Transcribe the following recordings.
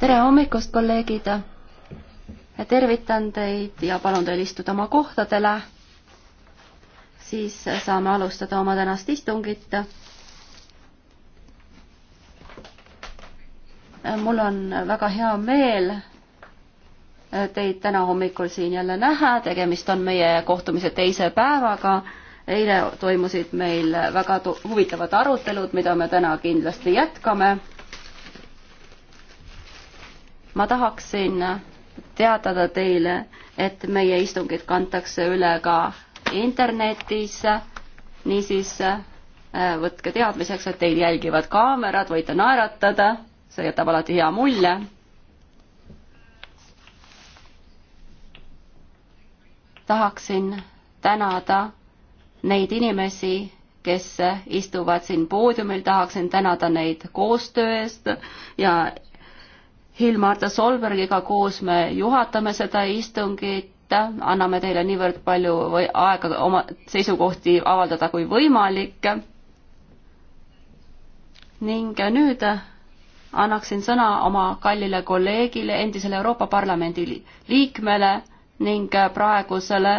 tere hommikust, kolleegid! tervitan teid ja palun teil istuda oma kohtadele. siis saame alustada oma tänast istungit. mul on väga hea meel teid täna hommikul siin jälle näha, tegemist on meie kohtumise teise päevaga eile toimusid meil väga huvitavad arutelud, mida me täna kindlasti jätkame. ma tahaksin teatada teile, et meie istungid kantakse üle ka internetis. niisiis äh, võtke teadmiseks, et teid jälgivad kaamerad, võite naeratada, see jätab alati hea mulje tahaksin tänada neid inimesi, kes istuvad siin poodiumil, tahaksin tänada neid koostöö eest ja Hilmar Solbergiga koos me juhatame seda istungit, anname teile niivõrd palju või aega oma seisukohti avaldada kui võimalik. ning nüüd annaksin sõna oma kallile kolleegile, endisele Euroopa Parlamendi liikmele ning praegusele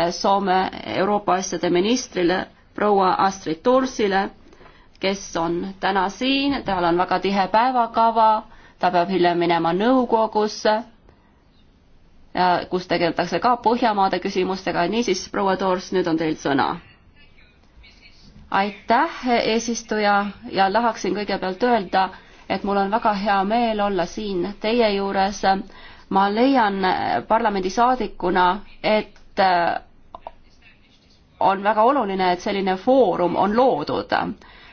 Äh, Soome Euroopa asjade ministrile proua Astrid Thorsile, kes on täna siin, tal on väga tihe päevakava, ta peab hiljem minema nõukogusse, äh, kus tegeletakse ka Põhjamaade küsimustega, niisiis, proua Toors, nüüd on teil sõna aitäh, eesistuja ja tahaksin kõigepealt öelda, et mul on väga hea meel olla siin teie juures. ma leian parlamendisaadikuna, et äh, on väga oluline, et selline foorum on loodud.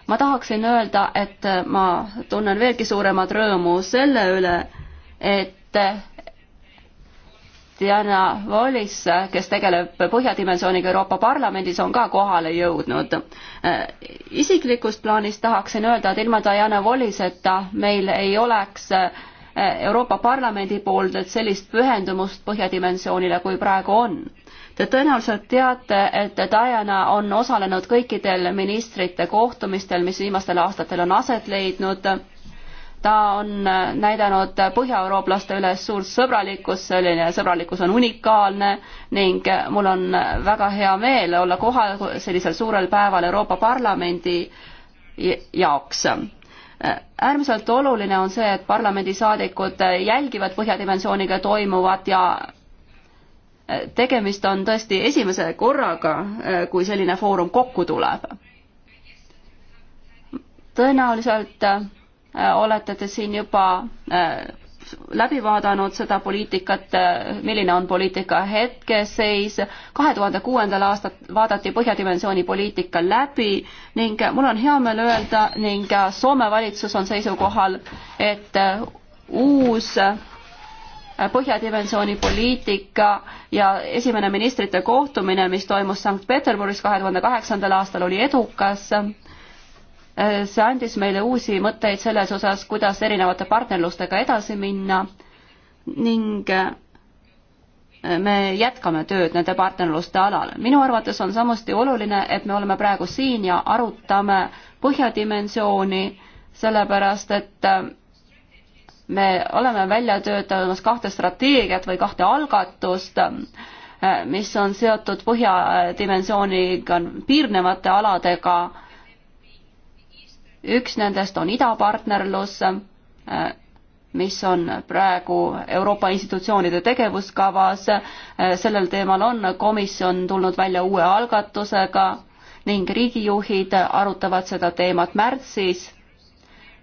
ma tahaksin öelda, et ma tunnen veelgi suuremat rõõmu selle üle, et Diana Wallis, kes tegeleb Põhjadimensiooniga Euroopa Parlamendis, on ka kohale jõudnud. isiklikust plaanist tahaksin öelda, et ilma Diana Walliseta meil ei oleks Euroopa Parlamendi poolt sellist pühendumust Põhjadimensioonile, kui praegu on Te tõenäoliselt teate, et Diana on osalenud kõikidel ministrite kohtumistel, mis viimastel aastatel on aset leidnud. ta on näidanud põhjaeurooplaste üles suurt sõbralikkust, selline sõbralikkus on unikaalne ning mul on väga hea meel olla kohal sellisel suurel päeval Euroopa Parlamendi jaoks äärmiselt oluline on see, et parlamendisaadikud jälgivad Põhjadimensiooniga toimuvat ja tegemist on tõesti esimese korraga, äh, kui selline foorum kokku tuleb. tõenäoliselt äh, olete te siin juba äh, läbi vaadanud seda poliitikat, milline on poliitika hetkeseis. kahe tuhande kuuendal aastal vaadati Põhjadimensiooni poliitika läbi ning mul on hea meel öelda ning Soome valitsus on seisukohal, et uus Äh, põhjadimensiooni poliitika ja esimene ministrite kohtumine, mis toimus Sankt-Peterburis kahe tuhande kaheksandal aastal, oli edukas. Äh, see andis meile uusi mõtteid selles osas, kuidas erinevate partnerlustega edasi minna ning äh, me jätkame tööd nende partnerluste alal. minu arvates on samuti oluline, et me oleme praegu siin ja arutame Põhjadimensiooni, sellepärast et me oleme välja töötamas kahte strateegiat või kahte algatust, äh, mis on seotud põhjadimensiooniga piirnevate aladega. üks nendest on idapartnerlus, äh, mis on praegu Euroopa institutsioonide tegevuskavas. Äh, sellel teemal on komisjon tulnud välja uue algatusega ning riigijuhid arutavad seda teemat märtsis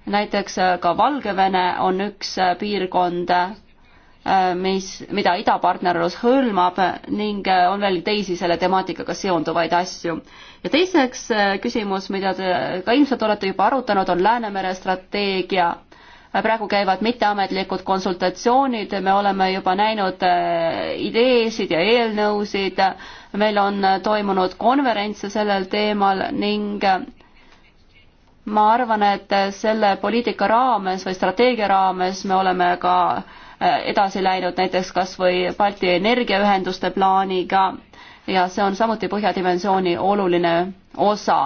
näiteks äh, ka Valgevene on üks äh, piirkond, äh, mis, mida idapartnerlus hõlmab ning on veel teisi selle temaatikaga seonduvaid asju. ja teiseks küsimus, mida te ka ilmselt olete juba arutanud, on Läänemere strateegia. praegu käivad mitteametlikud konsultatsioonid, me oleme juba näinud ideesid ja eelnõusid, meil on toimunud konverentse sellel teemal ning ma arvan, et selle poliitika raames või strateegia raames me oleme ka äh, edasi läinud näiteks kas või Balti energiaühenduste plaaniga ja see on samuti Põhjadimensiooni oluline osa.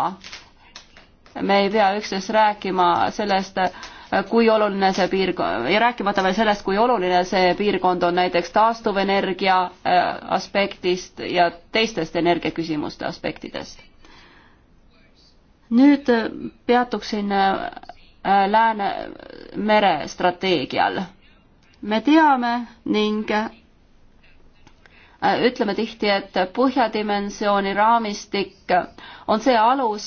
me ei pea üksnes rääkima sellest, äh, kui oluline see piirkond, ja rääkimata veel sellest, kui oluline see piirkond on näiteks taastuvenergia äh, aspektist ja teistest energiaküsimuste aspektidest nüüd äh, peatuksin äh, äh, Läänemere strateegial. me teame ning ütleme tihti, et põhjadimensiooni raamistik on see alus,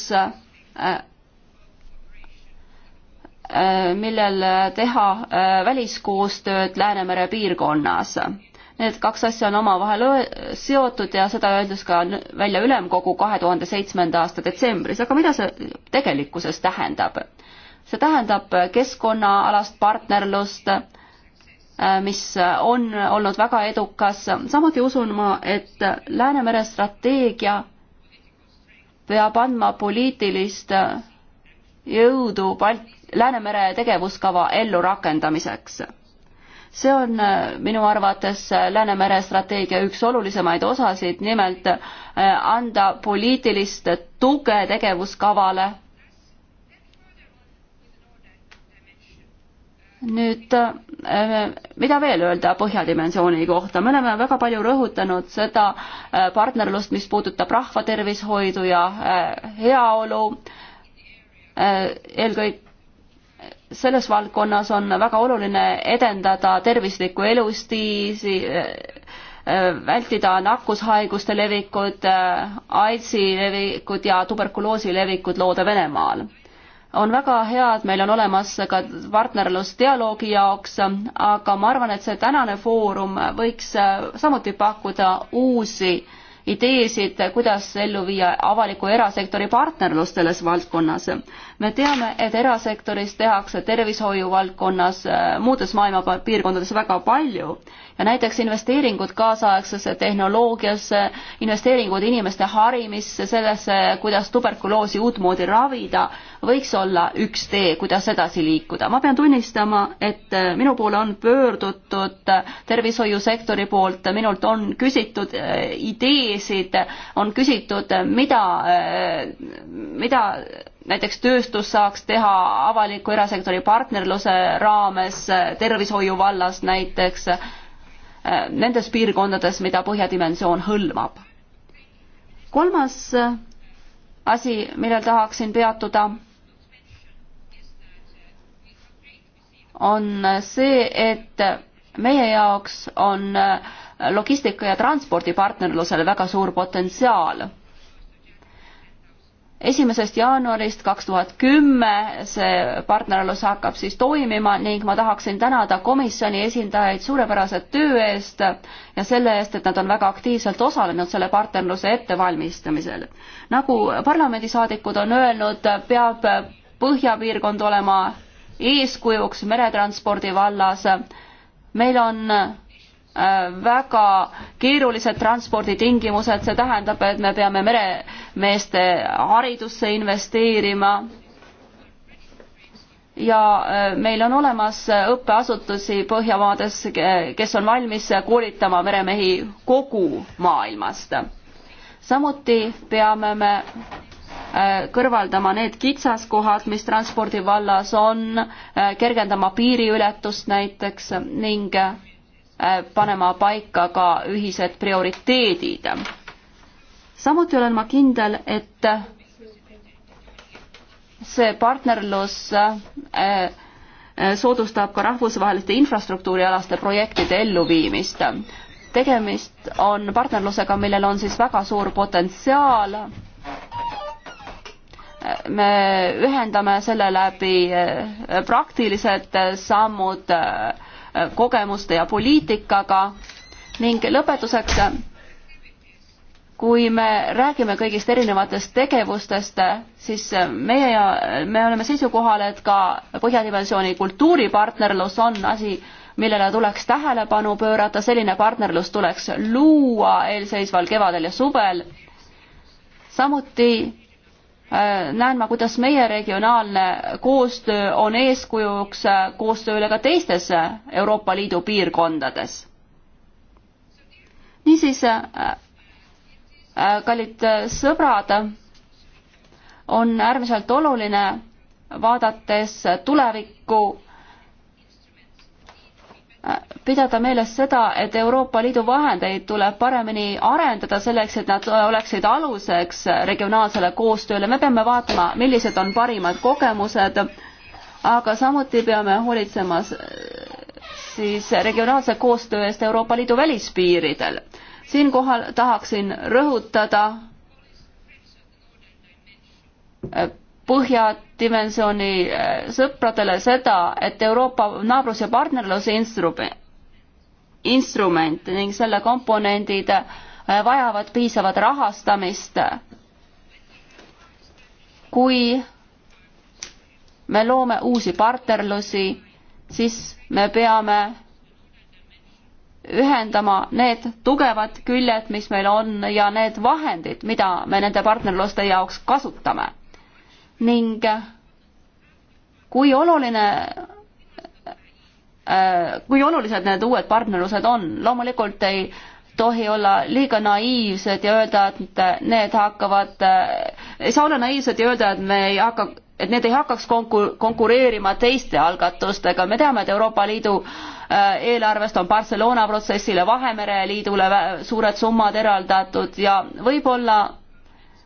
millel teha väliskoostööd Läänemere piirkonnas Need kaks asja on omavahel seotud ja seda öeldes ka välja ülemkogu kahe tuhande seitsmenda aasta detsembris, aga mida see tegelikkuses tähendab? see tähendab keskkonnaalast partnerlust, äh, mis on olnud väga edukas, samuti usun ma, et Läänemere strateegia peab andma poliitilist äh, jõudu Balt-, Läänemere tegevuskava ellurakendamiseks see on äh, minu arvates äh, Läänemere strateegia üks olulisemaid osasid, nimelt äh, anda poliitilist tuge tegevuskavale. nüüd, mida veel öelda Põhjadimensiooni kohta, me oleme väga palju rõhutanud seda partnerlust, mis puudutab rahvatervishoidu ja heaolu, eelkõige selles valdkonnas on väga oluline edendada tervislikku elustiisi, äh, äh, vältida nakkushaiguste levikut, äh, AIDSi levikut ja tuberkuloosi levikut Loode-Venemaal. on väga hea, et meil on olemas ka partnerlus dialoogi jaoks, aga ma arvan, et see tänane foorum võiks samuti pakkuda uusi ideesid, kuidas ellu viia avaliku erasektori partnerlus selles valdkonnas. me teame, et erasektoris tehakse tervishoiu valdkonnas, muudes maailma piirkondades väga palju näiteks investeeringud kaasaegsesse tehnoloogiasse, investeeringud inimeste harimisse, sellesse, kuidas tuberkuloosi uutmoodi ravida, võiks olla üks tee, kuidas edasi liikuda. ma pean tunnistama, et äh, minu poole on pöördutud äh, tervishoiusektori poolt, äh, minult on küsitud ideesid, on küsitud, mida, mida näiteks tööstus saaks teha avaliku erasektori partnerluse raames tervishoiu vallas näiteks Äh, nendes piirkondades, mida Põhjadimensioon hõlmab. kolmas äh, asi, millel tahaksin peatuda, on äh, see, et meie jaoks on logistika ja transpordipartnerlusel väga suur potentsiaal esimesest jaanuarist kaks tuhat kümme see partnerlus hakkab siis toimima ning ma tahaksin tänada komisjoni esindajaid suurepärase töö eest ja selle eest, et nad on väga aktiivselt osalenud selle partnerluse ettevalmistamisel. nagu parlamendisaadikud on öelnud, peab põhjapiirkond olema eeskujuks meretranspordi vallas. meil on Äh, väga keerulised transporditingimused, see tähendab, et me peame meremeeste haridusse investeerima ja äh, meil on olemas õppeasutusi Põhjamaades, kes on valmis koolitama meremehi kogu maailmast. samuti peame me äh, kõrvaldama need kitsaskohad, mis transpordi vallas on, kergendama piiriületust näiteks ning Äh, panema paika ka ühised prioriteedid. samuti olen ma kindel, et see partnerlus äh, äh, soodustab ka rahvusvaheliste infrastruktuurialaste projektide elluviimist. tegemist on partnerlusega, millel on siis väga suur potentsiaal me ühendame selle läbi praktilised sammud äh, Äh, kogemuste ja poliitikaga ning lõpetuseks, kui me räägime kõigist erinevatest tegevustest, siis meie ja me oleme seisukohal, et ka Põhjadimensiooni kultuuripartnerlus on asi, millele tuleks tähelepanu pöörata, selline partnerlus tuleks luua eelseisval kevadel ja suvel. samuti Äh, näen ma, kuidas meie regionaalne koostöö on eeskujuks äh, koostööle ka teistes äh, Euroopa Liidu piirkondades. niisiis, kallid sõbrad, on äärmiselt oluline, vaadates tulevikku, pidada meeles seda, et Euroopa Liidu vahendeid tuleb paremini arendada selleks, et nad oleksid aluseks regionaalsele koostööle. me peame vaatama, millised on parimad kogemused, aga samuti peame hoolitsema siis regionaalse koostöö eest Euroopa Liidu välispiiridel. siinkohal tahaksin rõhutada põhjadimensiooni äh, sõpradele seda, et Euroopa naabrus- ja partnerluse instrument, instrument ning selle komponendid äh, vajavad piisavat rahastamist. kui me loome uusi partnerlusi, siis me peame ühendama need tugevad küljed, mis meil on ja need vahendid, mida me nende partnerluste jaoks kasutame ning kui oluline kui olulised need uued partnerlused on, loomulikult ei tohi olla liiga naiivsed ja öelda, et need hakkavad, ei saa olla naiivsed ja öelda, et me ei hakka, et need ei hakkaks konku-, konkureerima teiste algatustega, me teame, et Euroopa Liidu äh, eelarvest on Barcelona protsessile, Vahemere Liidule suured summad eraldatud ja võib-olla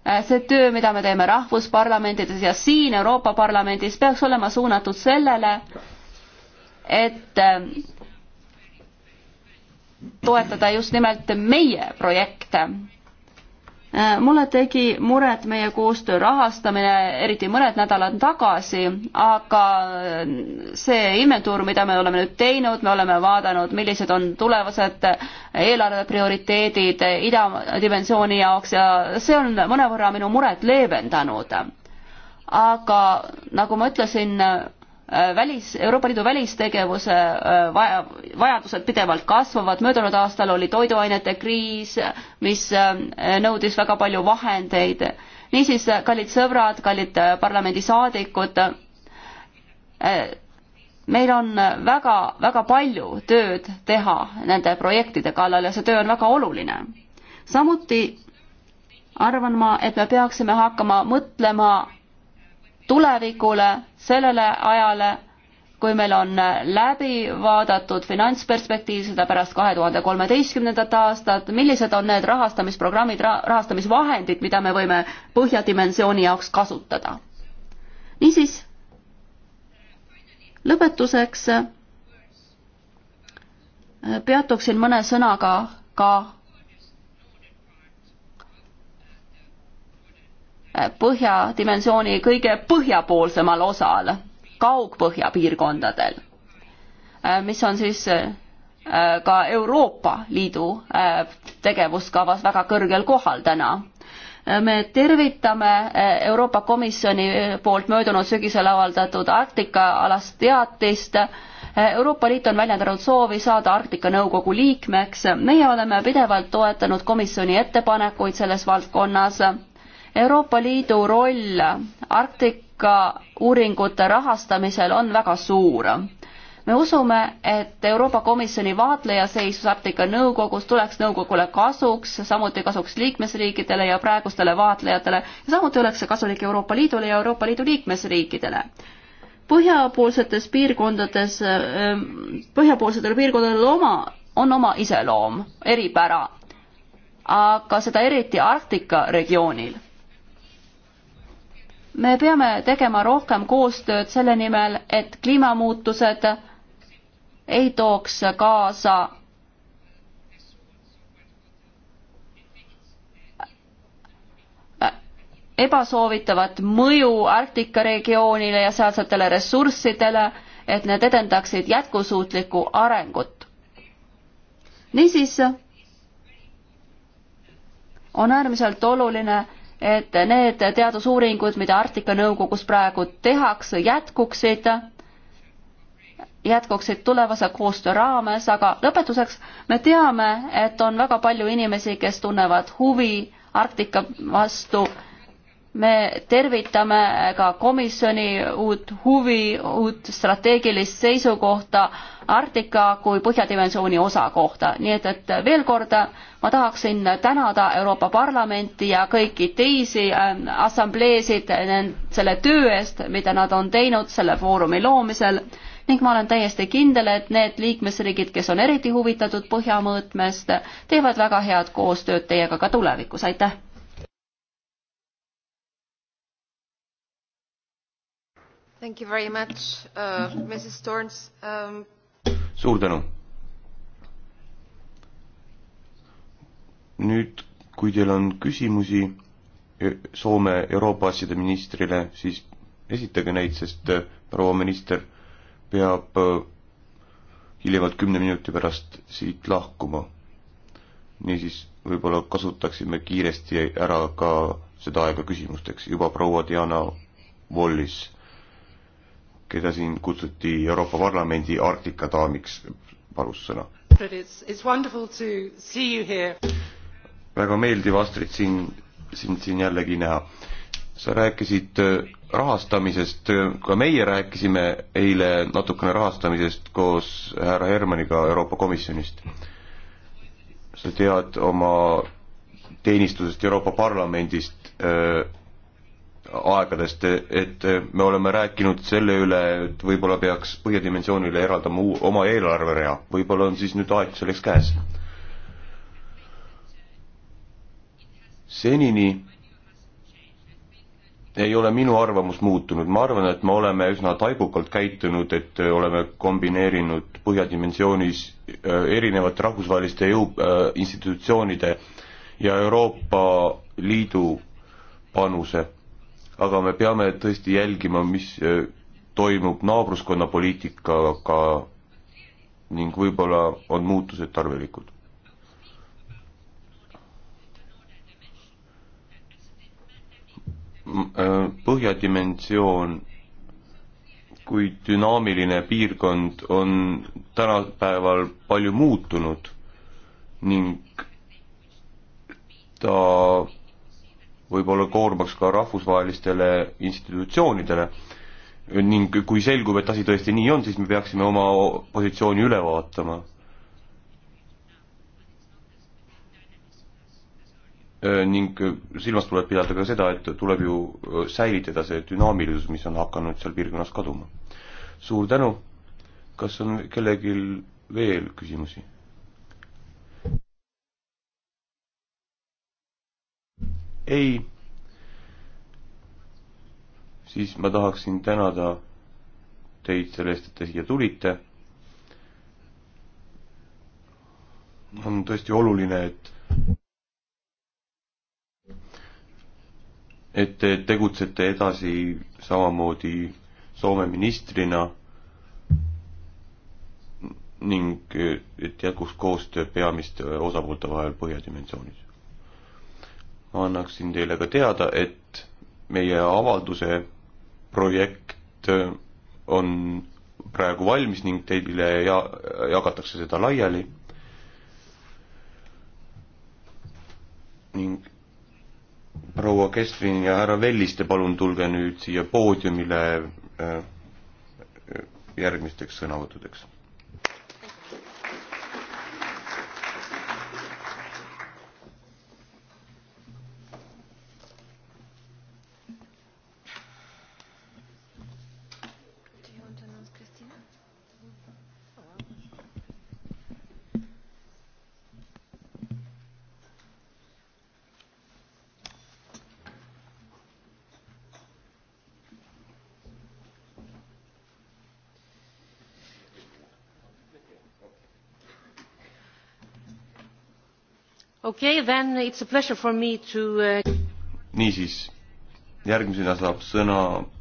Äh, see töö, mida me teeme rahvusparlamentides ja siin Euroopa Parlamendis, peaks olema suunatud sellele, et äh, toetada just nimelt meie projekte Äh, mulle tegi muret meie koostöö rahastamine, eriti mõned nädalad tagasi, aga äh, see inventuur, mida me oleme nüüd teinud, me oleme vaadanud, millised on tulevased äh, eelarve prioriteedid idadimensiooni jaoks ja see on mõnevõrra minu muret leevendanud. aga nagu ma ütlesin, Äh, välis, Euroopa Liidu välistegevuse äh, vaja, vajadused pidevalt kasvavad, möödunud aastal oli toiduainete kriis, mis äh, nõudis väga palju vahendeid. niisiis, kallid sõbrad, kallid parlamendisaadikud, meil on väga, väga palju tööd teha nende projektide kallal ja see töö on väga oluline. samuti arvan ma, et me peaksime hakkama mõtlema tulevikule, sellele ajale, kui meil on läbi vaadatud finantsperspektiiv, seda pärast kahe tuhande kolmeteistkümnendat aastat, millised on need rahastamisprogrammid, rahastamisvahendid, mida me võime põhjadimensiooni jaoks kasutada. niisiis, lõpetuseks äh, peatuksin mõne sõnaga ka põhjadimensiooni kõige põhjapoolsemal osal, kaugpõhja piirkondadel, äh, mis on siis äh, ka Euroopa Liidu äh, tegevuskavas väga kõrgel kohal täna. me tervitame Euroopa Komisjoni poolt möödunud sügisel avaldatud Arktika alast teatist Euroopa Liit on väljendanud soovi saada Arktika Nõukogu liikmeks. meie oleme pidevalt toetanud komisjoni ettepanekuid selles valdkonnas Euroopa Liidu roll Arktika uuringute rahastamisel on väga suur. me usume, et Euroopa Komisjoni vaatlejaseisus Arktika Nõukogus tuleks nõukogule kasuks, samuti kasuks liikmesriikidele ja praegustele vaatlejatele ja samuti oleks see kasulik Euroopa Liidule ja Euroopa Liidu liikmesriikidele põhjapoolsetes piirkondades, ähm, põhjapoolsetel piirkondadel oma, on oma iseloom, eripära, aga seda eriti Arktika regioonil me peame tegema rohkem koostööd selle nimel, et kliimamuutused ei tooks kaasa ebasoovitavat mõju Arktika regioonile ja sealsetele ressurssidele, et need edendaksid jätkusuutlikku arengut. niisiis on äärmiselt oluline, et need teadusuuringud, mida Arktika Nõukogus praegu tehakse, jätkuksid, jätkuksid tulevase koostöö raames, aga lõpetuseks me teame, et on väga palju inimesi, kes tunnevad huvi Arktika vastu me tervitame ka komisjoni uut huvi, uut strateegilist seisukohta Arktika kui Põhjadimensiooni osa kohta, nii et, et veel kord ma tahaksin tänada Euroopa Parlamenti ja kõiki teisi äh, assambleesid selle töö eest, mida nad on teinud selle foorumi loomisel ning ma olen täiesti kindel, et need liikmesriigid, kes on eriti huvitatud põhjamõõtmest, teevad väga head koostööd teiega ka tulevikus, aitäh! Thank you very much uh,, Mrs Torns um.... suur tänu. nüüd, kui teil on küsimusi e, Soome Euroopa asjade ministrile, siis esitage neid, sest äh, proua minister peab äh, hiljemalt kümne minuti pärast siit lahkuma. niisiis võib-olla kasutaksime kiiresti ära ka seda aega küsimusteks, juba proua Diana Wallis keda siin kutsuti Euroopa Parlamendi Arktika daamiks, palus sõna. väga meeldiv, Astrid, siin, sind siin jällegi näha. sa rääkisid äh, rahastamisest, ka meie rääkisime eile natukene rahastamisest koos härra Hermaniga Euroopa Komisjonist. sa tead oma teenistusest Euroopa Parlamendist äh, aegadest, et me oleme rääkinud selle üle, et võib-olla peaks põhjadimensioonile eraldama uu, oma eelarverea, võib-olla on siis nüüd aeg selleks käes. senini ei ole minu arvamus muutunud, ma arvan, et me oleme üsna taibukalt käitunud, et oleme kombineerinud põhjadimensioonis äh, erinevate rahvusvaheliste jõu äh,, institutsioonide ja Euroopa Liidu panuse aga me peame tõesti jälgima, mis äh, toimub naabruskonna poliitikaga ning võib-olla on muutused tarvilikud. Äh, põhjadimensioon kui dünaamiline piirkond on tänapäeval palju muutunud ning ta võib-olla koormaks ka rahvusvahelistele institutsioonidele ning kui selgub, et asi tõesti nii on, siis me peaksime oma positsiooni üle vaatama. ning silmas tuleb pidada ka seda, et tuleb ju säilitada see dünaamilisus, mis on hakanud seal piirkonnas kaduma. suur tänu, kas on kellelgi veel küsimusi? ei, siis ma tahaksin tänada teid selle eest, et te siia tulite. on tõesti oluline, et et te tegutsete edasi samamoodi Soome ministrina ning et jätkuks koostöö peamiste osapoolte vahel Põhjadimensioonis annaksin teile ka teada, et meie avalduse projekt äh, on praegu valmis ning teile ja-, jagatakse seda laiali. ning proua Kestrin ja härra Velliste, palun tulge nüüd siia poodiumile äh, järgmisteks sõnavõttudeks to... Uh, niisiis, järgmisena saab sõna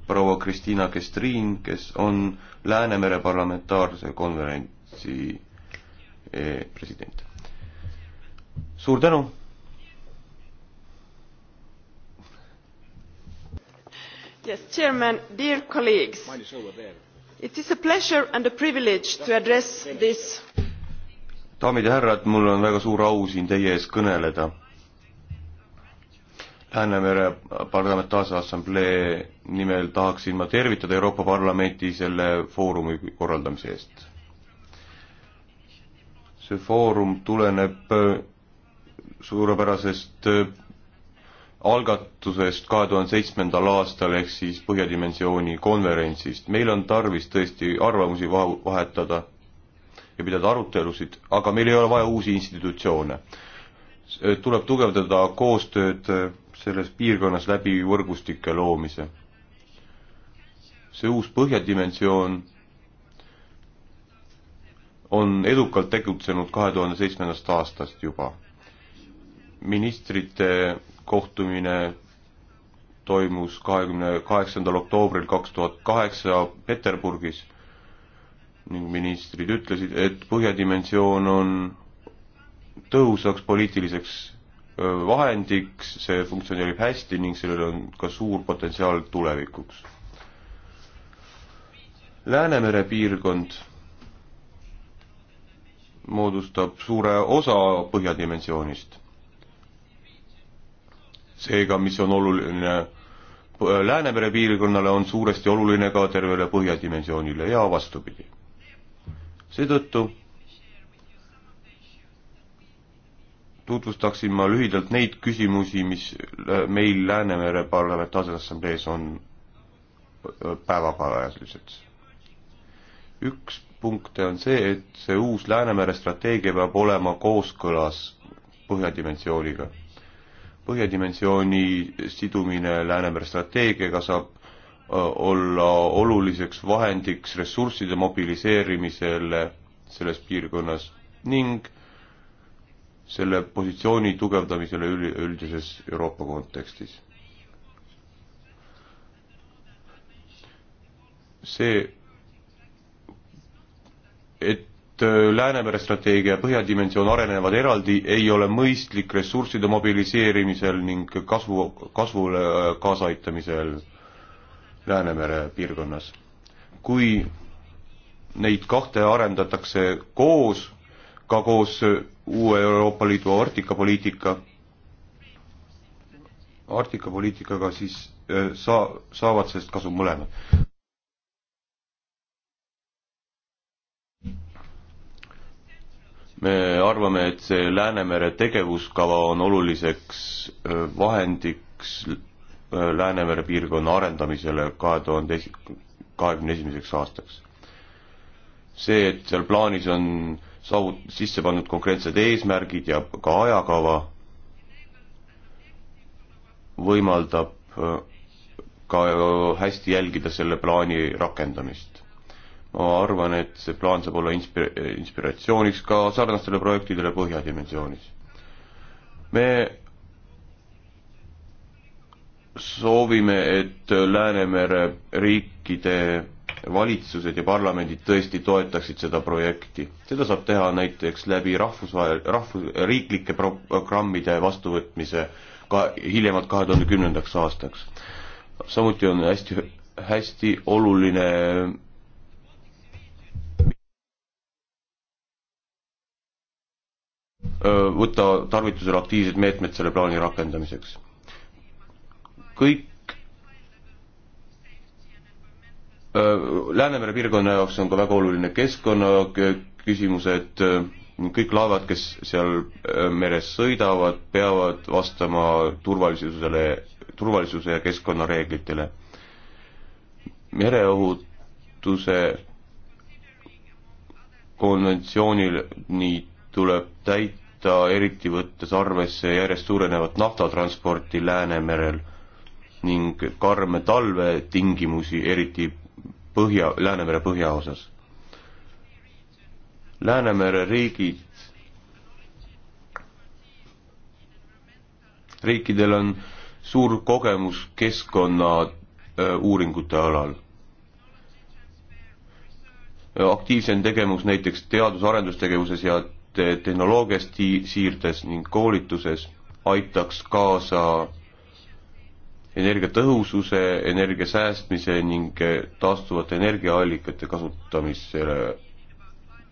proua Kristiina Kestriin, kes on Läänemere parlamentaarse konverentsi eh, president. suur tänu! Yes, chairman, dear colleagues, it is a pleasure and a privilege to address this daamid ja härrad, mul on väga suur au siin teie ees kõneleda. Läänemere Parlamentaarse Assamblee nimel tahaksin ma tervitada Euroopa Parlamenti selle foorumi korraldamise eest. see foorum tuleneb suurepärasest algatusest kahe tuhande seitsmendal aastal ehk siis Põhjadimensiooni konverentsist. meil on tarvis tõesti arvamusi vahetada ja pidada arutelusid, aga meil ei ole vaja uusi institutsioone. tuleb tugevdada koostööd selles piirkonnas läbi võrgustike loomise. see uus põhjadimensioon on edukalt tegutsenud kahe tuhande seitsmendast aastast juba. ministrite kohtumine toimus kahekümne kaheksandal oktoobril kaks tuhat kaheksa Peterburgis ning ministrid ütlesid, et põhjadimensioon on tõhusaks poliitiliseks vahendiks, see funktsioneerib hästi ning sellel on ka suur potentsiaal tulevikuks. Läänemere piirkond moodustab suure osa põhjadimensioonist. seega, mis on oluline Läänemere piirkonnale, on suuresti oluline ka tervele põhjadimensioonile ja vastupidi seetõttu tutvustaksin ma lühidalt neid küsimusi, mis meil Läänemere Parlamentaarses Assamblees on päevakajalised. üks punkte on see, et see uus Läänemere strateegia peab olema kooskõlas põhjadimensiooniga. põhjadimensiooni sidumine Läänemere strateegiaga saab Äh, olla oluliseks vahendiks ressursside mobiliseerimisele selles piirkonnas ning selle positsiooni tugevdamisele üleüldises Euroopa kontekstis. see, et äh, Läänemere strateegia ja Põhjadimensioon arenevad eraldi, ei ole mõistlik ressursside mobiliseerimisel ning kasvu, kasvule äh, kaasaaitamisel Läänemere piirkonnas. kui neid kahte arendatakse koos, ka koos uue Euroopa Liidu Arktika-poliitika, Arktika-poliitikaga, siis äh, saa-, saavad sellest kasu mõlemad. me arvame, et see Läänemere tegevuskava on oluliseks äh, vahendiks Läänemere piirkonna arendamisele kahe tuhande kahekümne esimeseks aastaks. see, et seal plaanis on saavut-, sisse pandud konkreetsed eesmärgid ja ka ajakava, võimaldab äh, ka äh, hästi jälgida selle plaani rakendamist. ma arvan, et see plaan saab olla inspira-, inspiratsiooniks ka sarnastele projektidele Põhjadimensioonis. me soovime, et Läänemere riikide valitsused ja parlamendid tõesti toetaksid seda projekti. seda saab teha näiteks läbi rahvusvahel, rahvus, riiklike pro-, programmide vastuvõtmise ka hiljemalt kahe tuhande kümnendaks aastaks. samuti on hästi, hästi oluline võtta tarvitusele aktiivsed meetmed selle plaani rakendamiseks kõik äh, Läänemere piirkonna jaoks on ka väga oluline keskkonnaküsimused, äh, kõik laevad, kes seal äh, meres sõidavad, peavad vastama turvalisusele, turvalisuse ja keskkonnareeglitele. mereohutuse konventsioonil nii tuleb täita, eriti võttes arvesse järjest suurenevat naftatransporti Läänemerel ning karme talvetingimusi, eriti põhja, Läänemere põhjaosas. Läänemere riigid, riikidel on suur kogemus keskkonna äh, uuringute alal. aktiivsem tegevus näiteks teadus-arendustegevuses ja tehnoloogias siirdes ning koolituses aitaks kaasa energiatõhususe, energia säästmise ning eh, taastuvate energiaallikate kasutamisele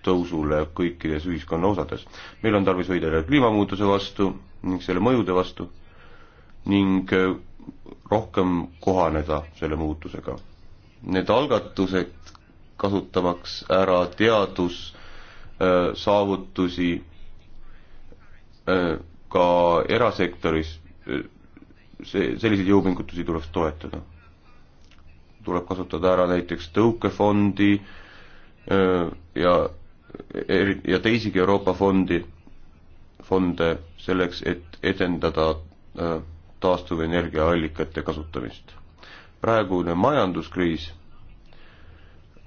tõusule kõikides ühiskonna osades. meil on tarvis võidelda kliimamuutuse vastu ning selle mõjude vastu ning eh, rohkem kohaneda selle muutusega. Need algatused, kasutamaks ära teadussaavutusi eh, ka erasektoris, see, selliseid jõupingutusi tuleks toetada. tuleb kasutada ära näiteks tõukefondi ja, ja teisigi Euroopa fondi, fonde selleks, et edendada taastuvenergiaallikate kasutamist. praegune majanduskriis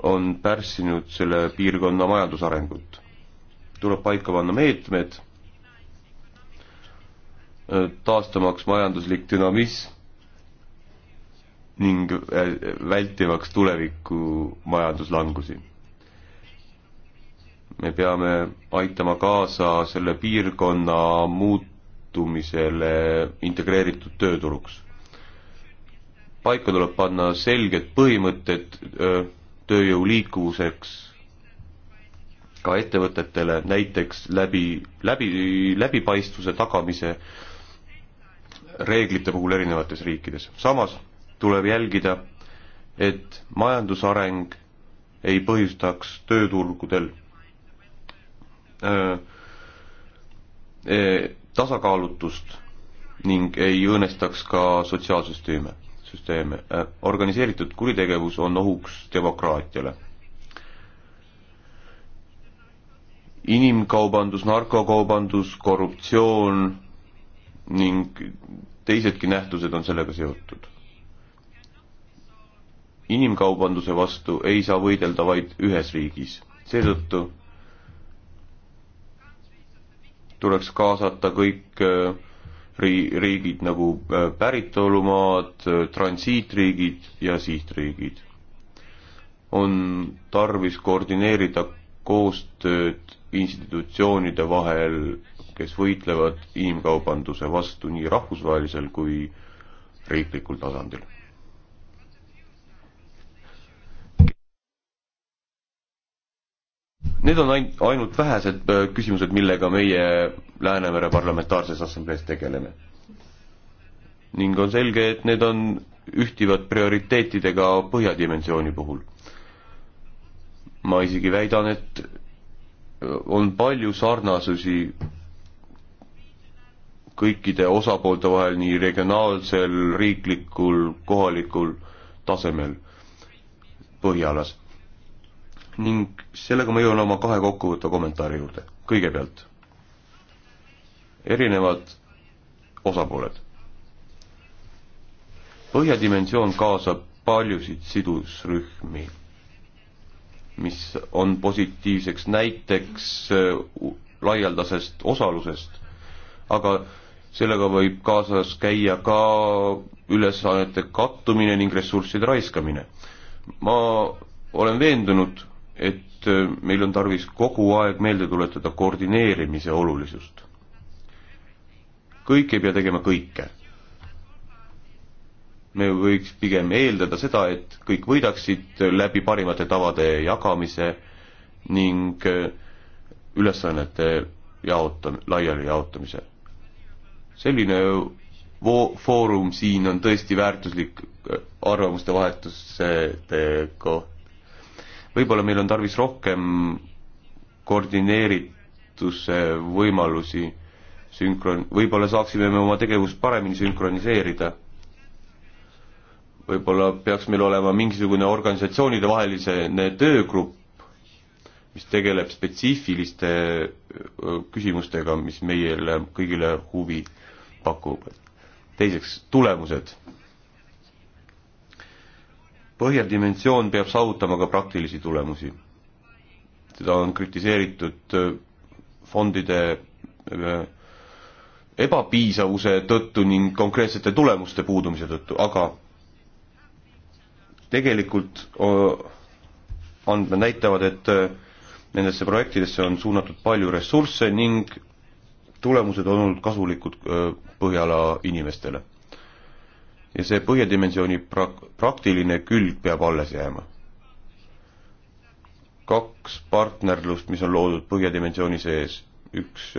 on pärssinud selle piirkonna majandusarengut. tuleb paika panna meetmed taastamaks majanduslik dünamism ning äh, vältimaks tuleviku majanduslangusi. me peame aitama kaasa selle piirkonna muutumisele integreeritud tööturuks. paika tuleb panna selged põhimõtted tööjõu liikuvuseks ka ettevõtetele, näiteks läbi, läbi, läbipaistvuse tagamise äh, reeglite puhul erinevates riikides. samas tuleb jälgida, et majandusareng ei põhjustaks tööturgudel öö, äh, äh, tasakaalutust ning ei õõnestaks ka sotsiaalsüsteeme, süsteeme. Äh, organiseeritud kuritegevus on ohuks demokraatiale. inimkaubandus, narkokaubandus, korruptsioon, ning teisedki nähtused on sellega seotud. inimkaubanduse vastu ei saa võidelda vaid ühes riigis, seetõttu tuleks kaasata kõik äh, ri-, riigid nagu äh, päritolumaad, äh, transiitriigid ja sihtriigid. on tarvis koordineerida koostööd institutsioonide vahel kes võitlevad inimkaubanduse vastu nii rahvusvahelisel kui riiklikul tasandil. Need on ain-, ainult vähesed äh, küsimused, millega meie Läänemere Parlamentaarses Assamblees tegeleme. ning on selge, et need on ühtivad prioriteetidega Põhjadimensiooni puhul. ma isegi väidan, et äh, on palju sarnasusi kõikide osapoolte vahel nii regionaalsel, riiklikul, kohalikul tasemel Põhjalas. ning sellega ma jõuan oma kahe kokkuvõtva kommentaari juurde. kõigepealt erinevad osapooled. põhjadimensioon kaasab paljusid sidusrühmi, mis on positiivseks näiteks äh, laialdasest osalusest, aga sellega võib kaasas käia ka ülesannete kattumine ning ressursside raiskamine. ma olen veendunud, et meil on tarvis kogu aeg meelde tuletada koordineerimise olulisust. kõik ei pea tegema kõike. me võiks pigem eeldada seda, et kõik võidaksid läbi parimate tavade jagamise ning eh, ülesannete jaota-, laiali jaotamise selline vo-, foorum siin on tõesti väärtuslik äh, arvamuste vahetuste koht. võib-olla meil on tarvis rohkem koordineerituse võimalusi, sünkron-, võib-olla saaksime me oma tegevust paremini sünkroniseerida. võib-olla peaks meil olema mingisugune organisatsioonide vaheline töögrupp, mis tegeleb spetsiifiliste küsimustega, mis meile kõigile huvi pakub. teiseks, tulemused. põhjadimensioon peab saavutama ka praktilisi tulemusi. seda on kritiseeritud fondide ebapiisavuse tõttu ning konkreetsete tulemuste puudumise tõttu, aga tegelikult andmed näitavad, et nendesse projektidesse on suunatud palju ressursse ning tulemused on olnud kasulikud Põhjala inimestele. ja see põhjadimensiooni prak-, praktiline külg peab alles jääma. kaks partnerlust, mis on loodud Põhjadimensiooni sees, üks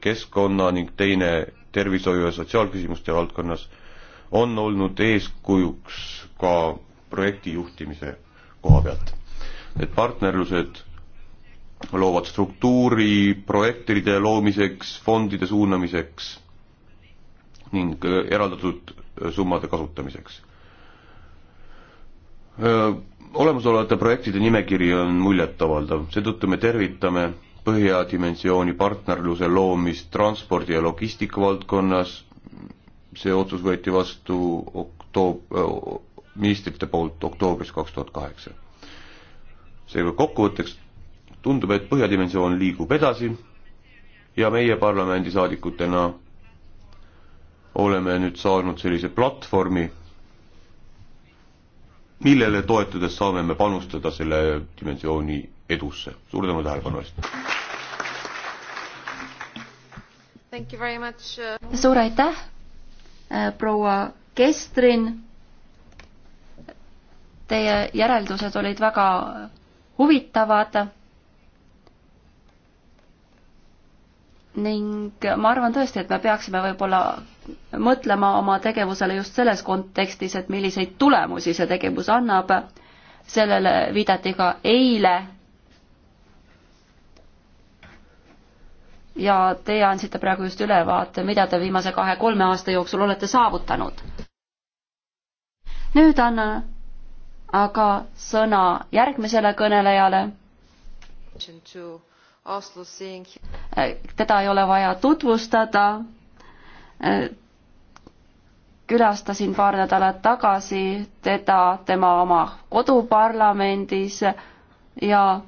keskkonna ning teine tervishoiu ja sotsiaalküsimuste valdkonnas, on olnud eeskujuks ka projekti juhtimise koha pealt. Need partnerlused loovad struktuuri projektide loomiseks, fondide suunamiseks ning äh, eraldatud äh, summade kasutamiseks. Äh, olemasolevate projektide nimekiri on muljetavaldav, seetõttu me tervitame põhjadimensiooni partnerluse loomist transpordi ja logistika valdkonnas, see otsus võeti vastu oktoob-, ministrite poolt oktoobris kaks tuhat kaheksa. seega kokkuvõtteks tundub, et põhjadimensioon liigub edasi ja meie parlamendisaadikutena oleme nüüd saanud sellise platvormi, millele toetudes saame me panustada selle dimensiooni edusse. suur tänu tähelepanu eest! Uh, suur aitäh, äh, proua Kestrin. Teie järeldused olid väga huvitavad ning ma arvan tõesti, et me peaksime võib-olla mõtlema oma tegevusele just selles kontekstis, et milliseid tulemusi see tegevus annab. sellele viidati ka eile. ja teie andsite praegu just ülevaate, mida te viimase kahe-kolme aasta jooksul olete saavutanud. nüüd annan aga sõna järgmisele kõnelejale. To Äh, teda ei ole vaja tutvustada. Äh, külastasin paar nädalat tagasi teda tema oma koduparlamendis ja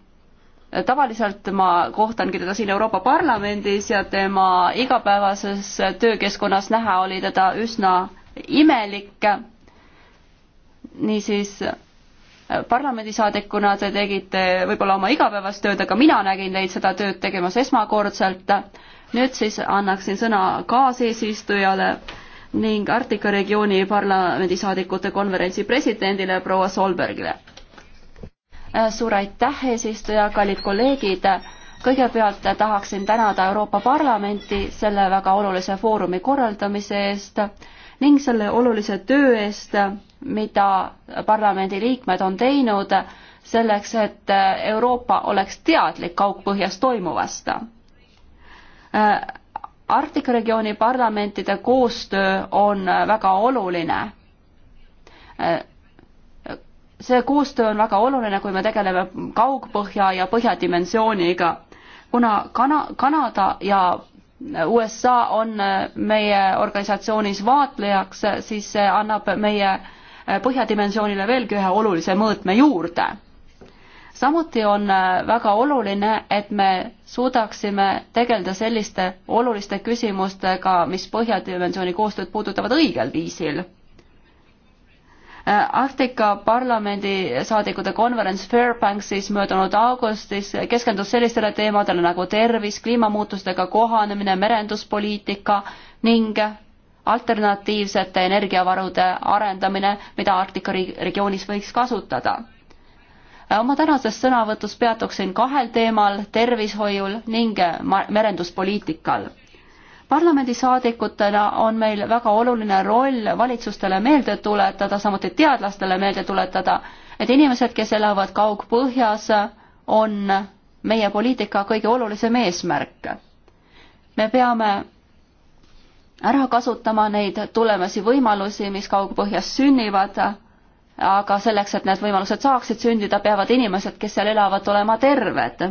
äh, tavaliselt ma kohtangi teda siin Euroopa Parlamendis ja tema igapäevases töökeskkonnas näha oli teda üsna imelik. niisiis parlamendisaadikuna te tegite võib-olla oma igapäevast tööd, aga mina nägin neid seda tööd tegemas esmakordselt. nüüd siis annaksin sõna kaasesistujale ning Arktika regiooni parlamendisaadikute konverentsi presidendile proua Solbergile. suur aitäh, eesistuja, kallid kolleegid. kõigepealt tahaksin tänada Euroopa Parlamenti selle väga olulise foorumi korraldamise eest ning selle olulise töö eest, mida parlamendi liikmed on teinud selleks, et Euroopa oleks teadlik Kaug-Põhjas toimuvast. Arktika regiooni parlamentide koostöö on väga oluline. see koostöö on väga oluline, kui me tegeleme Kaug-Põhja ja Põhjadimensiooniga kuna Kana-, Kanada ja USA on äh, meie organisatsioonis vaatlejaks, äh, siis see annab meie äh, põhjadimensioonile veelgi ühe olulise mõõtme juurde. samuti on väga oluline, et me suudaksime tegeleda selliste oluliste küsimustega, mis põhjadimensiooni koostööd puudutavad õigel viisil Äh, Aafrika Parlamendi saadikute konverents Fairbanksis möödunud augustis keskendus sellistele teemadele nagu tervis, kliimamuutustega kohanemine, merenduspoliitika ning alternatiivsete energiavarude arendamine, mida Arktika regioonis võiks kasutada. Äh, oma tänases sõnavõtus peatuksin kahel teemal, tervishoiul ning merenduspoliitikal parlamendisaadikutena on meil väga oluline roll valitsustele meelde tuletada, samuti teadlastele meelde tuletada, et inimesed, kes elavad kaugpõhjas, on meie poliitika kõige olulisem eesmärk. me peame ära kasutama neid tulemasi võimalusi, mis kaugpõhjas sünnivad, aga selleks, et need võimalused saaksid sündida, peavad inimesed, kes seal elavad, olema terved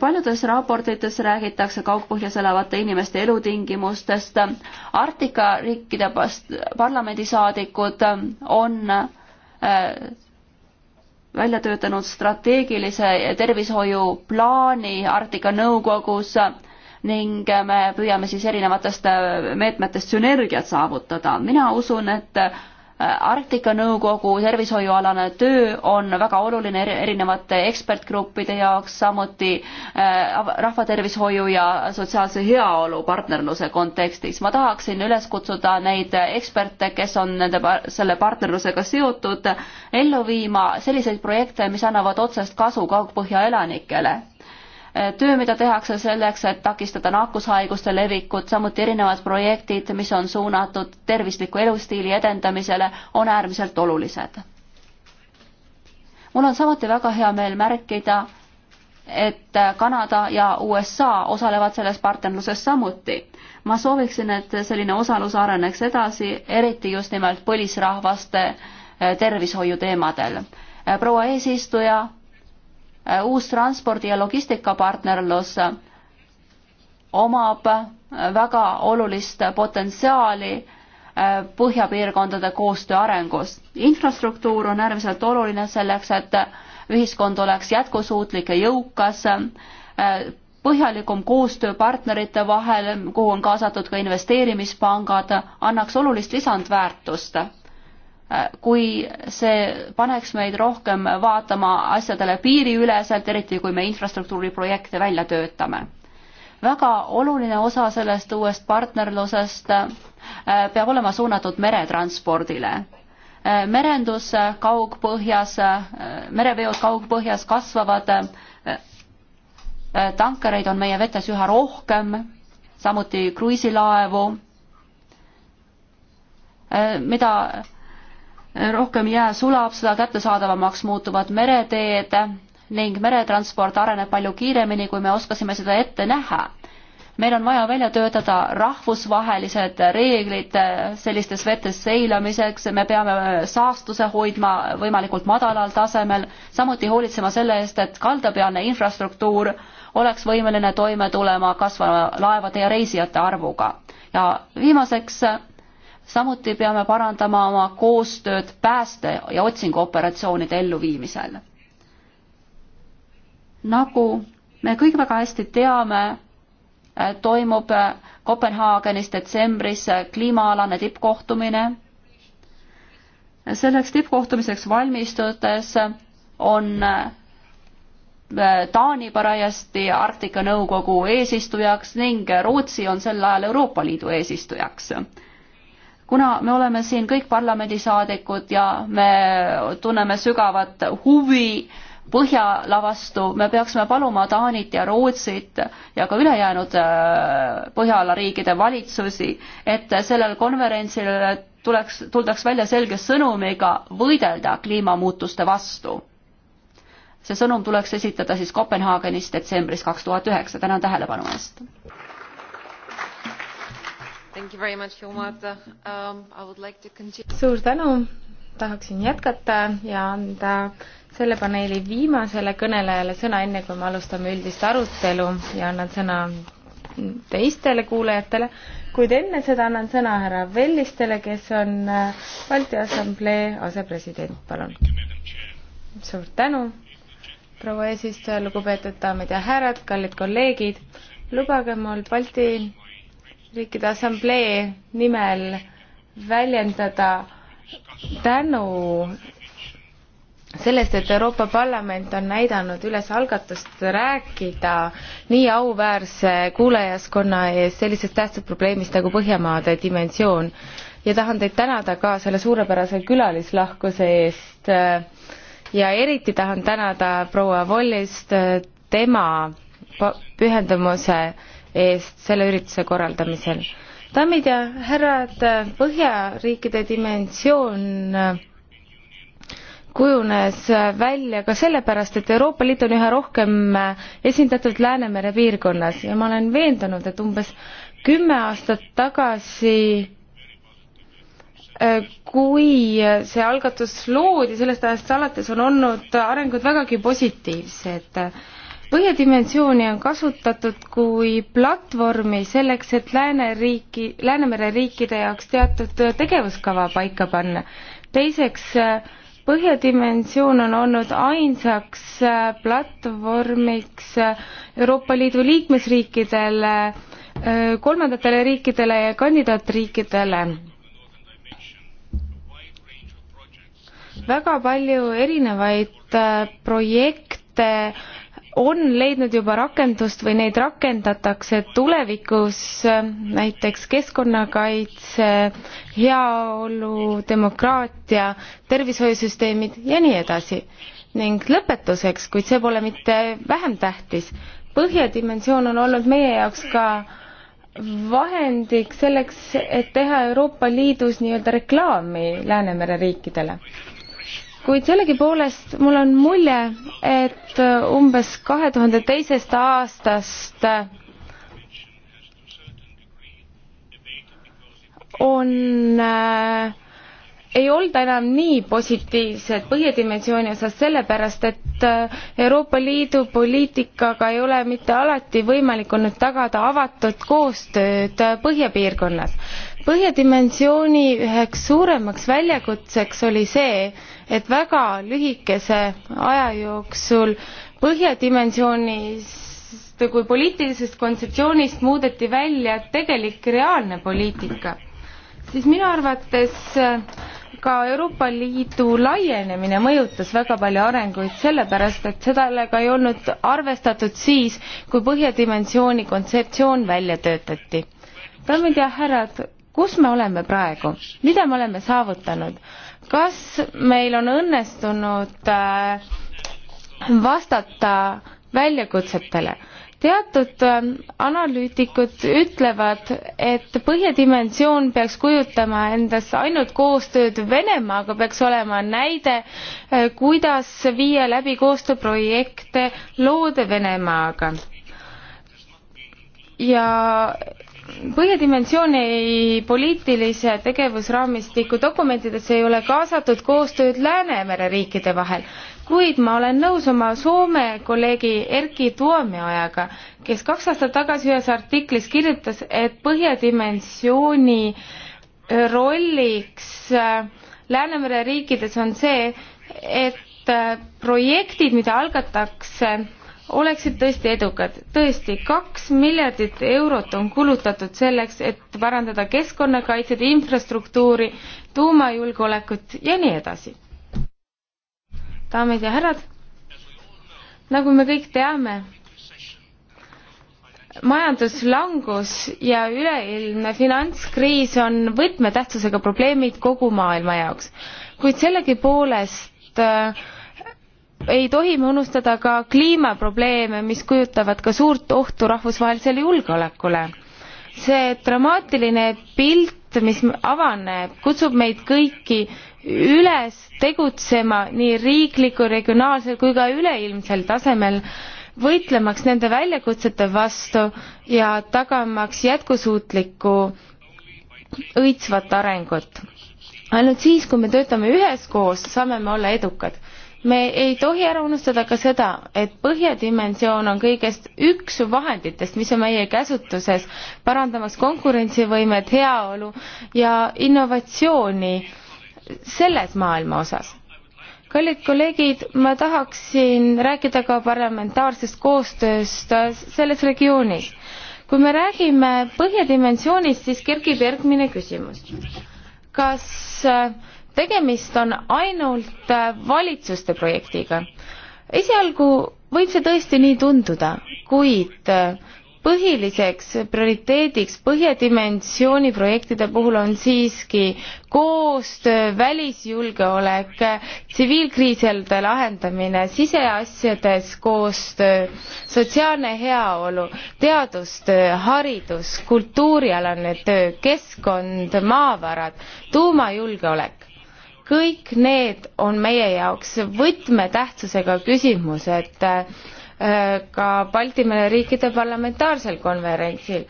paljudes raportites räägitakse kaugpõhjas elavate inimeste elutingimustest. Arktika riikide parlamendisaadikud on äh, välja töötanud strateegilise tervishoiuplaani Arktika nõukogus ning me püüame siis erinevatest meetmetest sünergiat saavutada. mina usun, et Äh, Arktika Nõukogu tervishoiualane töö on väga oluline erinevate ekspertgruppide jaoks, samuti äh, rahvatervishoiu ja sotsiaalse heaolu partnerluse kontekstis. ma tahaksin üles kutsuda neid eksperte, kes on nende, selle partnerlusega seotud, ellu viima selliseid projekte, mis annavad otsest kasu Kaug-Põhja elanikele Äh, töö, mida tehakse selleks, et takistada nakkushaiguste levikut, samuti erinevad projektid, mis on suunatud tervisliku elustiili edendamisele, on äärmiselt olulised. mul on samuti väga hea meel märkida, et Kanada ja USA osalevad selles partnerluses samuti. ma sooviksin, et selline osalus areneks edasi, eriti just nimelt põlisrahvaste äh, tervishoiuteemadel. Äh, proua eesistuja, Äh, uus transpordi- ja logistikapartnerlus äh, omab äh, väga olulist potentsiaali põhjapiirkondade koostöö arengus. infrastruktuur on äärmiselt oluline selleks, et ühiskond oleks jätkusuutlik ja jõukas, põhjalikum koostöö partnerite vahel, kuhu on kaasatud ka investeerimispangad, annaks olulist lisandväärtust Äh, kui see paneks meid rohkem vaatama asjadele piiriüleselt, eriti kui me infrastruktuuriprojekte välja töötame. väga oluline osa sellest uuest partnerlusest äh, peab olema suunatud meretranspordile äh, merendus kaugpõhjas, mereveod kaugpõhjas kasvavad, tankereid on meie vetes üha rohkem, samuti kruiisilaevu, mida rohkem jää sulab, seda kättesaadavamaks muutuvad mereteed ning meretransport areneb palju kiiremini, kui me oskasime seda ette näha. meil on vaja välja töötada rahvusvahelised reeglid sellistes vetes seilamiseks, me peame saastuse hoidma võimalikult madalal tasemel, samuti hoolitsema selle eest, et kaldapealne infrastruktuur oleks võimeline toime tulema kasvava laevade ja reisijate arvuga. ja viimaseks samuti peame parandama oma koostööd pääste- ja otsinguoperatsioonide elluviimisel. nagu me kõik väga hästi teame, eh, toimub eh, Kopenhaagenis detsembris eh, kliimaalane tippkohtumine. selleks tippkohtumiseks valmistudes on Taani parajasti Arktika Nõukogu eesistujaks ning Rootsi on sel ajal Euroopa Liidu eesistujaks kuna me oleme siin kõik parlamendisaadikud ja me tunneme sügavat huvi Põhjala vastu, me peaksime paluma Taanit ja Rootsit ja ka ülejäänud äh, Põhjala riikide valitsusi, et sellel konverentsil tuleks, tuldaks välja selge sõnumiga võidelda kliimamuutuste vastu. see sõnum tuleks esitada siis Kopenhaagenis detsembris kaks tuhat üheksa, tänan tähelepanu eest! Um, suur tänu, tahaksin jätkata ja anda selle paneeli viimasele kõnelejale sõna, enne kui me alustame üldist arutelu ja annan sõna teistele kuulajatele, kuid enne seda annan sõna härra Vellistele, kes on äh, Balti Assamblee asepresident, palun. suur tänu, proua eesistuja, lugupeetud daamid ja härrad, kallid kolleegid, lubage mul Balti Riikide Assamblee nimel väljendada tänu sellest, et Euroopa Parlament on näidanud üles algatust rääkida nii auväärse kuulajaskonna ees sellisest tähtsast probleemist nagu Põhjamaade dimensioon. ja tahan teid tänada ka selle suurepärase külalislahkuse eest ja eriti tahan tänada proua Vollist tema pühendumuse eest selle ürituse korraldamisel. daamid ja härrad, Põhjariikide dimensioon äh, kujunes äh, välja ka sellepärast, et Euroopa Liit on üha rohkem äh, esindatud Läänemere piirkonnas ja ma olen veendunud, et umbes kümme aastat tagasi kui see algatus loodi, sellest ajast alates on olnud arengud vägagi positiivsed põhjadimensiooni on kasutatud kui platvormi selleks, et lääneriiki, Läänemere riikide jaoks teatud tegevuskava paika panna. teiseks, põhjadimensioon on olnud ainsaks platvormiks Euroopa Liidu liikmesriikidele, kolmandatele riikidele ja kandidaatriikidele väga palju erinevaid projekte on leidnud juba rakendust või neid rakendatakse tulevikus näiteks keskkonnakaitse, heaolu, demokraatia, tervishoiusüsteemid ja nii edasi. ning lõpetuseks, kuid see pole mitte vähem tähtis, põhjadimensioon on olnud meie jaoks ka vahendiks selleks, et teha Euroopa Liidus nii-öelda reklaami Läänemere riikidele kuid sellegipoolest mul on mulje, et äh, umbes kahe tuhande teisest aastast äh, on äh, ei olda enam nii positiivsed põhjadimensiooni osas sellepärast, et äh, Euroopa Liidu poliitikaga ei ole mitte alati võimalik olnud tagada avatud koostööd põhjapiirkonnas. põhjadimensiooni üheks suuremaks väljakutseks oli see, et väga lühikese aja jooksul põhjadimensioonist kui poliitilisest kontseptsioonist muudeti välja tegelik reaalne poliitika, siis minu arvates ka Euroopa Liidu laienemine mõjutas väga palju arenguid, sellepärast et sellega ei olnud arvestatud siis, kui põhjadimensiooni kontseptsioon välja töötati. daamid ja härrad, kus me oleme praegu, mida me oleme saavutanud, kas meil on õnnestunud äh, vastata väljakutsetele? teatud ähm, analüütikud ütlevad, et põhjadimensioon peaks kujutama endas ainult koostööd Venemaaga, peaks olema näide, äh, kuidas viia läbi koostööprojekte loode Venemaaga. ja põhjadimensiooni poliitilise tegevusraamistiku dokumentidesse ei ole kaasatud koostööd Läänemere riikide vahel, kuid ma olen nõus oma Soome kolleegi Erki Tuomiojaga, kes kaks aastat tagasi ühes artiklis kirjutas, et põhjadimensiooni äh, rolliks äh, Läänemere riikides on see, et äh, projektid, mida algatakse oleksid tõesti edukad. tõesti, kaks miljardit eurot on kulutatud selleks, et parandada keskkonnakaitset, infrastruktuuri, tuumajulgeolekut ja nii edasi. daamid ja härrad, nagu me kõik teame, majanduslangus ja üleilmne finantskriis on võtmetähtsusega probleemid kogu maailma jaoks, kuid sellegipoolest äh, ei tohi me unustada ka kliimaprobleeme, mis kujutavad ka suurt ohtu rahvusvahelisele julgeolekule. see dramaatiline pilt, mis avaneb, kutsub meid kõiki üles tegutsema nii riiklikul, regionaalsel kui ka üleilmsel tasemel võitlemaks nende väljakutsete vastu ja tagamaks jätkusuutlikku õitsvat arengut. ainult siis, kui me töötame üheskoos, saame me olla edukad me ei tohi ära unustada ka seda, et põhjadimensioon on kõigest üks vahenditest, mis on meie käsutuses, parandamaks konkurentsivõimet, heaolu ja innovatsiooni selles maailma osas. kallid kolleegid, ma tahaksin rääkida ka parlamentaarsest koostööst selles regioonis. kui me räägime põhjadimensioonist, siis kerkib järgmine küsimus. kas tegemist on ainult äh, valitsuste projektiga. esialgu võib see tõesti nii tunduda, kuid äh, põhiliseks prioriteediks Põhjadimensiooni projektide puhul on siiski koostöö, välisjulgeolek, tsiviilkriiside lahendamine, siseasjades koostöö, sotsiaalne heaolu, teadustöö, haridus, kultuurialane töö, keskkond, maavarad, tuumajulgeolek kõik need on meie jaoks võtmetähtsusega küsimused äh, ka Baltimere riikide parlamentaarsel konverentsil.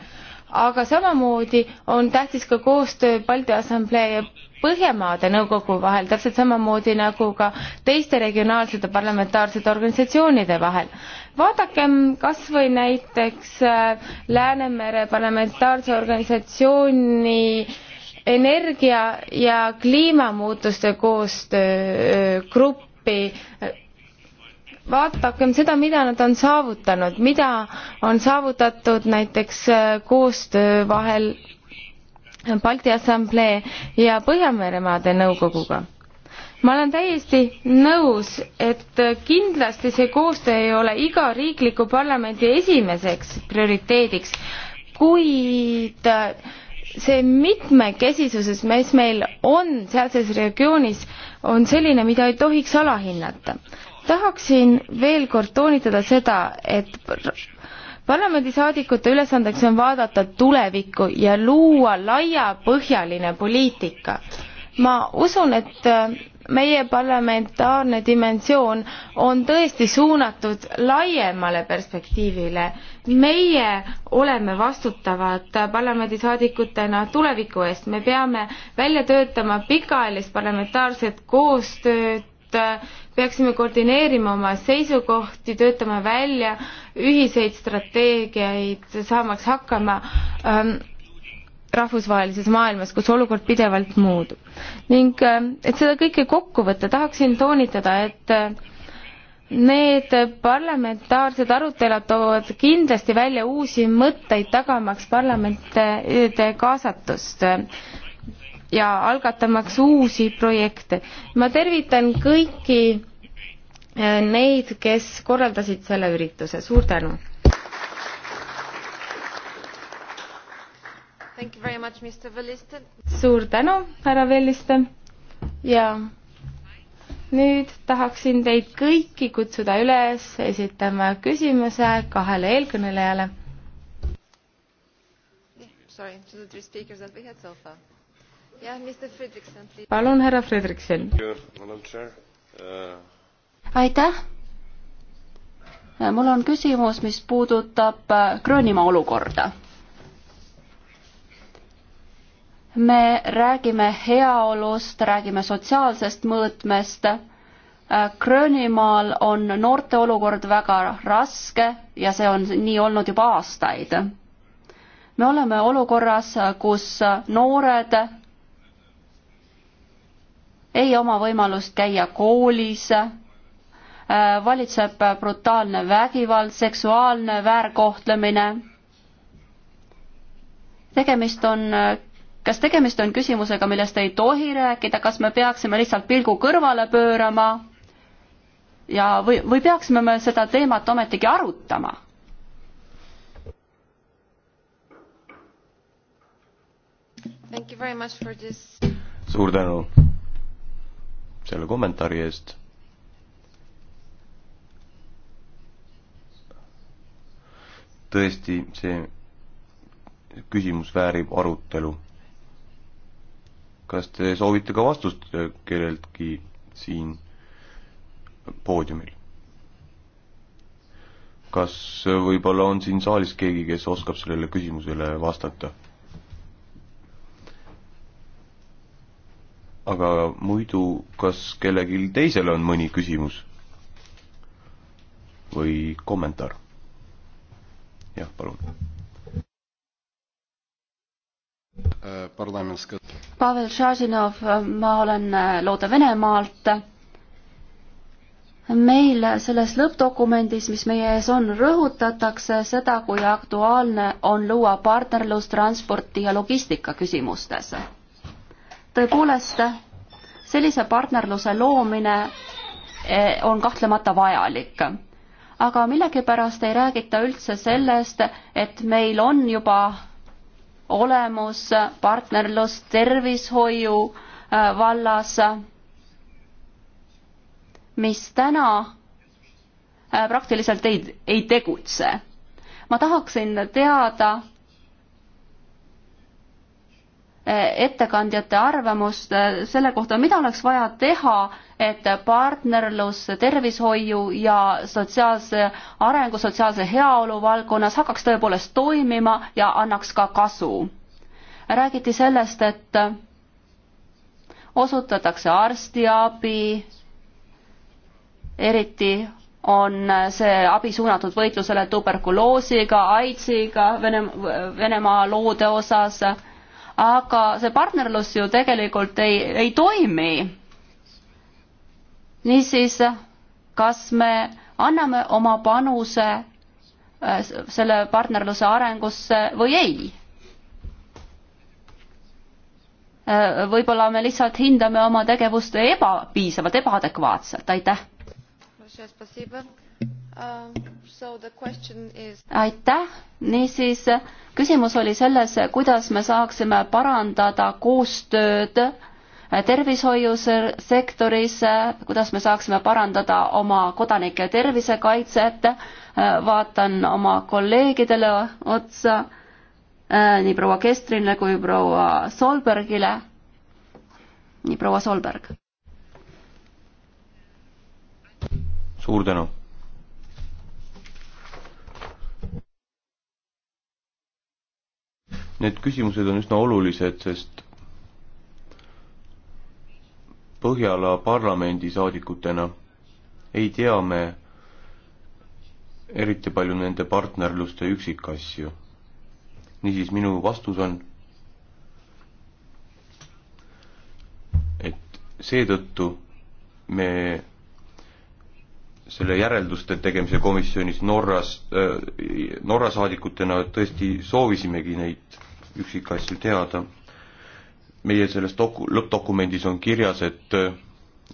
aga samamoodi on tähtis ka koostöö Balti Assamblee ja Põhjamaade Nõukogu vahel, täpselt samamoodi nagu ka teiste regionaalsete parlamentaarsete organisatsioonide vahel. vaadakem kas või näiteks äh, Läänemere parlamentaarse organisatsiooni äh, energia- ja kliimamuutuste koostöögruppi. vaadakem seda, mida nad on saavutanud, mida on saavutatud näiteks koostöö vahel Balti Assamblee ja Põhjameremaade Nõukoguga ma olen täiesti nõus, et kindlasti see koostöö ei ole iga riikliku parlamendi esimeseks prioriteediks, kuid äh, see mitmekesisuses, mis meil on sealses regioonis, on selline, mida ei tohiks alahinnata. tahaksin veel kord toonitada seda, et parlamendisaadikute ülesandeks on vaadata tulevikku ja luua laiapõhjaline poliitika. ma usun, et äh, meie parlamentaarne dimensioon on tõesti suunatud laiemale perspektiivile meie oleme vastutavad parlamendisaadikutena tuleviku eest, me peame välja töötama pikaajalist parlamentaarset koostööd, peaksime koordineerima oma seisukohti, töötama välja ühiseid strateegiaid, saamaks hakkama ähm, rahvusvahelises maailmas, kus olukord pidevalt muutub. ning ähm, et seda kõike kokku võtta, tahaksin toonitada, et äh, Need parlamentaarsed arutelud toovad kindlasti välja uusi mõtteid, tagamaks parlamentide kaasatust ja algatamaks uusi projekte. ma tervitan kõiki neid, kes korraldasid selle ürituse, suur tänu! suur tänu, härra Velliste ja nüüd tahaksin teid kõiki kutsuda üles esitama küsimuse kahele eelkõnelejale. palun, härra Fredrikson. Uh, aitäh. mul on küsimus, mis puudutab Gröönimaa olukorda me räägime heaolust, räägime sotsiaalsest mõõtmest. Äh, Gröönimaal on noorte olukord väga raske ja see on nii olnud juba aastaid. me oleme olukorras, kus noored ei oma võimalust käia koolis, äh, valitseb brutaalne vägivald, seksuaalne väärkohtlemine. tegemist on kas tegemist on küsimusega, millest ei tohi rääkida, kas me peaksime lihtsalt pilgu kõrvale pöörama ja, või, või peaksime me seda teemat ometigi arutama? suur tänu selle kommentaari eest. tõesti, see küsimus väärib arutelu kas te soovite ka vastust äh, kelleltki siin poodiumil? kas äh, võib-olla on siin saalis keegi, kes oskab sellele küsimusele vastata? aga muidu, kas kellelgi teisel on mõni küsimus või kommentaar? jah, palun Pavel Šažinov, ma olen äh, Looda Venemaalt. meil selles lõppdokumendis, mis meie ees on, rõhutatakse seda, kui aktuaalne on luua partnerlus transporti ja logistika küsimustes. tõepoolest, sellise partnerluse loomine eh, on kahtlemata vajalik aga millegipärast ei räägita üldse sellest, et meil on juba olemus, partnerlus tervishoiu äh, vallas, mis täna äh, praktiliselt ei, ei tegutse. ma tahaksin teada, ettekandjate arvamust äh, selle kohta, mida oleks vaja teha, et partnerlus tervishoiu ja sotsiaalse arengu, sotsiaalse heaolu valdkonnas hakkaks tõepoolest toimima ja annaks ka kasu. räägiti sellest, et osutatakse arstiabi, eriti on see abi suunatud võitlusele tuberkuloosiga, AIDSiga, Venemaa, Venemaa loode osas aga see partnerlus ju tegelikult ei, ei toimi. niisiis, kas me anname oma panuse äh, selle partnerluse arengusse või ei? Äh, võib-olla me lihtsalt hindame oma tegevust ebapiisavalt, ebaadekvaatselt, aitäh aitäh, niisiis küsimus oli selles, kuidas me saaksime parandada koostööd tervishoiusektoris, kuidas me saaksime parandada oma kodanike tervisekaitset, vaatan oma kolleegidele otsa, nii proua Kestrile kui proua Solbergile. nii, proua Solberg. suur tänu Need küsimused on üsna olulised, sest Põhjala parlamendisaadikutena ei tea me eriti palju nende partnerluste üksikasju. niisiis, minu vastus on, et seetõttu me selle järelduste tegemise komisjonis Norras, äh, Norra saadikutena tõesti soovisimegi neid üksikasju teada. meie selles doku-, lõppdokumendis on kirjas, et äh,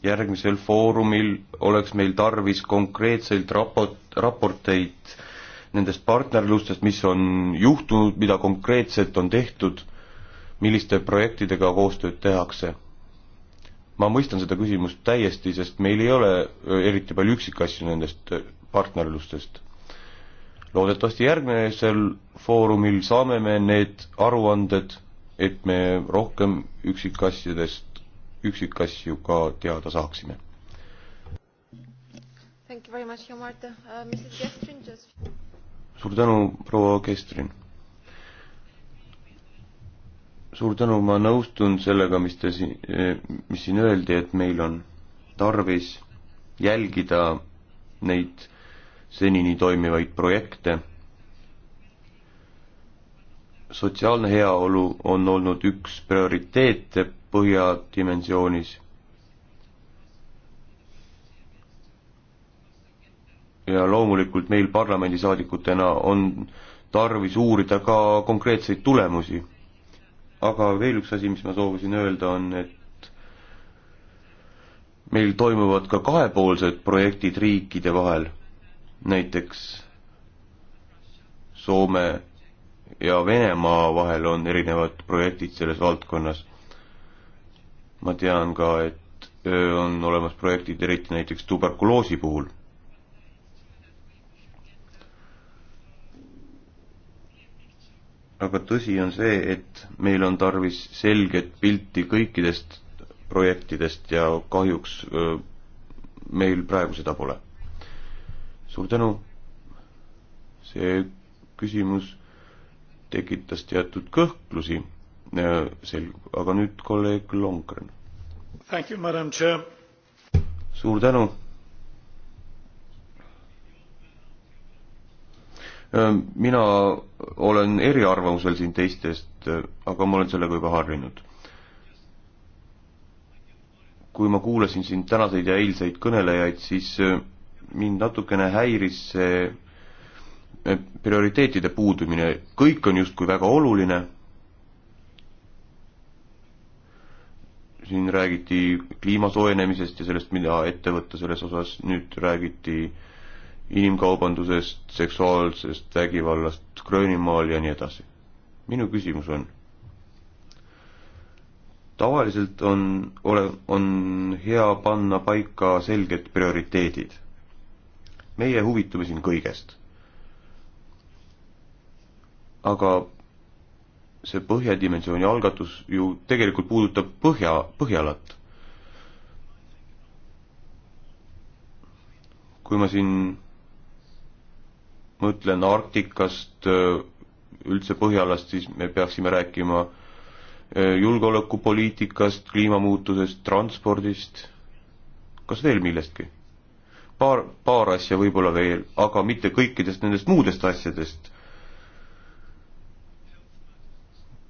järgmisel foorumil oleks meil tarvis konkreetseid raport, raporteid nendest partnerlustest, mis on juhtunud, mida konkreetselt on tehtud, milliste projektidega koostööd tehakse ma mõistan seda küsimust täiesti, sest meil ei ole eriti palju üksikasju nendest partnerlustest. loodetavasti järgmisel foorumil saame me need aruanded, et me rohkem üksikasjadest, üksikasju ka teada saaksime. Uh, suur tänu, proua Kestrin suur tänu, ma nõustun sellega, mis te siin, mis siin öeldi, et meil on tarvis jälgida neid senini toimivaid projekte. sotsiaalne heaolu on olnud üks prioriteete põhjadimensioonis. ja loomulikult meil parlamendisaadikutena on tarvis uurida ka konkreetseid tulemusi aga veel üks asi, mis ma soovisin öelda, on, et meil toimuvad ka kahepoolsed projektid riikide vahel, näiteks Soome ja Venemaa vahel on erinevad projektid selles valdkonnas. ma tean ka, et on olemas projektid eriti näiteks tuberkuloosi puhul aga tõsi on see, et meil on tarvis selget pilti kõikidest projektidest ja kahjuks öö, meil praegu seda pole. suur tänu, see küsimus tekitas teatud kõhklusi, sel-, aga nüüd kolleeg Longren. suur tänu mina olen eriarvamusel siin teistest, aga ma olen sellega juba harjunud. kui ma kuulasin siin tänaseid ja eilseid kõnelejaid, siis mind natukene häiris see prioriteetide puudumine, kõik on justkui väga oluline, siin räägiti kliima soojenemisest ja sellest, mida ette võtta selles osas, nüüd räägiti äh, inimkaubandusest, seksuaalsest vägivallast Gröönimaal ja nii edasi. minu küsimus on, tavaliselt on, ole, on hea panna paika selged prioriteedid. meie huvitume siin kõigest. aga see Põhjadimensiooni algatus ju tegelikult puudutab Põhja, Põhjalat. kui ma siin mõtlen Arktikast, üldse Põhjalast, siis me peaksime rääkima julgeolekupoliitikast, kliimamuutusest, transpordist, kas veel millestki? paar, paar asja võib-olla veel, aga mitte kõikidest nendest muudest asjadest.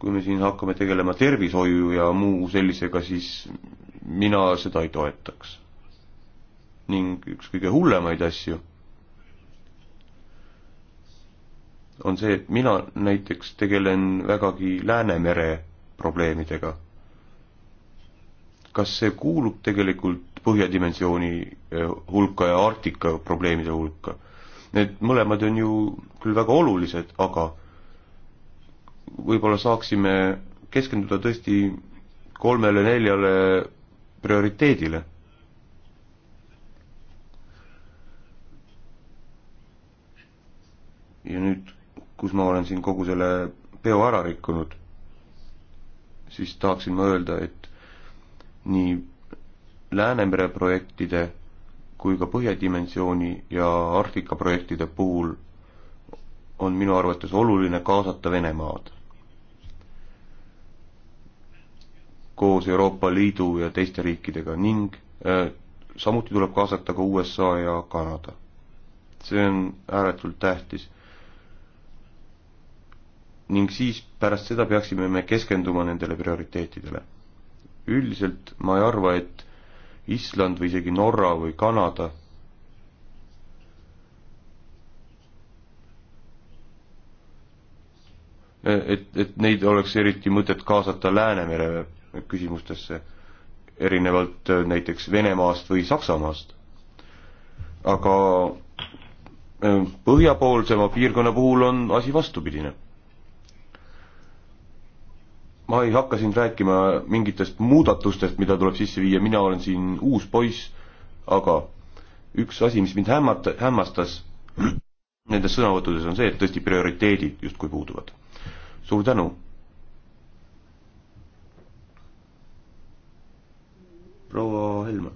kui me siin hakkame tegelema tervishoiu ja muu sellisega, siis mina seda ei toetaks. ning üks kõige hullemaid asju on see, et mina näiteks tegelen vägagi Läänemere probleemidega. kas see kuulub tegelikult Põhjadimensiooni eh, hulka ja Arktika probleemide hulka? Need mõlemad on ju küll väga olulised, aga võib-olla saaksime keskenduda tõesti kolmele-neljale prioriteedile ja nüüd kus ma olen siin kogu selle peo ära rikkunud, siis tahaksin ma öelda, et nii Läänemere projektide kui ka Põhjadimensiooni ja Arktika projektide puhul on minu arvates oluline kaasata Venemaad. koos Euroopa Liidu ja teiste riikidega ning äh, samuti tuleb kaasata ka USA ja Kanada. see on ääretult tähtis ning siis pärast seda peaksime me keskenduma nendele prioriteetidele. üldiselt ma ei arva, et Island või isegi Norra või Kanada et, et neid oleks eriti mõtet kaasata Läänemere küsimustesse, erinevalt äh, näiteks Venemaast või Saksamaast. aga äh, põhjapoolsema piirkonna puhul on asi vastupidine ma ei hakka siin rääkima mingitest muudatustest, mida tuleb sisse viia, mina olen siin uus poiss, aga üks asi, mis mind hämmata, hämmastas nendes sõnavõttudes on see, et tõesti prioriteedid justkui puuduvad. suur tänu. proua Helme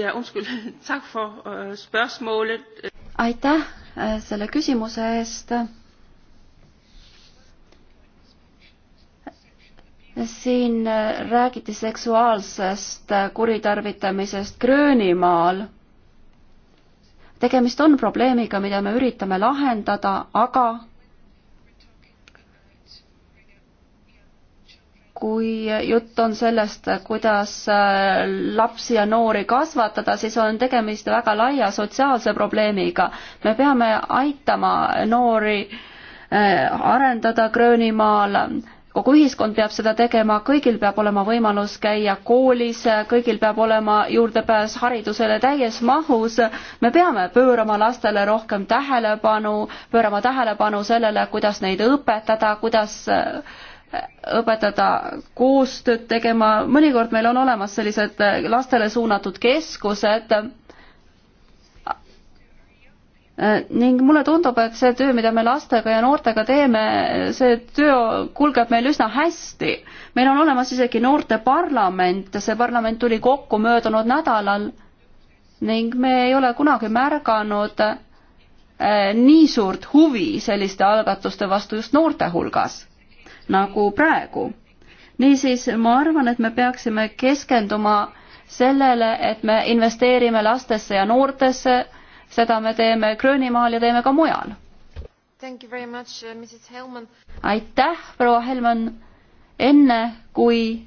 ja undskyld, tak for øh, spørgsmålet. aitäh äh, selle küsimuse eest. siin äh, räägiti seksuaalsest äh, kuritarvitamisest Gröönimaal. tegemist on probleemiga, mida me üritame lahendada, aga kui jutt on sellest, kuidas äh, lapsi ja noori kasvatada, siis on tegemist väga laia sotsiaalse probleemiga. me peame aitama noori äh, arendada Gröönimaal, kogu ühiskond peab seda tegema, kõigil peab olema võimalus käia koolis, kõigil peab olema juurdepääs haridusele täies mahus. me peame pöörama lastele rohkem tähelepanu, pöörama tähelepanu sellele, kuidas neid õpetada, kuidas äh, õpetada koostööd tegema, mõnikord meil on olemas sellised äh, lastele suunatud keskused äh, ning mulle tundub, et see töö, mida me lastega ja noortega teeme, see töö kulgeb meil üsna hästi. meil on olemas isegi noorteparlament, see parlament tuli kokku möödunud nädalal ning me ei ole kunagi märganud äh, nii suurt huvi selliste algatuste vastu just noorte hulgas nagu praegu. niisiis, ma arvan, et me peaksime keskenduma sellele, et me investeerime lastesse ja noortesse, seda me teeme Gröönimaal ja teeme ka mujal. Uh, aitäh, proua Helman, enne kui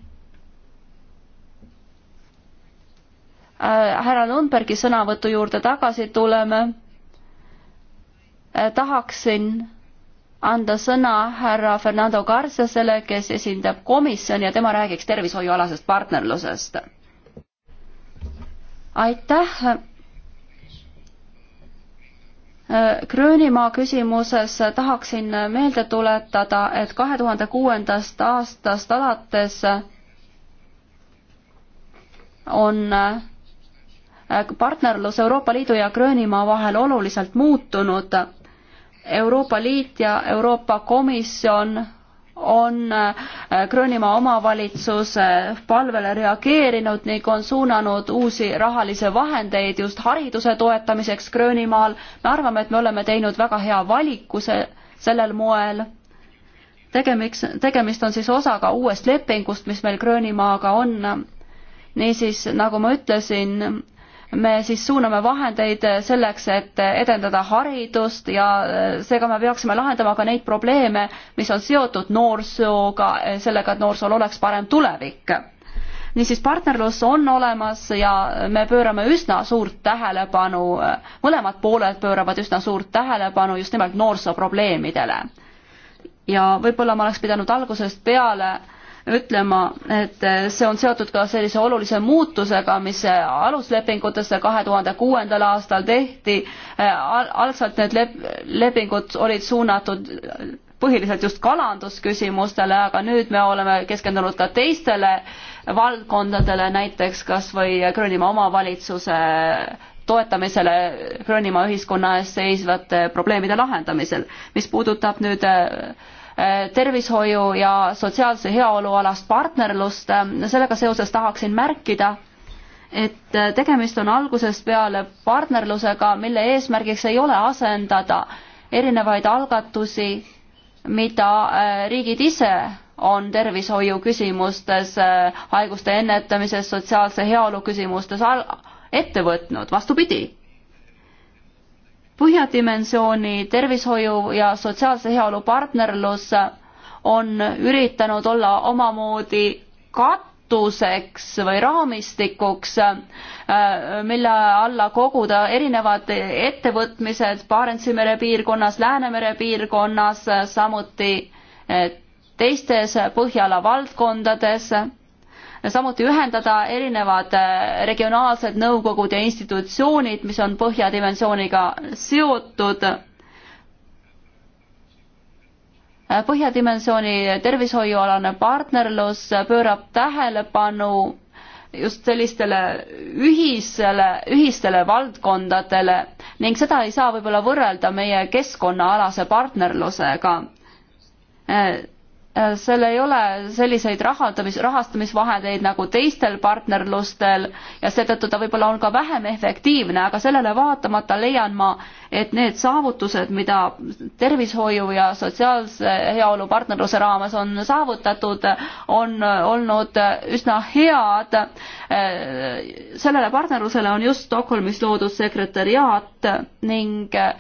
äh, härra Lundbergi sõnavõtu juurde tagasi tuleme, äh, tahaksin anda sõna härra Fernando Garcesele, kes esindab komisjoni ja tema räägiks tervishoiualasest partnerlusest. aitäh. Gröönimaa küsimuses tahaksin meelde tuletada, et kahe tuhande kuuendast aastast alates on partnerlus Euroopa Liidu ja Gröönimaa vahel oluliselt muutunud Euroopa Liit ja Euroopa Komisjon on äh, Gröönimaa omavalitsuse äh, palvele reageerinud ning on suunanud uusi rahalisi vahendeid just hariduse toetamiseks Gröönimaal. me arvame, et me oleme teinud väga hea valiku see, sellel moel. tegemist, tegemist on siis osaga uuest lepingust, mis meil Gröönimaaga on. niisiis, nagu ma ütlesin, me siis suuname vahendeid selleks, et edendada haridust ja äh, seega me peaksime lahendama ka neid probleeme, mis on seotud noorsooga, äh, sellega, et noorsool oleks parem tulevik. niisiis, partnerlus on olemas ja me pöörame üsna suurt tähelepanu, mõlemad pooled pööravad üsna suurt tähelepanu just nimelt noorsooprobleemidele. ja võib-olla ma oleks pidanud algusest peale ütlema, et eh, see on seotud ka sellise olulise muutusega, mis eh, aluslepingutesse kahe tuhande kuuendal aastal tehti eh, Al. algselt need lep lepingud olid suunatud põhiliselt just kalandusküsimustele, aga nüüd me oleme keskendunud ka teistele valdkondadele, näiteks kas või Gröönimaa omavalitsuse toetamisele Gröönimaa ühiskonna ees seisvate probleemide lahendamisel. mis puudutab nüüd tervishoiu ja sotsiaalse heaolu alast partnerlust. sellega seoses tahaksin märkida, et tegemist on algusest peale partnerlusega, mille eesmärgiks ei ole asendada erinevaid algatusi, mida äh, riigid ise on tervishoiu küsimustes, äh, haiguste ennetamises, sotsiaalse heaolu küsimustes ette võtnud, vastupidi põhjadimensiooni tervishoiu ja sotsiaalse heaolu partnerlus on üritanud olla omamoodi katuseks või raamistikuks, äh, mille alla koguda erinevad ettevõtmised Barentsi mere piirkonnas, Läänemere piirkonnas, samuti äh, teistes Põhjala valdkondades samuti ühendada erinevad äh, regionaalsed nõukogud ja institutsioonid, mis on põhjadimensiooniga seotud. Äh, põhjadimensiooni tervishoiualane partnerlus pöörab tähelepanu just sellistele ühisele, ühistele valdkondadele ning seda ei saa võib-olla võrrelda meie keskkonnaalase partnerlusega äh, Äh, seal ei ole selliseid rahaldamis, rahastamisvahendeid nagu teistel partnerlustel ja seetõttu ta võib-olla on ka vähem efektiivne, aga sellele vaatamata leian ma, et need saavutused, mida tervishoiu ja sotsiaalse heaolu partnerluse raames on saavutatud, on olnud üsna head. Äh, sellele partnerlusele on just Stockholmis loodud sekretäriaat ning äh,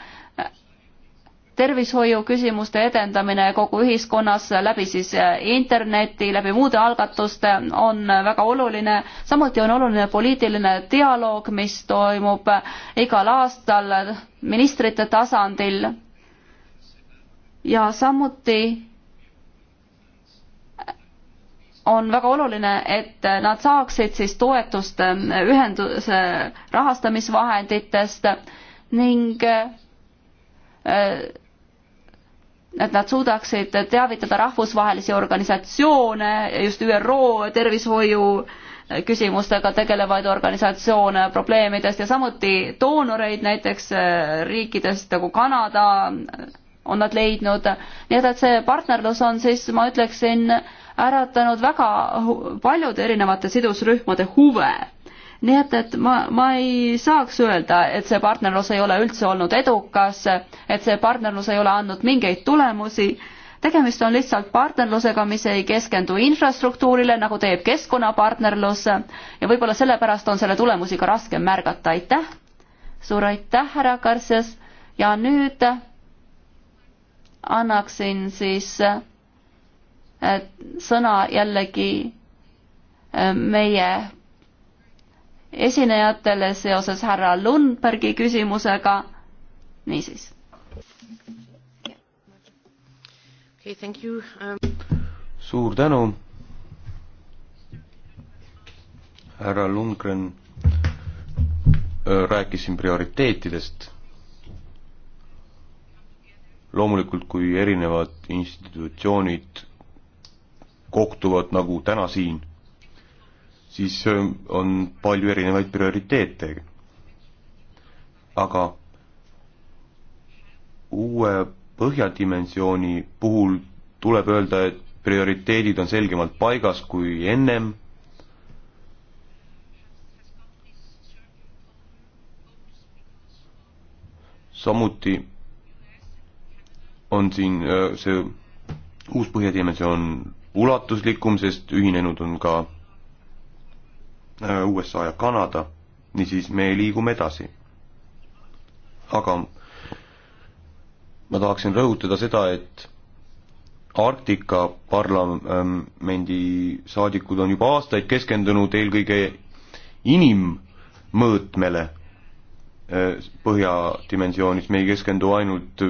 tervishoiuküsimuste edendamine kogu ühiskonnas läbi siis äh, interneti, läbi muude algatuste on väga oluline. samuti on oluline poliitiline dialoog, mis toimub äh, igal aastal äh, ministrite tasandil. ja samuti on väga oluline, et nad saaksid siis toetust ühenduse rahastamisvahenditest ning et nad suudaksid teavitada rahvusvahelisi organisatsioone, just ÜRO tervishoiu küsimustega tegelevaid organisatsioone probleemidest ja samuti doonoreid näiteks äh, riikidest nagu Kanada on nad leidnud. nii et, et see partnerlus on siis, ma ütleksin, äratanud väga paljude erinevate sidusrühmade huve nii et, et ma, ma ei saaks öelda, et see partnerlus ei ole üldse olnud edukas, et see partnerlus ei ole andnud mingeid tulemusi. tegemist on lihtsalt partnerlusega, mis ei keskendu infrastruktuurile, nagu teeb keskkonnapartnerlus ja võib-olla sellepärast on selle tulemusi ka raskem märgata, aitäh. suur aitäh, härra Karsias ja nüüd annaksin siis eh, sõna jällegi eh, meie esinejatele seoses härra Lundbergi küsimusega. niisiis okay,. Um... suur tänu. härra Lundgren äh, rääkis siin prioriteetidest. loomulikult, kui erinevad institutsioonid kohtuvad nagu täna siin siis on palju erinevaid prioriteete. aga uue põhjadimensiooni puhul tuleb öelda, et prioriteedid on selgemalt paigas kui ennem. samuti on siin äh, see uus põhjadimensioon ulatuslikum, sest ühinenud on ka Äh, USA ja Kanada, niisiis me liigume edasi. aga ma tahaksin rõhutada seda, et Arktika parlamendi ähm, saadikud on juba aastaid keskendunud eelkõige inimmõõtmele äh, põhjadimensioonis, me ei keskendu ainult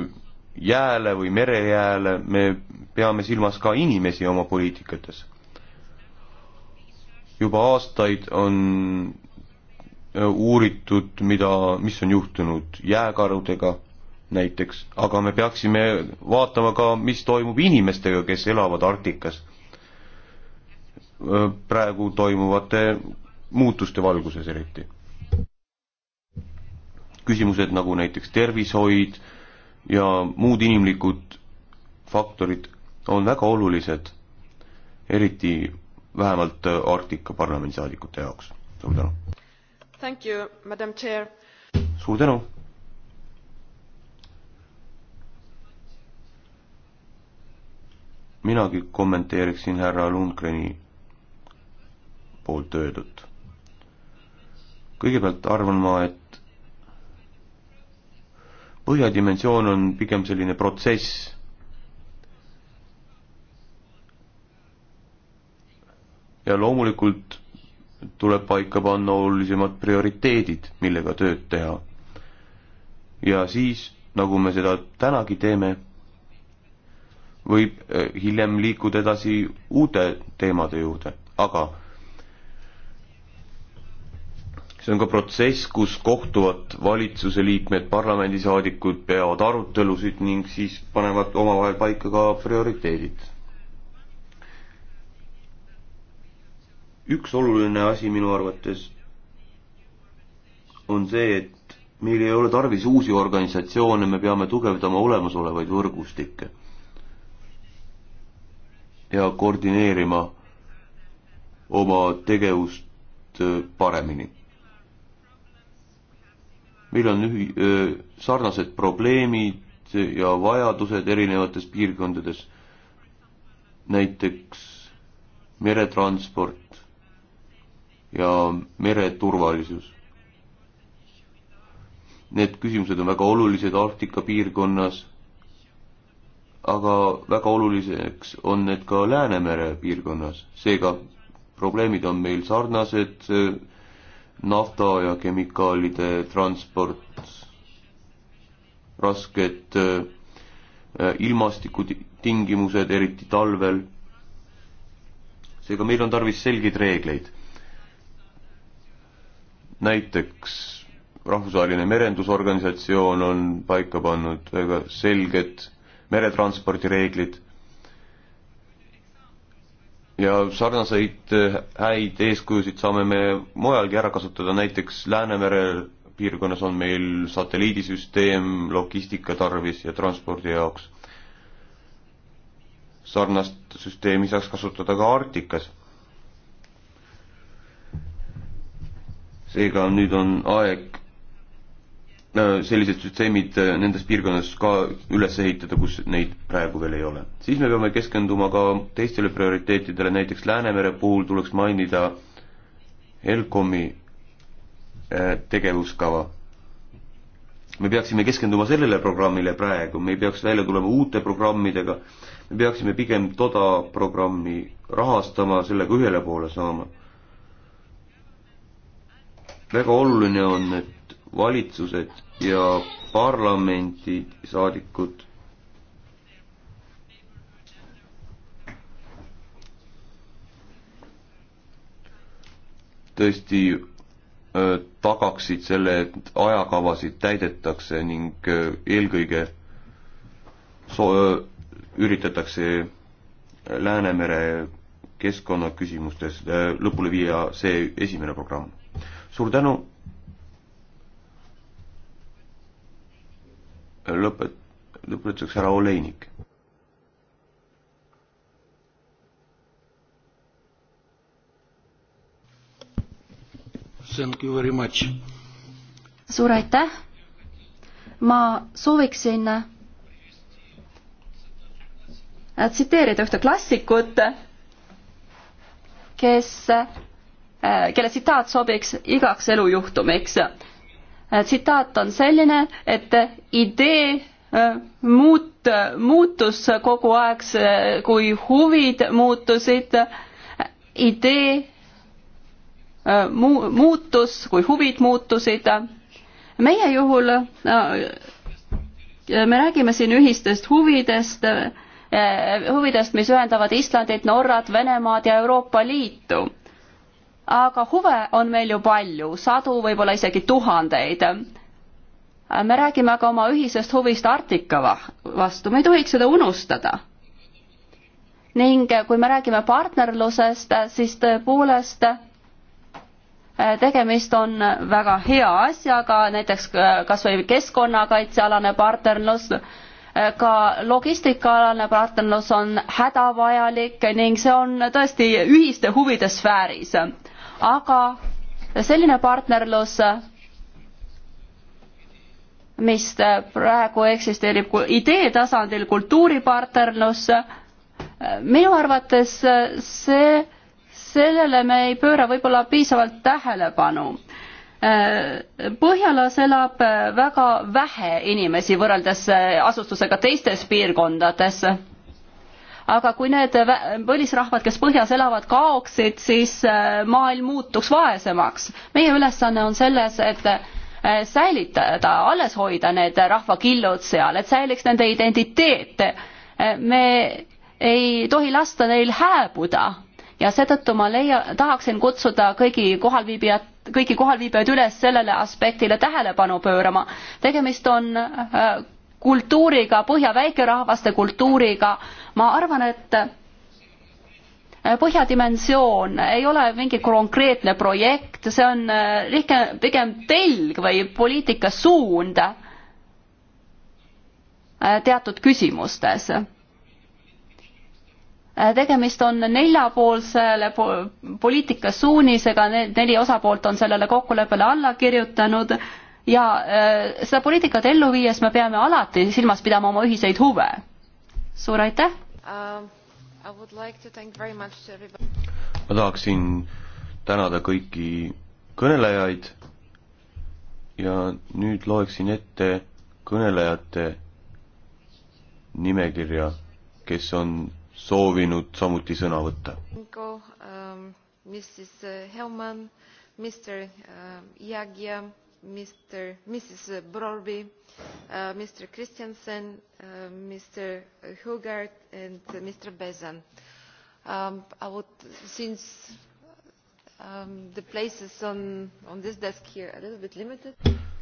jääle või merejääle, me peame silmas ka inimesi oma poliitikates juba aastaid on äh, uuritud, mida, mis on juhtunud jääkarudega näiteks, aga me peaksime vaatama ka, mis toimub inimestega, kes elavad Arktikas äh, praegu toimuvate muutuste valguses eriti. küsimused nagu näiteks tervishoid ja muud inimlikud faktorid on väga olulised, eriti vähemalt äh, Arktika parlamendisaadikute jaoks. suur tänu! Thank you, madam chair! suur tänu! minagi kommenteeriksin härra Lundgreni poolt öeldut. kõigepealt arvan ma, et põhjadimensioon on pigem selline protsess ja loomulikult tuleb paika panna olulisemad prioriteedid, millega tööd teha. ja siis, nagu me seda tänagi teeme, võib eh, hiljem liikuda edasi uute teemade juurde, aga see on ka protsess, kus kohtuvad valitsuse liikmed, parlamendisaadikud peavad arutelusid ning siis panevad omavahel paika ka prioriteedid üks oluline asi minu arvates on see, et meil ei ole tarvis uusi organisatsioone, me peame tugevdama olemasolevaid võrgustikke ja koordineerima oma tegevust äh, paremini. meil on ühi-, äh, sarnased probleemid ja vajadused erinevates piirkondades, näiteks meretransport, ja mereturvalisus. Need küsimused on väga olulised Arktika piirkonnas, aga väga oluliseks on need ka Läänemere piirkonnas, seega probleemid on meil sarnased, nafta ja kemikaalide transport, rasked äh, ilmastikutingimused, eriti talvel. seega meil on tarvis selgeid reegleid näiteks rahvusvaheline merendusorganisatsioon on paika pannud väga selged meretranspordireeglid ja sarnaseid häid eeskujusid saame me mujalgi ära kasutada, näiteks Läänemere piirkonnas on meil satelliidisüsteem logistika tarvis ja transpordi jaoks. sarnast süsteemi saaks kasutada ka Arktikas seega nüüd on aeg äh, sellised süsteemid äh, nendes piirkondades ka üles ehitada, kus neid praegu veel ei ole. siis me peame keskenduma ka teistele prioriteetidele, näiteks Läänemere puhul tuleks mainida Helcomi äh, tegevuskava. me peaksime keskenduma sellele programmile praegu, me ei peaks välja tulema uute programmidega, me peaksime pigem toda programmi rahastama, sellega ühele poole saama väga oluline on, et valitsused ja parlamendisaadikud tõesti öö, äh, tagaksid selle, et ajakavasid täidetakse ning öö, äh, eelkõige so-, äh, üritatakse Läänemere keskkonnaküsimustes lõpule viia see esimene programm suur tänu. lõpet-, lõpetuseks härra Oleinik. suur aitäh. ma sooviksin äh, tsiteerida ühte klassikut, kes Äh, kelle tsitaat sobiks igaks elujuhtumiks. Äh, tsitaat on selline, et idee äh, muut-, muutus kogu aeg, kui huvid muutusid, idee mu-, muutus, kui huvid muutusid. meie juhul me räägime siin ühistest huvidest, huvidest, mis ühendavad Islandit, Norrat, Venemaad ja Euroopa Liitu aga huve on meil ju palju, sadu, võib-olla isegi tuhandeid. me räägime aga oma ühisest huvist Arktika vastu, me ei tohiks seda unustada. ning kui me räägime partnerlusest, siis tõepoolest eh, tegemist on väga hea asjaga, näiteks eh, kas või keskkonnakaitsealane partnerlus, eh, ka logistikaalane partnerlus on hädavajalik ning see on tõesti ühiste huvide sfääris aga selline partnerlus, mis praegu eksisteerib idee tasandil kultuuripartnerlus, minu arvates see, sellele me ei pööra võib-olla piisavalt tähelepanu Põhjalas elab väga vähe inimesi võrreldes asustusega teistes piirkondades aga kui need põlisrahvad, kes põhjas elavad, kaoksid, siis äh, maailm muutuks vaesemaks. meie ülesanne on selles, et äh, säilitada, alles hoida need rahvakillud seal, et säiliks nende identiteet. Äh, me ei tohi lasta neil hääbuda ja seetõttu ma leia-, tahaksin kutsuda kõigi kohalviibijat, kõiki kohalviibijaid üles sellele aspektile tähelepanu pöörama. tegemist on kultuuriga, Põhja väikerahvaste kultuuriga. ma arvan, et äh, Põhjadimensioon ei ole mingi konkreetne projekt, see on pigem, äh, pigem telg või poliitikasuund äh, teatud küsimustes tegemist on neljapoolsele poliitikasuunisega, neli osapoolt on sellele kokkuleppele alla kirjutanud ja äh, seda poliitikat ellu viies me peame alati silmas pidama oma ühiseid huve. suur aitäh uh,! Like ma tahaksin tänada kõiki kõnelejaid ja nüüd loeksin ette kõnelejate nimekirja, kes on soovinud samuti sõna võtta. Mrs Helman, Mr Jagia uh,, um, Mr. Mrs. Brorby, uh, Mr. Christiansen, uh, Mr. Hugard, and uh, Mr. Bezan. Um, I would, since um, the places on, on this desk here are a little bit limited.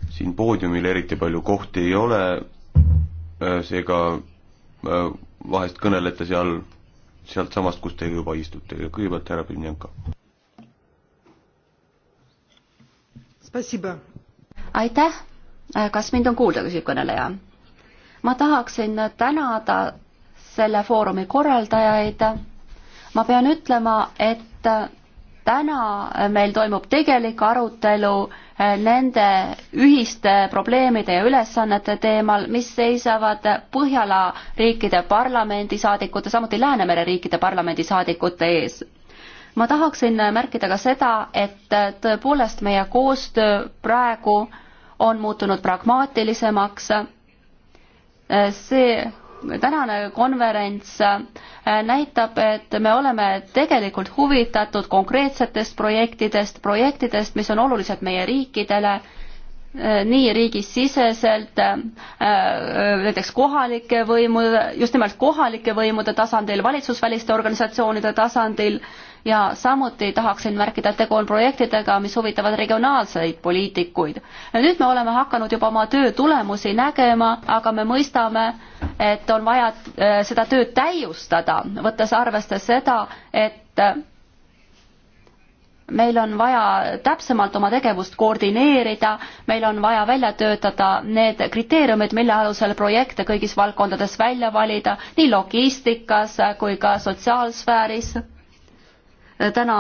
siin poodiumil eriti palju kohti ei ole, äh, seega äh, vahest kõnelete seal, sealtsamast, kus te juba istute. kõigepealt härra Pinjanka. Спасибо aitäh, kas mind on kuulda, küsib kõneleja. ma tahaksin tänada selle foorumi korraldajaid. ma pean ütlema, et täna meil toimub tegelik arutelu nende ühiste probleemide ja ülesannete teemal, mis seisavad Põhjala riikide parlamendisaadikute, samuti Läänemere riikide parlamendisaadikute ees ma tahaksin märkida ka seda, et tõepoolest meie koostöö praegu on muutunud pragmaatilisemaks. see tänane konverents näitab, et me oleme tegelikult huvitatud konkreetsetest projektidest, projektidest, mis on olulised meie riikidele, nii riigisiseselt, näiteks kohalike võimude, just nimelt kohalike võimude tasandil, valitsusväliste organisatsioonide tasandil ja samuti tahaksin märkida, et tegu on projektidega, mis huvitavad regionaalseid poliitikuid. nüüd me oleme hakanud juba oma töö tulemusi nägema, aga me mõistame, et on vaja äh, seda tööd täiustada, võttes arvesse seda, et äh, meil on vaja täpsemalt oma tegevust koordineerida, meil on vaja välja töötada need kriteeriumid, mille alusel projekte kõigis valdkondades välja valida, nii logistikas kui ka sotsiaalsfääris täna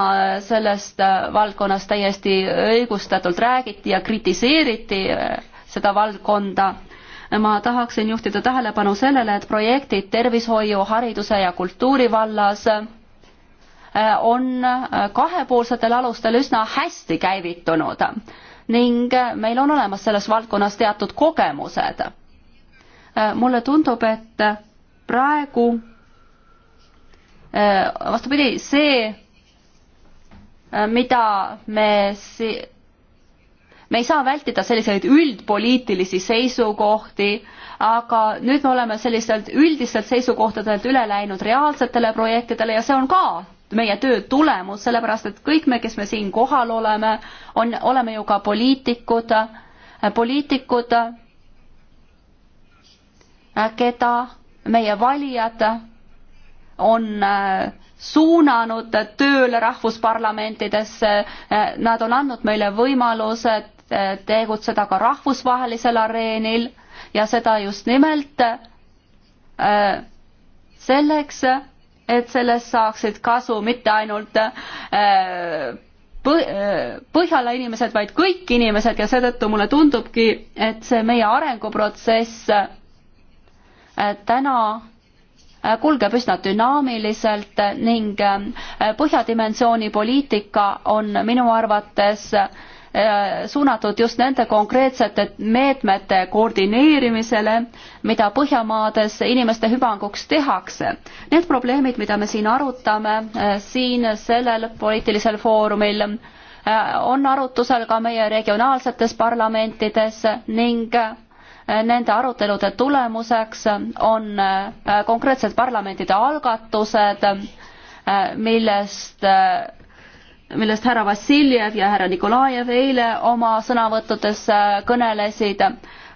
sellest äh, valdkonnast täiesti õigustatult räägiti ja kritiseeriti äh, seda valdkonda. ma tahaksin juhtida tähelepanu sellele, et projektid tervishoiu, hariduse ja kultuuri vallas äh, on kahepoolsetel alustel üsna hästi käivitunud ning meil on olemas selles valdkonnas teatud kogemused. mulle tundub, et praegu vastupidi, see Äh, mida me si-, me ei saa vältida selliseid üldpoliitilisi seisukohti, aga nüüd me oleme sellistelt üldistelt seisukohtadelt üle läinud reaalsetele projektidele ja see on ka meie töö tulemus, sellepärast et kõik me, kes me siin kohal oleme, on, oleme ju ka poliitikud, äh, poliitikud, äh, keda meie valijad on äh, suunanud tööle rahvusparlamentidesse, nad on andnud meile võimaluse tegutseda ka rahvusvahelisel areenil ja seda just nimelt äh, selleks, et sellest saaksid kasu mitte ainult äh, äh, Põhjala inimesed, vaid kõik inimesed ja seetõttu mulle tundubki, et see meie arenguprotsess täna Äh, kulgeb üsna dünaamiliselt ning äh, põhjadimensiooni poliitika on minu arvates äh, suunatud just nende konkreetsete meetmete koordineerimisele, mida Põhjamaades inimeste hüvanguks tehakse. Need probleemid, mida me siin arutame, siin sellel poliitilisel foorumil, on arutusel ka meie regionaalsetes parlamentides ning Nende arutelude tulemuseks on äh, konkreetsed parlamentide algatused, äh, millest äh, millest härra Vassiljev ja härra Nikolajev eile oma sõnavõttudes kõnelesid.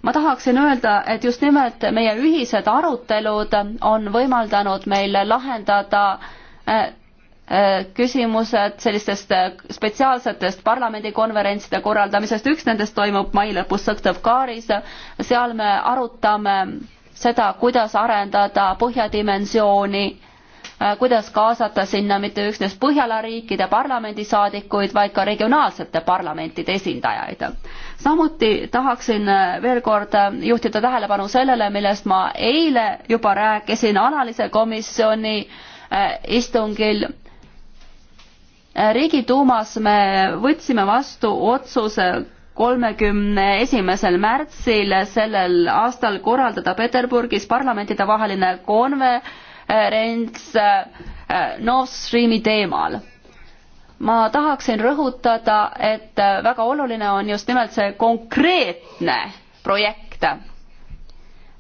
ma tahaksin öelda, et just nimelt meie ühised arutelud on võimaldanud meil lahendada Äh, küsimused sellistest äh, spetsiaalsetest parlamendikonverentside korraldamisest, üks nendest toimub mai lõpus Sõktõvkaaris, seal me arutame seda, kuidas arendada põhjadimensiooni, äh, kuidas kaasata sinna mitte üksnes Põhjala riikide parlamendisaadikuid, vaid ka regionaalsete parlamentide esindajaid. samuti tahaksin veel kord juhtida tähelepanu sellele, millest ma eile juba rääkisin, analise komisjoni istungil Äh, riigiduumas me võtsime vastu otsuse kolmekümne esimesel märtsil sellel aastal korraldada Peterburgis parlamentidevaheline konverents äh, Nord Streami teemal. ma tahaksin rõhutada, et äh, väga oluline on just nimelt see konkreetne projekt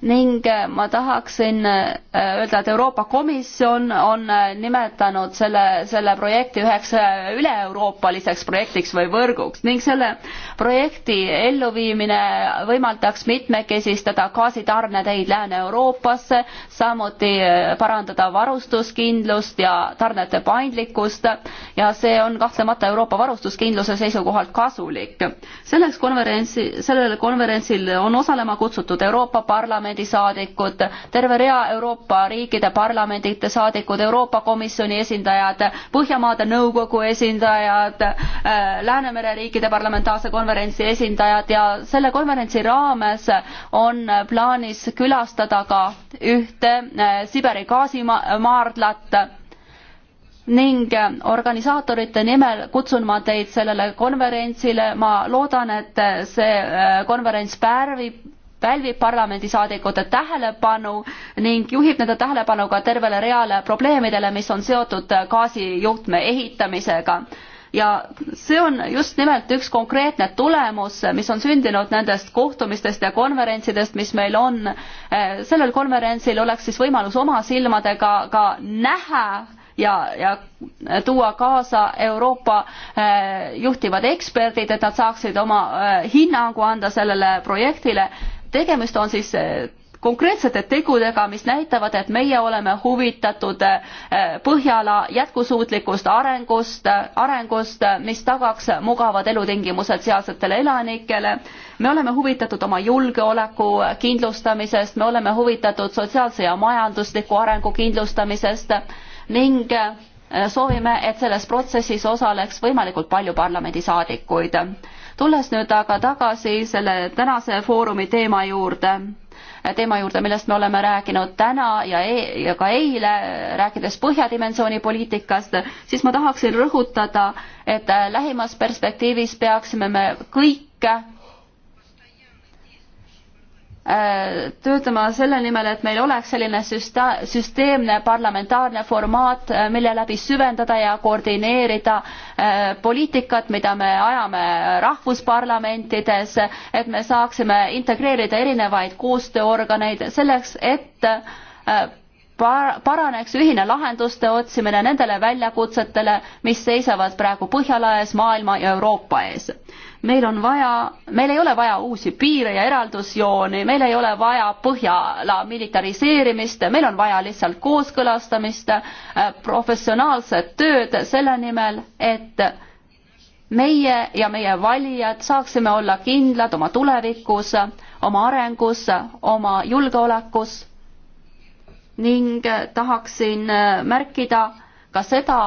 ning äh, ma tahaksin äh, öelda, et Euroopa Komisjon on äh, nimetanud selle, selle projekti üheks üle-euroopaliseks projektiks või võrguks ning selle projekti elluviimine võimaldaks mitmekesistada gaasitarneteid Lääne-Euroopasse, samuti parandada varustuskindlust ja tarnete paindlikkust ja see on kahtlemata Euroopa varustuskindluse seisukohalt kasulik. selleks konverentsi, sellel konverentsil on osalema kutsutud Euroopa Parlament, parlamendisaadikud, terve rea Euroopa riikide parlamendite saadikud, Euroopa Komisjoni esindajad, Põhjamaade Nõukogu esindajad, äh, Läänemere riikide parlamentaarse konverentsi esindajad ja selle konverentsi raames on plaanis külastada ka ühte äh, Siberi gaasimaardlat ning organisaatorite nimel kutsun ma teid sellele konverentsile, ma loodan, et see äh, konverents pärvib pälvib parlamendisaadikute tähelepanu ning juhib nende tähelepanu ka tervele reale probleemidele, mis on seotud äh, gaasijuhtme ehitamisega. ja see on just nimelt üks konkreetne tulemus, mis on sündinud nendest kohtumistest ja konverentsidest, mis meil on. Äh, sellel konverentsil oleks siis võimalus oma silmadega ka näha ja, ja tuua kaasa Euroopa äh, juhtivad eksperdid, et nad saaksid oma hinnangu anda sellele projektile tegemist on siis eh, konkreetsete tegudega, mis näitavad, et meie oleme huvitatud eh, Põhjala jätkusuutlikust arengust, arengust, mis tagaks mugavad elutingimused sealsetele elanikele. me oleme huvitatud oma julgeoleku kindlustamisest, me oleme huvitatud sotsiaalse ja majandusliku arengu kindlustamisest ning eh, soovime, et selles protsessis osaleks võimalikult palju parlamendisaadikuid tulles nüüd aga tagasi selle tänase foorumi teema juurde, teema juurde, millest me oleme rääkinud täna ja, e ja ka eile, rääkides Põhjadimensiooni poliitikast, siis ma tahaksin rõhutada, et lähimas perspektiivis peaksime me kõik Äh, töötama selle nimel, et meil oleks selline süsta-, süsteemne parlamentaarne formaat, äh, mille läbi süvendada ja koordineerida äh, poliitikat, mida me ajame rahvusparlamentides, et me saaksime integreerida erinevaid koostööorganeid selleks, et par-, paraneks ühine lahenduste otsimine nendele väljakutsetele, mis seisavad praegu Põhjala ees, maailma ja Euroopa ees meil on vaja, meil ei ole vaja uusi piire ja eraldusjooni, meil ei ole vaja Põhjala militariseerimist, meil on vaja lihtsalt kooskõlastamist, äh, professionaalset tööd selle nimel, et meie ja meie valijad saaksime olla kindlad oma tulevikus, oma arengus, oma julgeolekus ning tahaksin äh, märkida ka seda,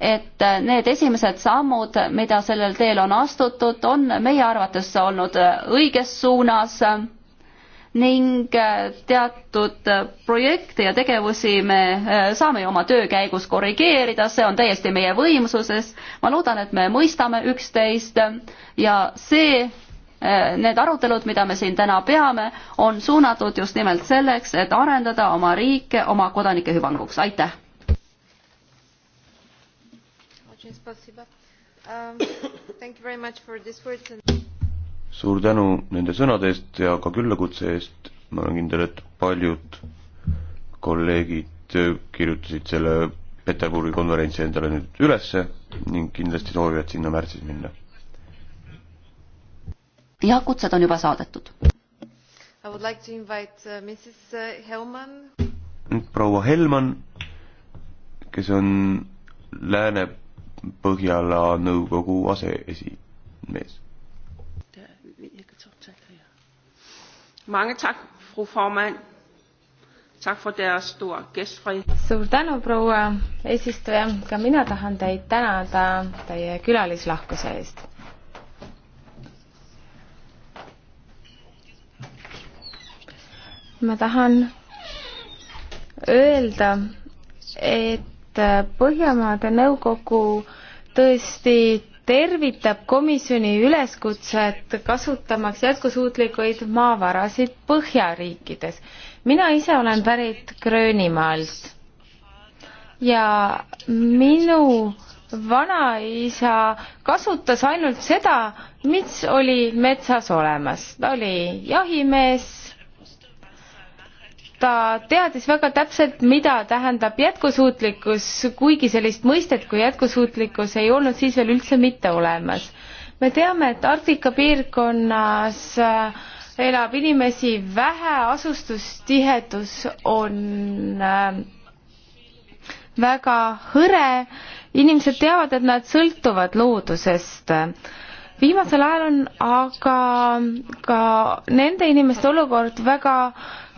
et äh, need esimesed sammud, mida sellel teel on astutud, on meie arvates olnud äh, õiges suunas äh, ning teatud projekte ja tegevusi me saame oma töö käigus korrigeerida, see on täiesti meie võimsuses. ma loodan, et me mõistame üksteist ja see, need arutelud, mida me siin täna peame, on suunatud just nimelt selleks, et arendada oma riike oma kodanike hüvanguks. aitäh! Um, suur tänu nende sõnade eest ja ka küllakutse eest. ma olen kindel, et paljud kolleegid kirjutasid selle Peterburi konverentsi endale nüüd ülesse ning kindlasti soovivad sinna märtsis minna. jah, kutsed on juba saadetud. I would like to invite uh, Mrs uh, Helman. proua Helman, kes on Lääne Põhjala nõukogu aseesimees. suur tänu, proua eesistuja, ka mina tahan teid tänada teie külalislahkuse eest ma tahan öelda, et et äh, Põhjamaade Nõukogu tõesti tervitab komisjoni üleskutset kasutamaks jätkusuutlikuid maavarasid Põhjariikides. mina ise olen pärit Gröönimaalt ja minu vanaisa kasutas ainult seda, mis oli metsas olemas. ta oli jahimees ta teadis väga täpselt, mida tähendab jätkusuutlikkus, kuigi sellist mõistet kui jätkusuutlikkus ei olnud siis veel üldse mitte olemas. me teame, et Arktika piirkonnas äh, elab inimesi vähe, asustustihedus on äh, väga hõre, inimesed teavad, et nad sõltuvad loodusest viimasel ajal on aga ka nende inimeste olukord väga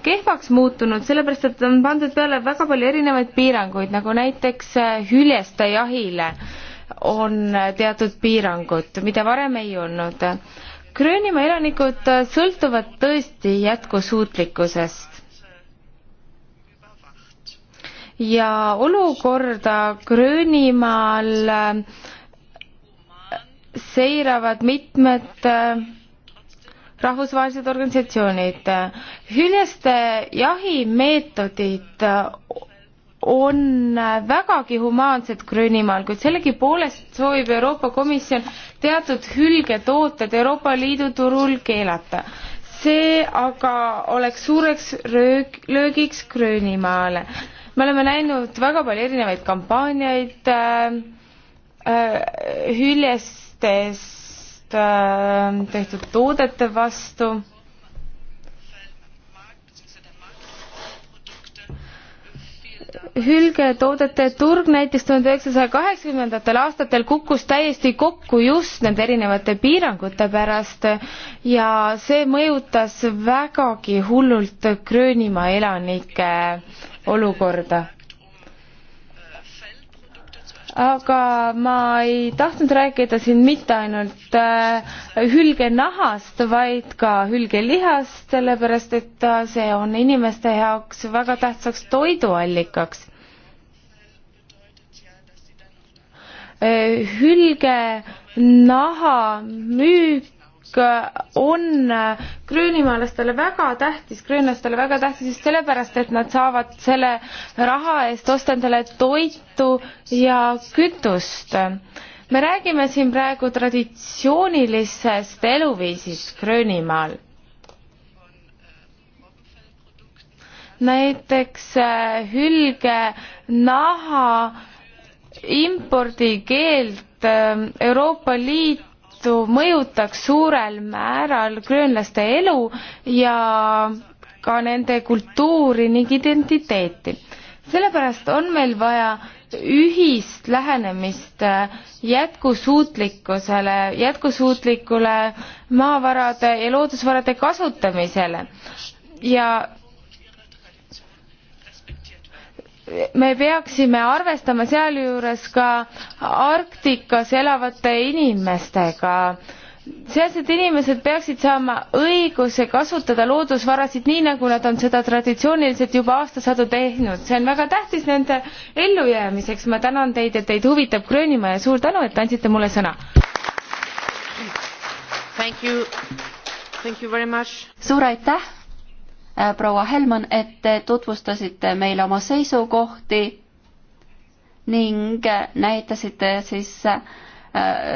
kehvaks muutunud, sellepärast et on pandud peale väga palju erinevaid piiranguid, nagu näiteks äh, hüljeste jahile on äh, teatud piirangud, mida varem ei olnud. Gröönimaa elanikud äh, sõltuvad tõesti jätkusuutlikkusest. ja olukorda Gröönimaal seiravad mitmed äh, rahvusvahelised organisatsioonid. hüljeste jahimeetodid on vägagi humaansed Gröönimaal, kuid sellegipoolest soovib Euroopa Komisjon teatud hülgetooted Euroopa Liidu turul keelata. see aga oleks suureks röög, löögiks Gröönimaale. me oleme näinud väga palju erinevaid kampaaniaid äh, äh, hüljestes Äh, tehtud toodete vastu. hülgetoodete turg näiteks tuhande üheksasaja kaheksakümnendatel aastatel kukkus täiesti kokku just nende erinevate piirangute pärast ja see mõjutas vägagi hullult Gröönimaa elanike olukorda aga ma ei tahtnud rääkida siin mitte ainult äh, hülgenahast, vaid ka hülgelihast, sellepärast et äh, see on inimeste jaoks väga tähtsaks toiduallikaks. Äh, hülgenaha müük Äh, on äh, gröönimaalastele väga tähtis, gröönlastele väga tähtis just sellepärast, et nad saavad selle raha eest osta endale toitu ja kütust. me räägime siin praegu traditsioonilisest eluviisist Gröönimaal. näiteks äh, hülgenaha impordikeeld Euroopa Liit vastu mõjutaks suurel määral gröönlaste elu ja ka nende kultuuri ning identiteeti. sellepärast on meil vaja ühist lähenemist jätkusuutlikkusele, jätkusuutlikule maavarade ja loodusvarade kasutamisele ja me peaksime arvestama sealjuures ka Arktikas elavate inimestega. sealsed inimesed peaksid saama õiguse kasutada loodusvarasid nii, nagu nad on seda traditsiooniliselt juba aastasadu teinud. see on väga tähtis nende ellujäämiseks. ma tänan teid, et teid huvitab Gröönimaa ja suur tänu, et andsite mulle sõna. suur aitäh Äh, proua Helman, et te tutvustasite meile oma seisukohti ning äh, näitasite siis äh,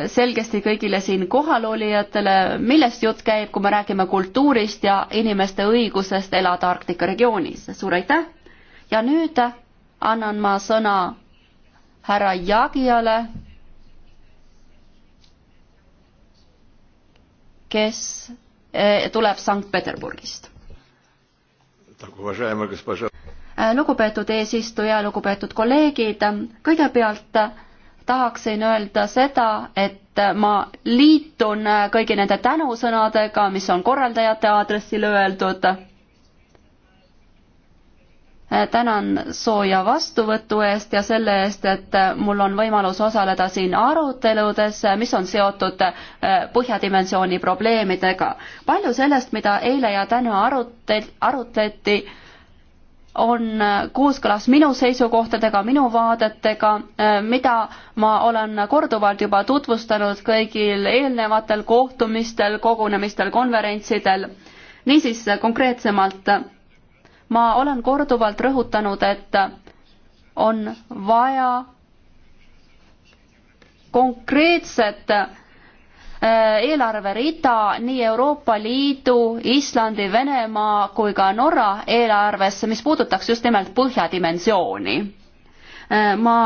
selgesti kõigile siin kohalolijatele, millest jutt käib, kui me räägime kultuurist ja inimeste õigusest elada Arktika regioonis. suur aitäh! ja nüüd annan ma sõna härra Jagiale, kes tuleb Sankt-Peterburgist Э, lugupeetud eesistuja, lugupeetud kolleegid, kõigepealt э, tahaksin öelda seda, et äh, ma liitun äh, kõigi nende tänusõnadega, mis on korraldajate aadressil öeldud Eh, tänan sooja vastuvõtu eest ja selle eest, et eh, mul on võimalus osaleda siin aruteludes, eh, mis on seotud Põhjadimensiooni probleemidega. palju sellest, mida eile ja täna arutel-, arutleti, on kooskõlas minu seisukohtadega, minu vaadetega, mida ma olen korduvalt juba tutvustanud kõigil eelnevatel kohtumistel, kogunemistel, konverentsidel. niisiis konkreetsemalt ma olen korduvalt rõhutanud, et on vaja konkreetset äh, eelarverida nii Euroopa Liidu, Islandi, Venemaa kui ka Norra eelarvesse, mis puudutaks just nimelt põhjadimensiooni. Äh, ma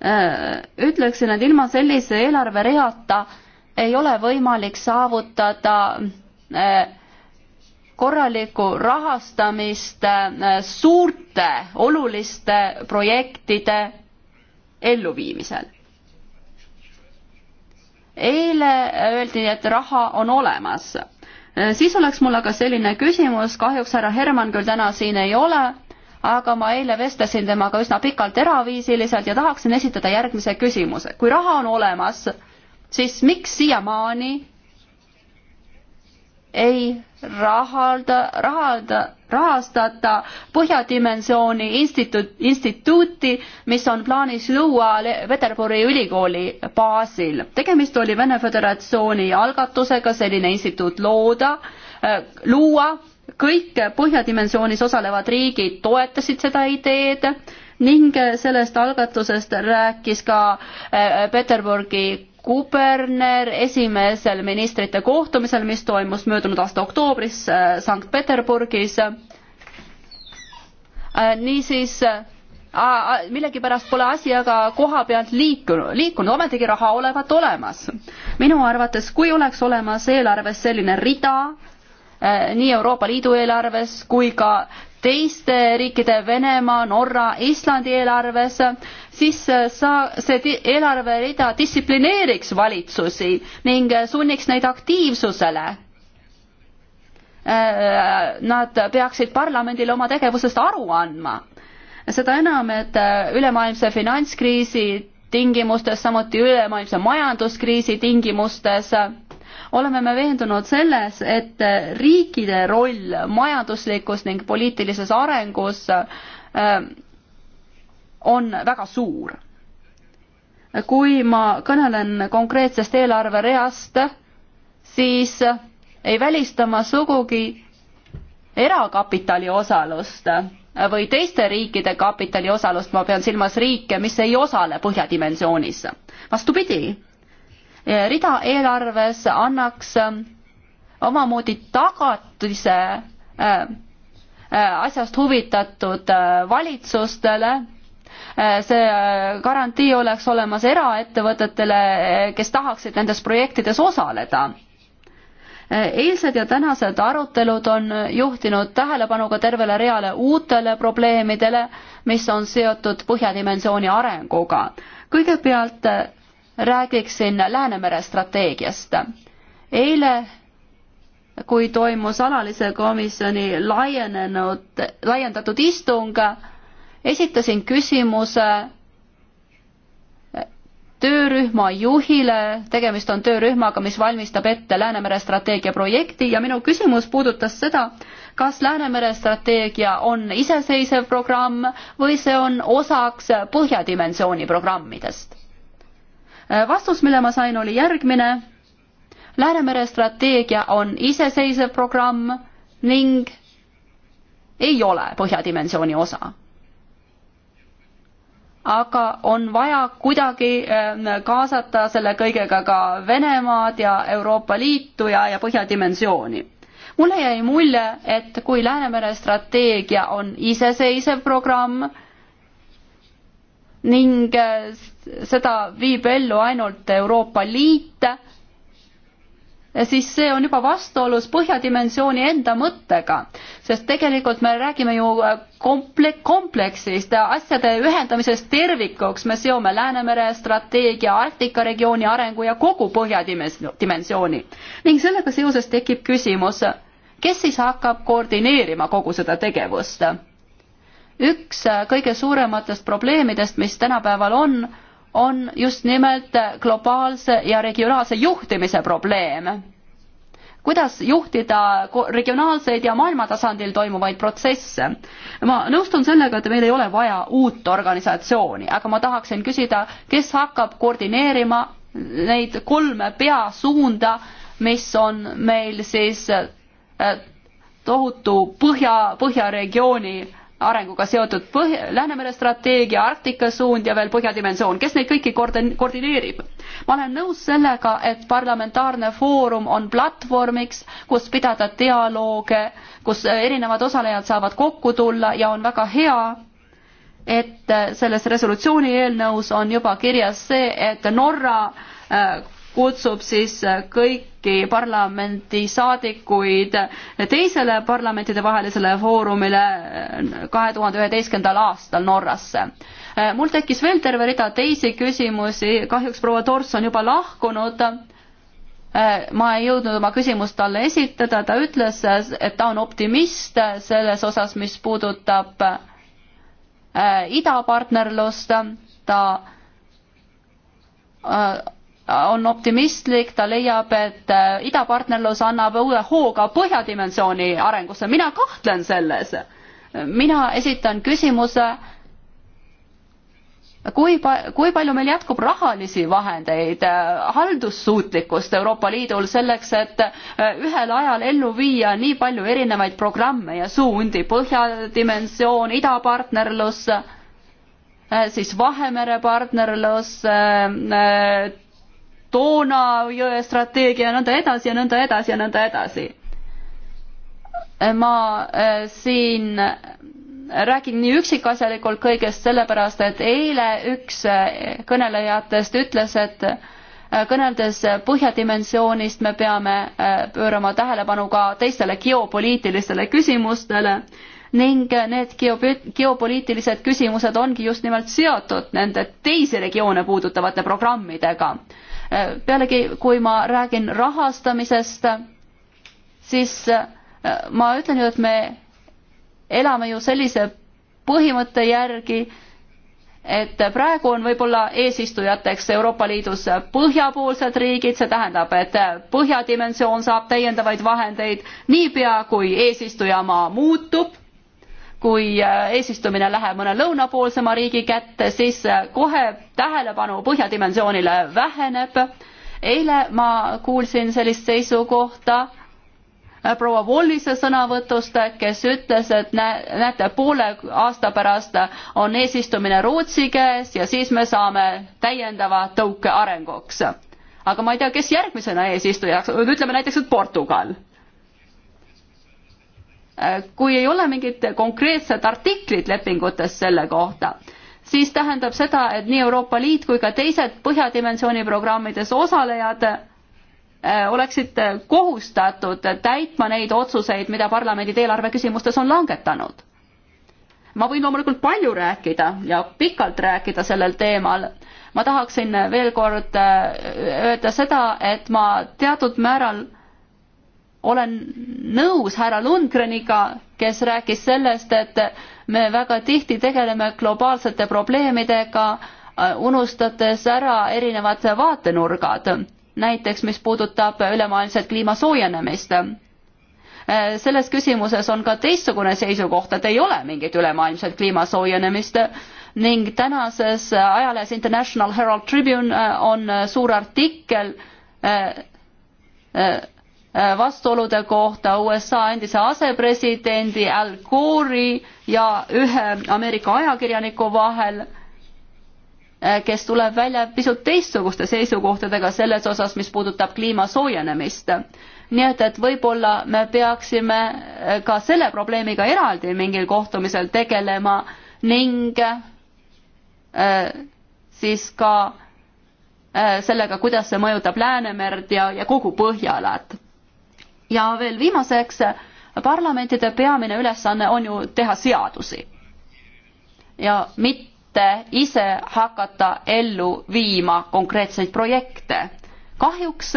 äh, ütleksin, et ilma sellise eelarvereata ei ole võimalik saavutada äh, korralikku rahastamist äh, suurte oluliste projektide elluviimisel. eile öeldi, et raha on olemas. Äh, siis oleks mul aga selline küsimus, kahjuks härra Herman küll täna siin ei ole, aga ma eile vestlesin temaga üsna pikalt eraviisiliselt ja tahaksin esitada järgmise küsimuse. kui raha on olemas, siis miks siiamaani ei rahalda, rahalda, rahastata Põhjadimensiooni instituut, instituuti, mis on plaanis luua Peterburi ülikooli baasil. tegemist oli Vene Föderatsiooni algatusega selline instituut looda, äh, luua, kõik Põhjadimensioonis osalevad riigid toetasid seda ideed ning sellest algatusest rääkis ka äh, Peterburgi kuberner esimesel ministrite kohtumisel, mis toimus möödunud aasta oktoobris äh, Sankt-Peterburgis. Äh, niisiis äh, millegipärast pole asi aga koha pealt liikunud, liikunud, ometigi raha olevat olemas. minu arvates, kui oleks olemas eelarves selline rida, nii Euroopa Liidu eelarves kui ka teiste riikide Venemaa, Norra, Islandi eelarves, siis äh, saa-, see eelarverida distsiplineeriks valitsusi ning äh, sunniks neid aktiivsusele. Äh, nad peaksid parlamendile oma tegevusest aru andma. seda enam, et ülemaailmse finantskriisi tingimustes, samuti ülemaailmse majanduskriisi tingimustes oleme me veendunud selles, et riikide roll majanduslikus ning poliitilises arengus äh, on väga suur. kui ma kõnelen konkreetsest eelarvereast, siis ei välista ma sugugi erakapitali osalust või teiste riikide kapitali osalust, ma pean silmas riike, mis ei osale Põhjadimensioonis. vastupidi, rida eelarves annaks ähm, omamoodi tagatise äh, äh, asjast huvitatud äh, valitsustele see garantii oleks olemas eraettevõtetele, kes tahaksid nendes projektides osaleda. eilsed ja tänased arutelud on juhtinud tähelepanu ka tervele reale uutele probleemidele, mis on seotud Põhjadimensiooni arenguga. kõigepealt räägiksin Läänemere strateegiast. eile, kui toimus alalise komisjoni laienenud, laiendatud istung, esitasin küsimuse töörühma juhile, tegemist on töörühmaga, mis valmistab ette Läänemere strateegia projekti ja minu küsimus puudutas seda, kas Läänemere strateegia on iseseisev programm või see on osaks Põhjadimensiooni programmidest? Äh, vastus, mille ma sain, oli järgmine. Läänemere strateegia on iseseisev programm ning ei ole põhjadimensiooni osa. aga on vaja kuidagi ähm, kaasata selle kõigega ka Venemaad ja Euroopa Liitu ja, ja põhjadimensiooni mulle jäi mulje, et kui Läänemere strateegia on iseseisev programm ning äh, seda viib ellu ainult Euroopa Liit, siis see on juba vastuolus põhjadimensiooni enda mõttega, sest tegelikult me räägime ju komple-, kompleksist, asjade ühendamisest tervikuks, me seome Läänemere strateegia, Arktika regiooni arengu ja kogu põhjadimensiooni. ning sellega seoses tekib küsimus, kes siis hakkab koordineerima kogu seda tegevust? üks kõige suurematest probleemidest, mis tänapäeval on, on just nimelt globaalse ja regionaalse juhtimise probleem. kuidas juhtida regionaalseid ja maailmatasandil toimuvaid protsesse? ma nõustun sellega, et meil ei ole vaja uut organisatsiooni, aga ma tahaksin küsida, kes hakkab koordineerima neid kolme peasuunda, mis on meil siis äh, tohutu põhja, põhjaregiooni arenguga seotud põh-, Läänemere strateegia, Arktika suund ja veel Põhjadimensioon, kes neid kõiki koordin-, koordineerib? ma olen nõus sellega, et parlamentaarne foorum on platvormiks, kus pidada dialoog, kus erinevad osalejad saavad kokku tulla ja on väga hea, et selles resolutsiooni eelnõus on juba kirjas see, et Norra äh, kutsub siis äh, kõiki parlamendisaadikuid teisele parlamentidevahelisele foorumile äh, kahe tuhande üheteistkümnendal aastal Norrasse. Äh, mul tekkis veel terve rida teisi küsimusi, kahjuks proua Tors on juba lahkunud. ma ei jõudnud oma küsimust talle esitada, ta ütles, et ta on optimist selles osas, mis puudutab idapartnerlust, ta on optimistlik, ta leiab, et äh, idapartnerlus annab uue hooga põhjadimensiooni arengusse, mina kahtlen selles. mina esitan küsimuse, kui pa-, kui palju meil jätkub rahalisi vahendeid, äh, haldussuutlikkust Euroopa Liidul selleks, et äh, ühel ajal ellu viia nii palju erinevaid programme ja suundi, põhjadimensioon, idapartnerlus, siis Vahemere partnerlus, Doona jõe strateegia ja nõnda edasi ja nõnda edasi ja nõnda edasi. ma äh, siin räägin nii üksikasjalikult kõigest sellepärast, et eile üks äh, kõnelejatest ütles, et äh, kõneldes põhjadimensioonist me peame pöörama tähelepanu ka teistele geopoliitilistele küsimustele ning need geopoliitilised küsimused ongi just nimelt seotud nende teisi regioone puudutavate programmidega pealegi, kui ma räägin rahastamisest, siis äh, ma ütlen ju, et me elame ju sellise põhimõtte järgi, et praegu on võib-olla eesistujateks Euroopa Liidus põhjapoolsed riigid, see tähendab, et põhjadimensioon saab täiendavaid vahendeid niipea, kui eesistujamaa muutub kui äh, eesistumine läheb mõne lõunapoolsema riigi kätte, siis äh, kohe tähelepanu põhjadimensioonile väheneb. eile ma kuulsin sellist seisukohta äh, proua Wallise sõnavõtust, kes ütles, et näete, poole aasta pärast on eesistumine Rootsi käes ja siis me saame täiendava tõuke arenguks. aga ma ei tea, kes järgmisena eesistujaks, ütleme näiteks, et Portugal Äh, kui ei ole mingit konkreetset artiklit lepingutes selle kohta, siis tähendab seda, et nii Euroopa Liit kui ka teised Põhjadimensiooni programmides osalejad äh, oleksid kohustatud täitma neid otsuseid, mida parlamendid eelarve küsimustes on langetanud. ma võin loomulikult palju rääkida ja pikalt rääkida sellel teemal. ma tahaksin veel kord äh, öelda seda, et ma teatud määral olen nõus härra Lundgreniga, kes rääkis sellest, et me väga tihti tegeleme globaalsete probleemidega, äh, unustades ära erinevad vaatenurgad, näiteks mis puudutab ülemaailmset kliima soojenemist. Äh, selles küsimuses on ka teistsugune seisukoht, et ei ole mingit ülemaailmset kliima soojenemist ning tänases ajalehes International Herald Tribune äh, on suur artikkel Äh, vastuolude kohta USA endise asepresidendi Al Gore'i ja ühe Ameerika ajakirjaniku vahel, äh, kes tuleb välja pisut teistsuguste seisukohtadega selles osas, mis puudutab kliima soojenemist. nii et, et võib-olla me peaksime äh, ka selle probleemiga eraldi mingil kohtumisel tegelema ning siis ka sellega, kuidas see mõjutab Läänemerd ja, ja kogu Põhjalat ja veel viimaseks, parlamentide peamine ülesanne on ju teha seadusi ja mitte ise hakata ellu viima konkreetseid projekte. kahjuks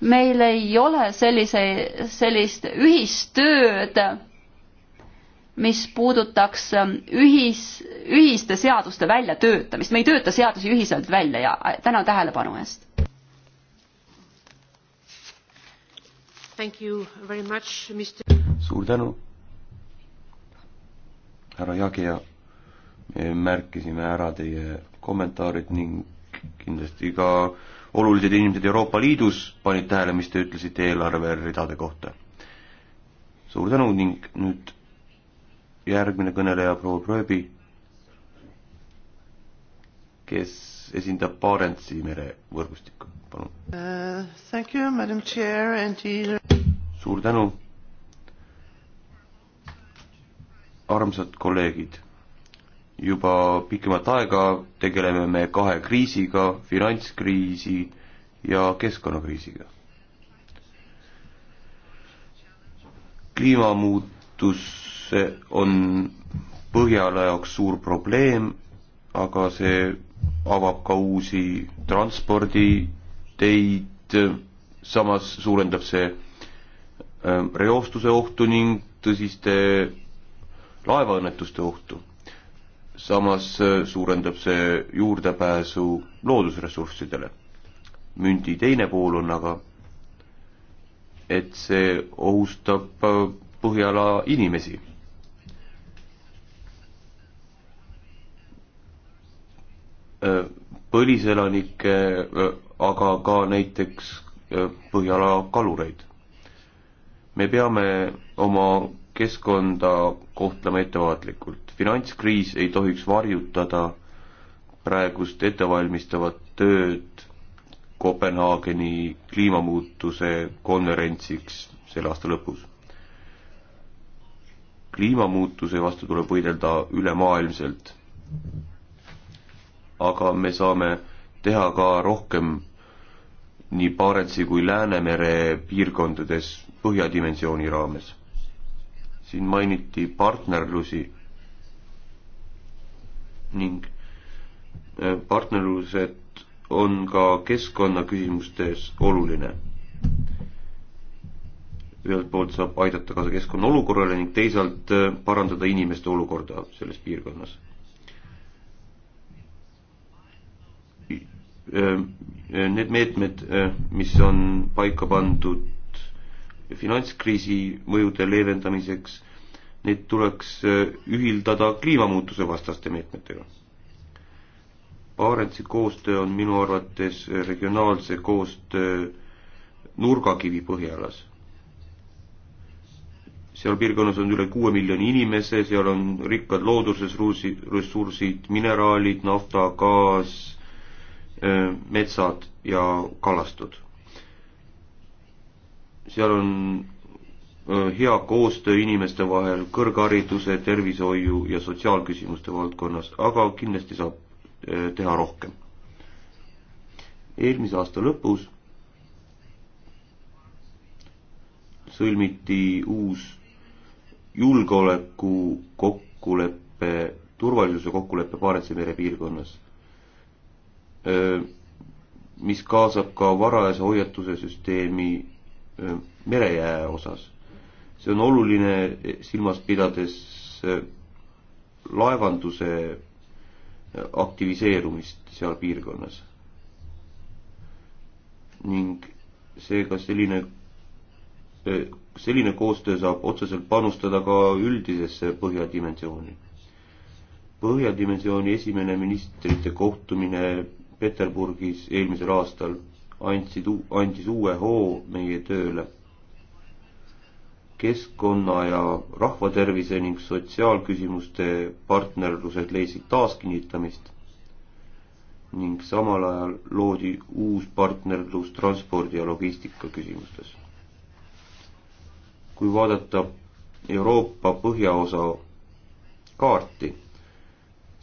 meil ei ole sellise, sellist ühistööd, mis puudutaks ühis, ühiste seaduste väljatöötamist, me ei tööta seadusi ühiselt välja ja tänan tähelepanu eest suur tänu, härra Jagija. me märkisime ära teie kommentaarid ning kindlasti ka olulised inimesed Euroopa Liidus panid tähele, mis te ütlesite eelarveridade kohta. suur tänu ning nüüd järgmine kõneleja, proua Prööbi, kes esindab Barentsi merevõrgustikku palun uh,. suur tänu. armsad kolleegid, juba pikemat aega tegeleme me kahe kriisiga, finantskriisi ja keskkonnakriisiga. kliimamuutus on Põhjala jaoks suur probleem, aga see avab ka uusi transpordi teid, äh, samas suurendab see äh, reostuse ohtu ning tõsiste laevaõnnetuste ohtu. samas äh, suurendab see juurdepääsu loodusressurssidele. mündi teine pool on aga, et see ohustab Põhjala inimesi põliselanike aga ka näiteks äh, Põhjala kalureid. me peame oma keskkonda kohtlema ettevaatlikult. finantskriis ei tohiks varjutada praegust ettevalmistavat tööd Kopenhaageni kliimamuutuse konverentsiks selle aasta lõpus. kliimamuutuse vastu tuleb võidelda ülemaailmselt. aga me saame teha ka rohkem nii Barentsi kui Läänemere piirkondades põhjadimensiooni raames. siin mainiti partnerlusi ning äh, partnerlused on ka keskkonnaküsimustes oluline. ühelt poolt saab aidata kaasa keskkonna olukorrale ning teisalt äh, parandada inimeste olukorda selles piirkonnas Äh, äh, need meetmed, äh, mis on paika pandud finantskriisi mõjude leevendamiseks, neid tuleks ühildada kliimamuutuse vastaste meetmetega. Barentsi koostöö on minu arvates regionaalse koostöö nurgakivi Põhjalas. seal piirkonnas on üle kuue miljoni inimese, seal on rikkad loodusressursid, mineraalid, nafta, gaas metsad ja kalastud. seal on hea koostöö inimeste vahel kõrghariduse, tervishoiu ja sotsiaalküsimuste valdkonnas, aga kindlasti saab teha rohkem. eelmise aasta lõpus sõlmiti uus julgeoleku kokkulepe, turvalisuse kokkulepe Barentsi mere piirkonnas mis kaasab ka varajase hoiatuse süsteemi merejää osas. see on oluline silmas pidades laevanduse aktiviseerumist seal piirkonnas. ning seega selline, selline koostöö saab otseselt panustada ka üldisesse põhjadimensiooni. põhjadimensiooni esimene ministrite kohtumine Peterburgis eelmisel aastal andsid, andis uue hoo meie tööle. keskkonna ja rahvatervise ning sotsiaalküsimuste partnerlused leidsid taaskinnitamist ning samal ajal loodi uus partnerlus transpordi ja logistika küsimustes. kui vaadata Euroopa põhjaosa kaarti,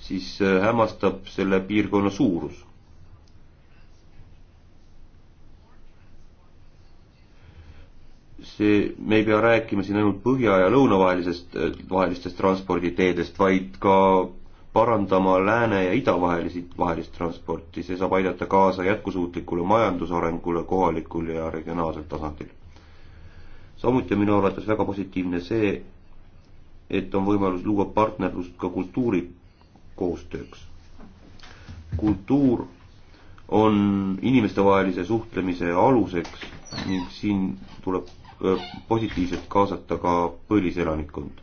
siis äh, hämmastab selle piirkonna suurus see, me ei pea rääkima siin ainult põhja ja lõuna vahelisest, äh, vahelistest transporditeedest, vaid ka parandama lääne ja ida vahelisi, vahelist transporti, see saab aidata kaasa jätkusuutlikule majandusarengule kohalikul ja regionaalsel tasandil. samuti on minu arvates väga positiivne see, et on võimalus luua partnerlust ka kultuuri koostööks. kultuur on inimestevahelise suhtlemise aluseks ning siin tuleb positiivselt kaasata ka põliselanikkond.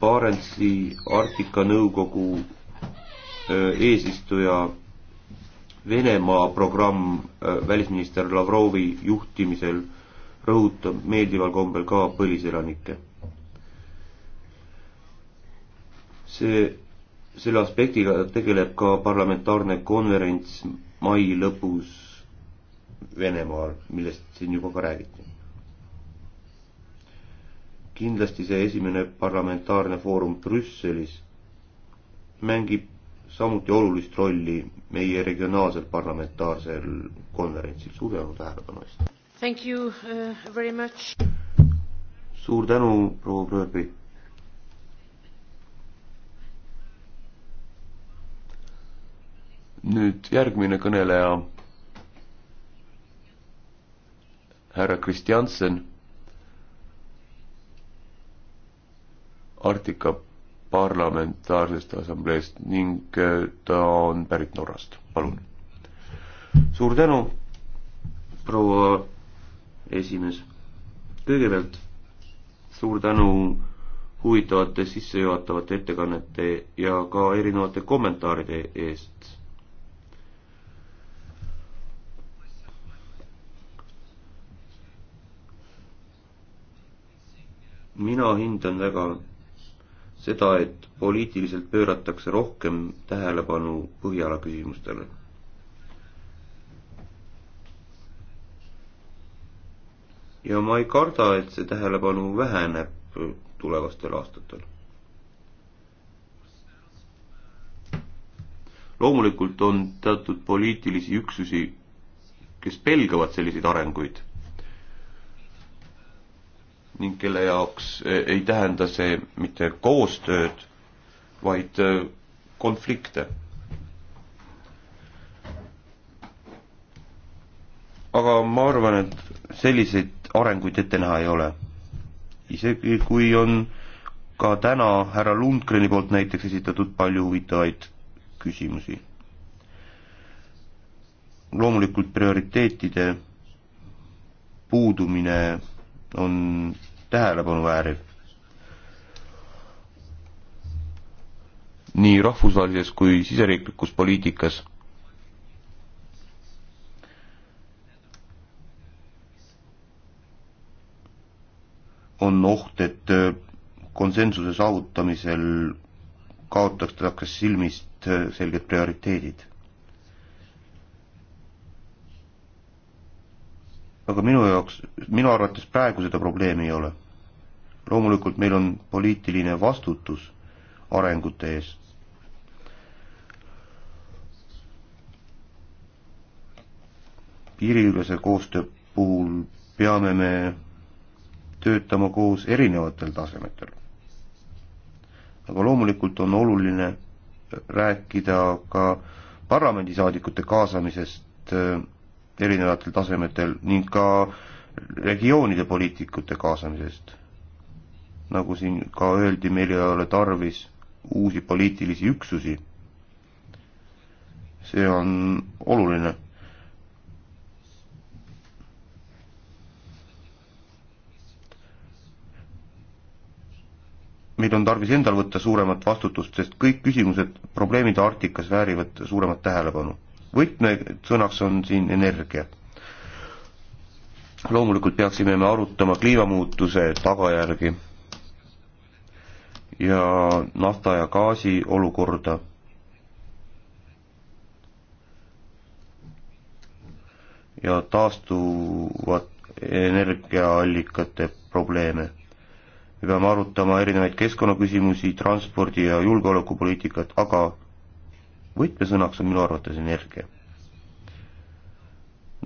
Barentsi Arktika Nõukogu äh, eesistuja Venemaa programm äh, välisminister Lavrovi juhtimisel rõhutab meeldival kombel ka põliselanikke. see, selle aspektiga tegeleb ka parlamentaarne konverents mai lõpus Venemaal, millest siin juba ka räägiti. kindlasti see esimene parlamentaarne foorum Brüsselis mängib samuti olulist rolli meie regionaalsel parlamentaarsel konverentsil. suur tänu tähelepanu eest! Thank you uh, very much! suur tänu, proua Brööbi! nüüd järgmine kõneleja härra Kristjansen Arktika parlamentaarsest assambleest ning äh, ta on pärit Norrast, palun. suur tänu, proua esimees. kõigepealt suur tänu huvitavate sissejuhatavate ettekannete ja ka erinevate kommentaaride eest mina hindan väga seda, et poliitiliselt pööratakse rohkem tähelepanu Põhjala küsimustele. ja ma ei karda, et see tähelepanu väheneb tulevastel aastatel. loomulikult on teatud poliitilisi üksusi, kes pelgavad selliseid arenguid ning kelle jaoks eh, ei tähenda see mitte koostööd, vaid eh, konflikte. aga ma arvan, et selliseid arenguid ette näha ei ole. isegi kui on ka täna härra Lundgreni poolt näiteks esitatud palju huvitavaid küsimusi. loomulikult prioriteetide puudumine on tähelepanu vääriv. nii rahvusvahelises kui siseriiklikus poliitikas. on oht, et äh, konsensuse saavutamisel kaotatakse silmist äh, selged prioriteedid aga minu jaoks, minu arvates praegu seda probleemi ei ole. loomulikult meil on poliitiline vastutus arengute ees. piiriülese koostöö puhul peame me töötama koos erinevatel tasemetel. aga loomulikult on oluline rääkida ka parlamendisaadikute kaasamisest äh, erinevatel tasemetel ning ka regioonide poliitikute kaasamisest. nagu siin ka öeldi, meil ei ole tarvis uusi poliitilisi üksusi. see on oluline. meil on tarvis endal võtta suuremat vastutust, sest kõik küsimused, probleemid Arktikas väärivad suuremat tähelepanu võtmesõnaks on siin energia. loomulikult peaksime me arutama kliimamuutuse tagajärgi ja nafta ja gaasi olukorda. ja taastuvad energiaallikate probleeme. me peame arutama erinevaid keskkonnaküsimusi, transpordi ja julgeolekupoliitikat, aga võtmesõnaks on minu arvates energia.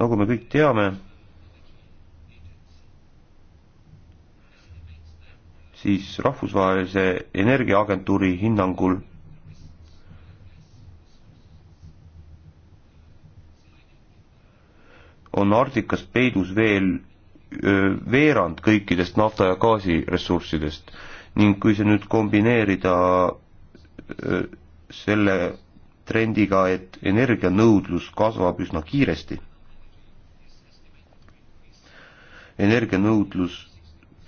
nagu me kõik teame, siis rahvusvahelise energiaagentuuri hinnangul on Arktikas peidus veel öö, veerand kõikidest nafta- ja gaasiressurssidest ning kui see nüüd kombineerida öö, selle trendiga, et energianõudlus kasvab üsna kiiresti. energianõudlus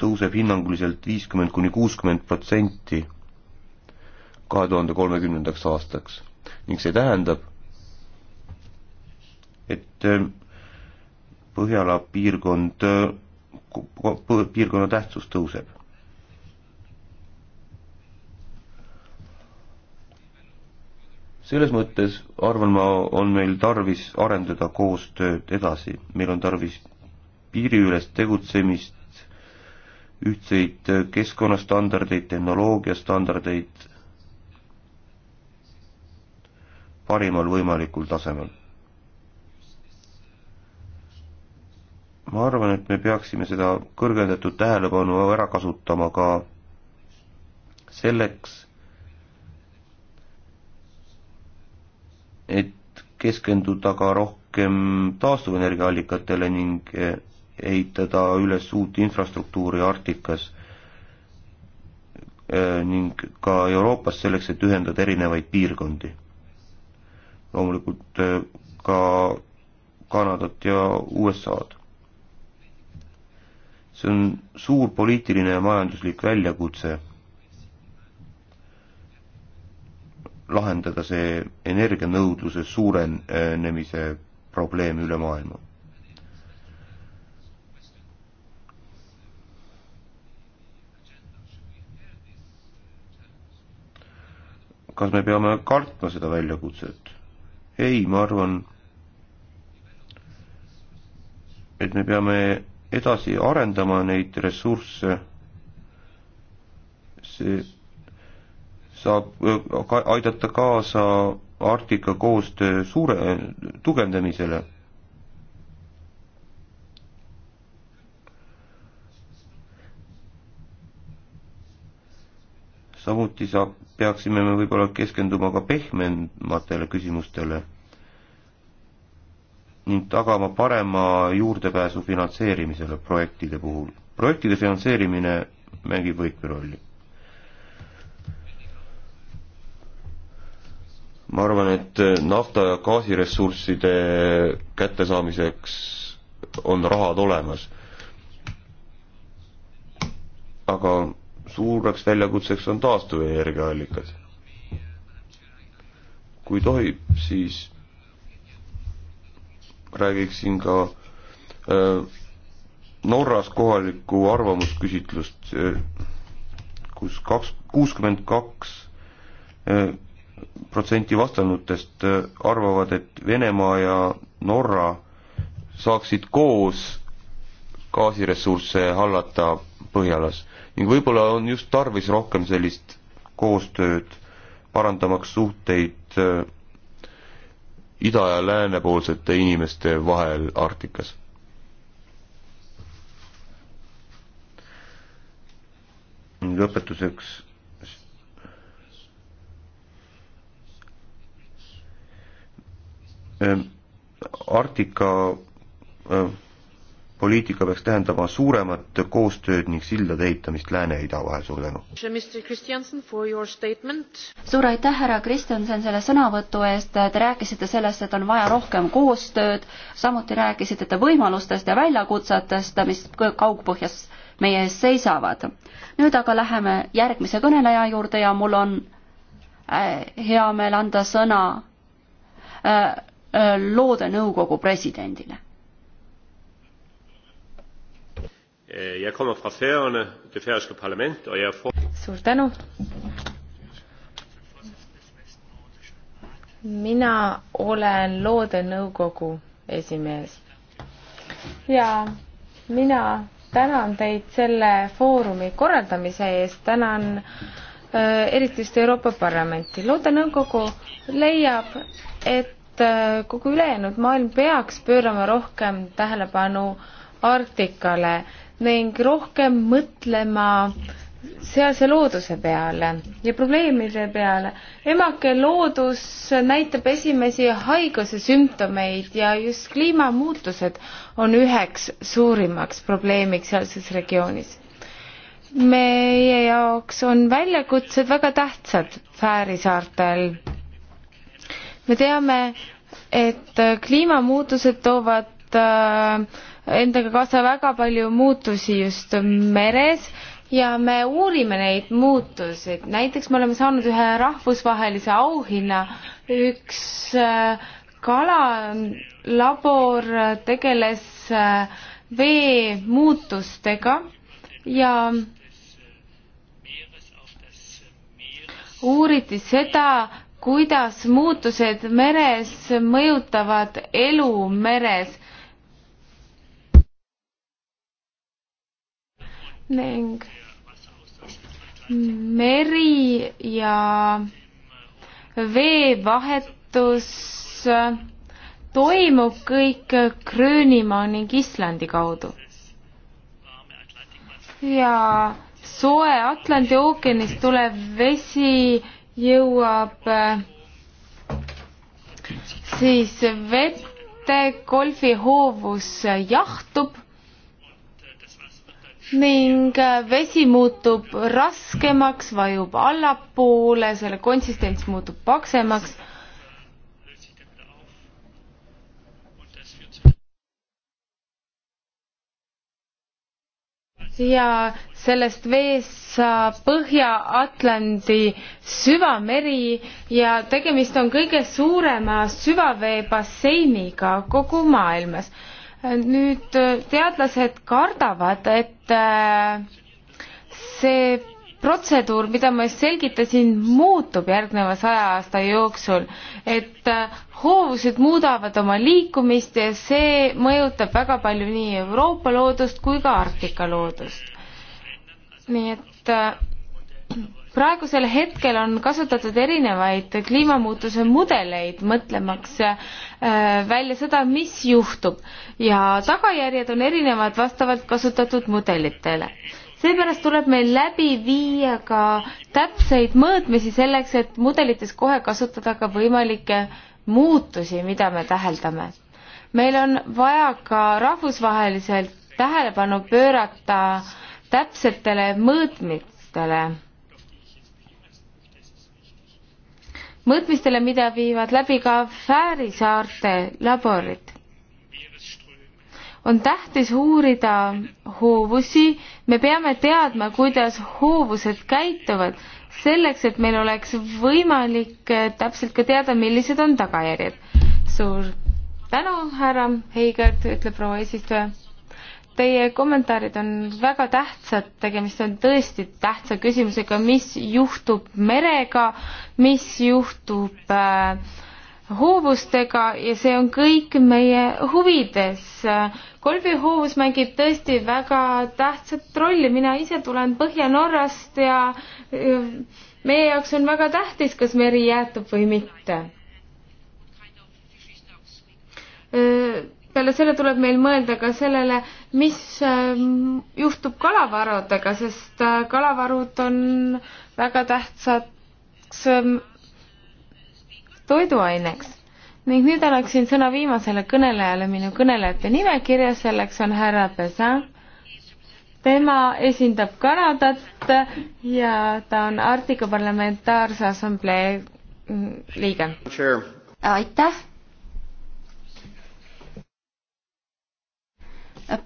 tõuseb hinnanguliselt viiskümmend kuni kuuskümmend protsenti kahe tuhande kolmekümnendaks aastaks ning see tähendab, et äh, Põhjala piirkond, äh, piirkonna tähtsus tõuseb selles mõttes arvan ma, on meil tarvis arendada koostööd edasi, meil on tarvis piiriülest tegutsemist, ühtseid keskkonnastandardeid, tehnoloogiastandardeid parimal võimalikul tasemel. ma arvan, et me peaksime seda kõrgendatud tähelepanu ära kasutama ka selleks, et keskenduda ka rohkem taastuvenergiaallikatele ning eh, ehitada üles uut infrastruktuuri Arktikas eh, ning ka Euroopas selleks, et ühendada erinevaid piirkondi. loomulikult eh, ka Kanadat ja USA-d. see on suur poliitiline ja majanduslik väljakutse lahendada see energianõudluse suurenemise probleem üle maailma. kas me peame kartma seda väljakutset? ei, ma arvan, et me peame edasi arendama neid ressursse, see saab aidata kaasa Arktika koostöö suure, tugevdamisele. samuti saab, peaksime me võib-olla keskenduma ka pehmematele küsimustele ning tagama parema juurdepääsu finantseerimisele projektide puhul. projektide finantseerimine mängib võtmerolli ma arvan, et äh, nafta ja gaasiressursside kättesaamiseks on rahad olemas. aga suureks väljakutseks on taastuvenergiaallikad. kui tohib, siis räägiksin ka äh, Norras kohalikku arvamusküsitlust äh,, kus kaks, kuuskümmend kaks äh, protsenti vastanutest äh, arvavad, et Venemaa ja Norra saaksid koos gaasiressursse hallata Põhjalas ning võib-olla on just tarvis rohkem sellist koostööd, parandamaks suhteid äh, ida- ja läänepoolsete inimeste vahel Arktikas. lõpetuseks Ehm, Arktika ehm, poliitika peaks tähendama suuremat koostööd ning sildade ehitamist lääne ja ida vahel, suur tänu. suur aitäh, härra Kristjanson, selle sõnavõtu eest, te rääkisite sellest, et on vaja rohkem koostööd, samuti rääkisite te võimalustest ja väljakutsetest, mis kaugpõhjas meie ees seisavad. nüüd aga läheme järgmise kõneleja juurde ja mul on äh, hea meel anda sõna äh, loode nõukogu presidendile. Eh, er suur tänu. mina olen loodenõukogu esimees ja mina tänan teid selle foorumi korraldamise eest, tänan äh, eriti just Euroopa Parlamenti. loodenõukogu leiab, et Äh, kogu ülejäänud maailm peaks pöörama rohkem tähelepanu Arktikale ning rohkem mõtlema sealse looduse peale ja probleemide peale. emake loodus näitab esimesi haiguse sümptomeid ja just kliimamuutused on üheks suurimaks probleemiks sealses regioonis. meie jaoks on väljakutsed väga tähtsad Fääri saartel me teame, et kliimamuutused toovad äh, endaga kaasa väga palju muutusi just meres ja me uurime neid muutusi. näiteks me oleme saanud ühe rahvusvahelise auhinna, üks äh, kalalabor tegeles äh, vee muutustega ja uuriti seda, kuidas muutused meres mõjutavad elu meres ning meri ja veevahetus toimub kõik Gröönimaa ning Islandi kaudu. ja soe Atlandi ookeanist tulev vesi jõuab äh, siis vette golfihoovus jahtub ning äh, vesi muutub raskemaks, vajub allapoole, selle konsistents muutub paksemaks ja sellest veest saab Põhja-Atlandi süvameri ja tegemist on kõige suurema süvaveebasseiniga kogu maailmas. nüüd teadlased kardavad, et äh, see protseduur, mida ma just selgitasin, muutub järgneva saja aasta jooksul, et äh, hoovused muudavad oma liikumist ja see mõjutab väga palju nii Euroopa loodust kui ka Arktika loodust. nii et äh, praegusel hetkel on kasutatud erinevaid kliimamuutuse mudeleid, mõtlemaks äh, välja seda, mis juhtub ja tagajärjed on erinevad vastavalt kasutatud mudelitele seepärast tuleb meil läbi viia ka täpseid mõõtmisi selleks, et mudelites kohe kasutada ka võimalikke muutusi, mida me täheldame. meil on vaja ka rahvusvaheliselt tähelepanu pöörata täpsetele mõõtmistele mõõtmistele, mida viivad läbi ka Fääri saarte laborid on tähtis uurida hoovusi, me peame teadma, kuidas hoovused käituvad, selleks et meil oleks võimalik eh, täpselt ka teada, millised on tagajärjed. suur tänu, härra Heigert, ütleb proua eesistuja. Teie kommentaarid on väga tähtsad, tegemist on tõesti tähtsa küsimusega, mis juhtub merega, mis juhtub äh, hoovustega ja see on kõik meie huvides äh, golfihoovus mängib tõesti väga tähtsat rolli, mina ise tulen Põhja-Norrast ja meie jaoks on väga tähtis, kas meri jäätub või mitte. peale selle tuleb meil mõelda ka sellele, mis juhtub kalavarudega, sest kalavarud on väga tähtsaks toiduaineks ning nüüd annaksin sõna viimasele kõnelejale minu kõnelejate nimekirjas, selleks on härra Pesan. tema esindab Kanadat ja ta on Arktika Parlamentaarse Assamblee liige. aitäh.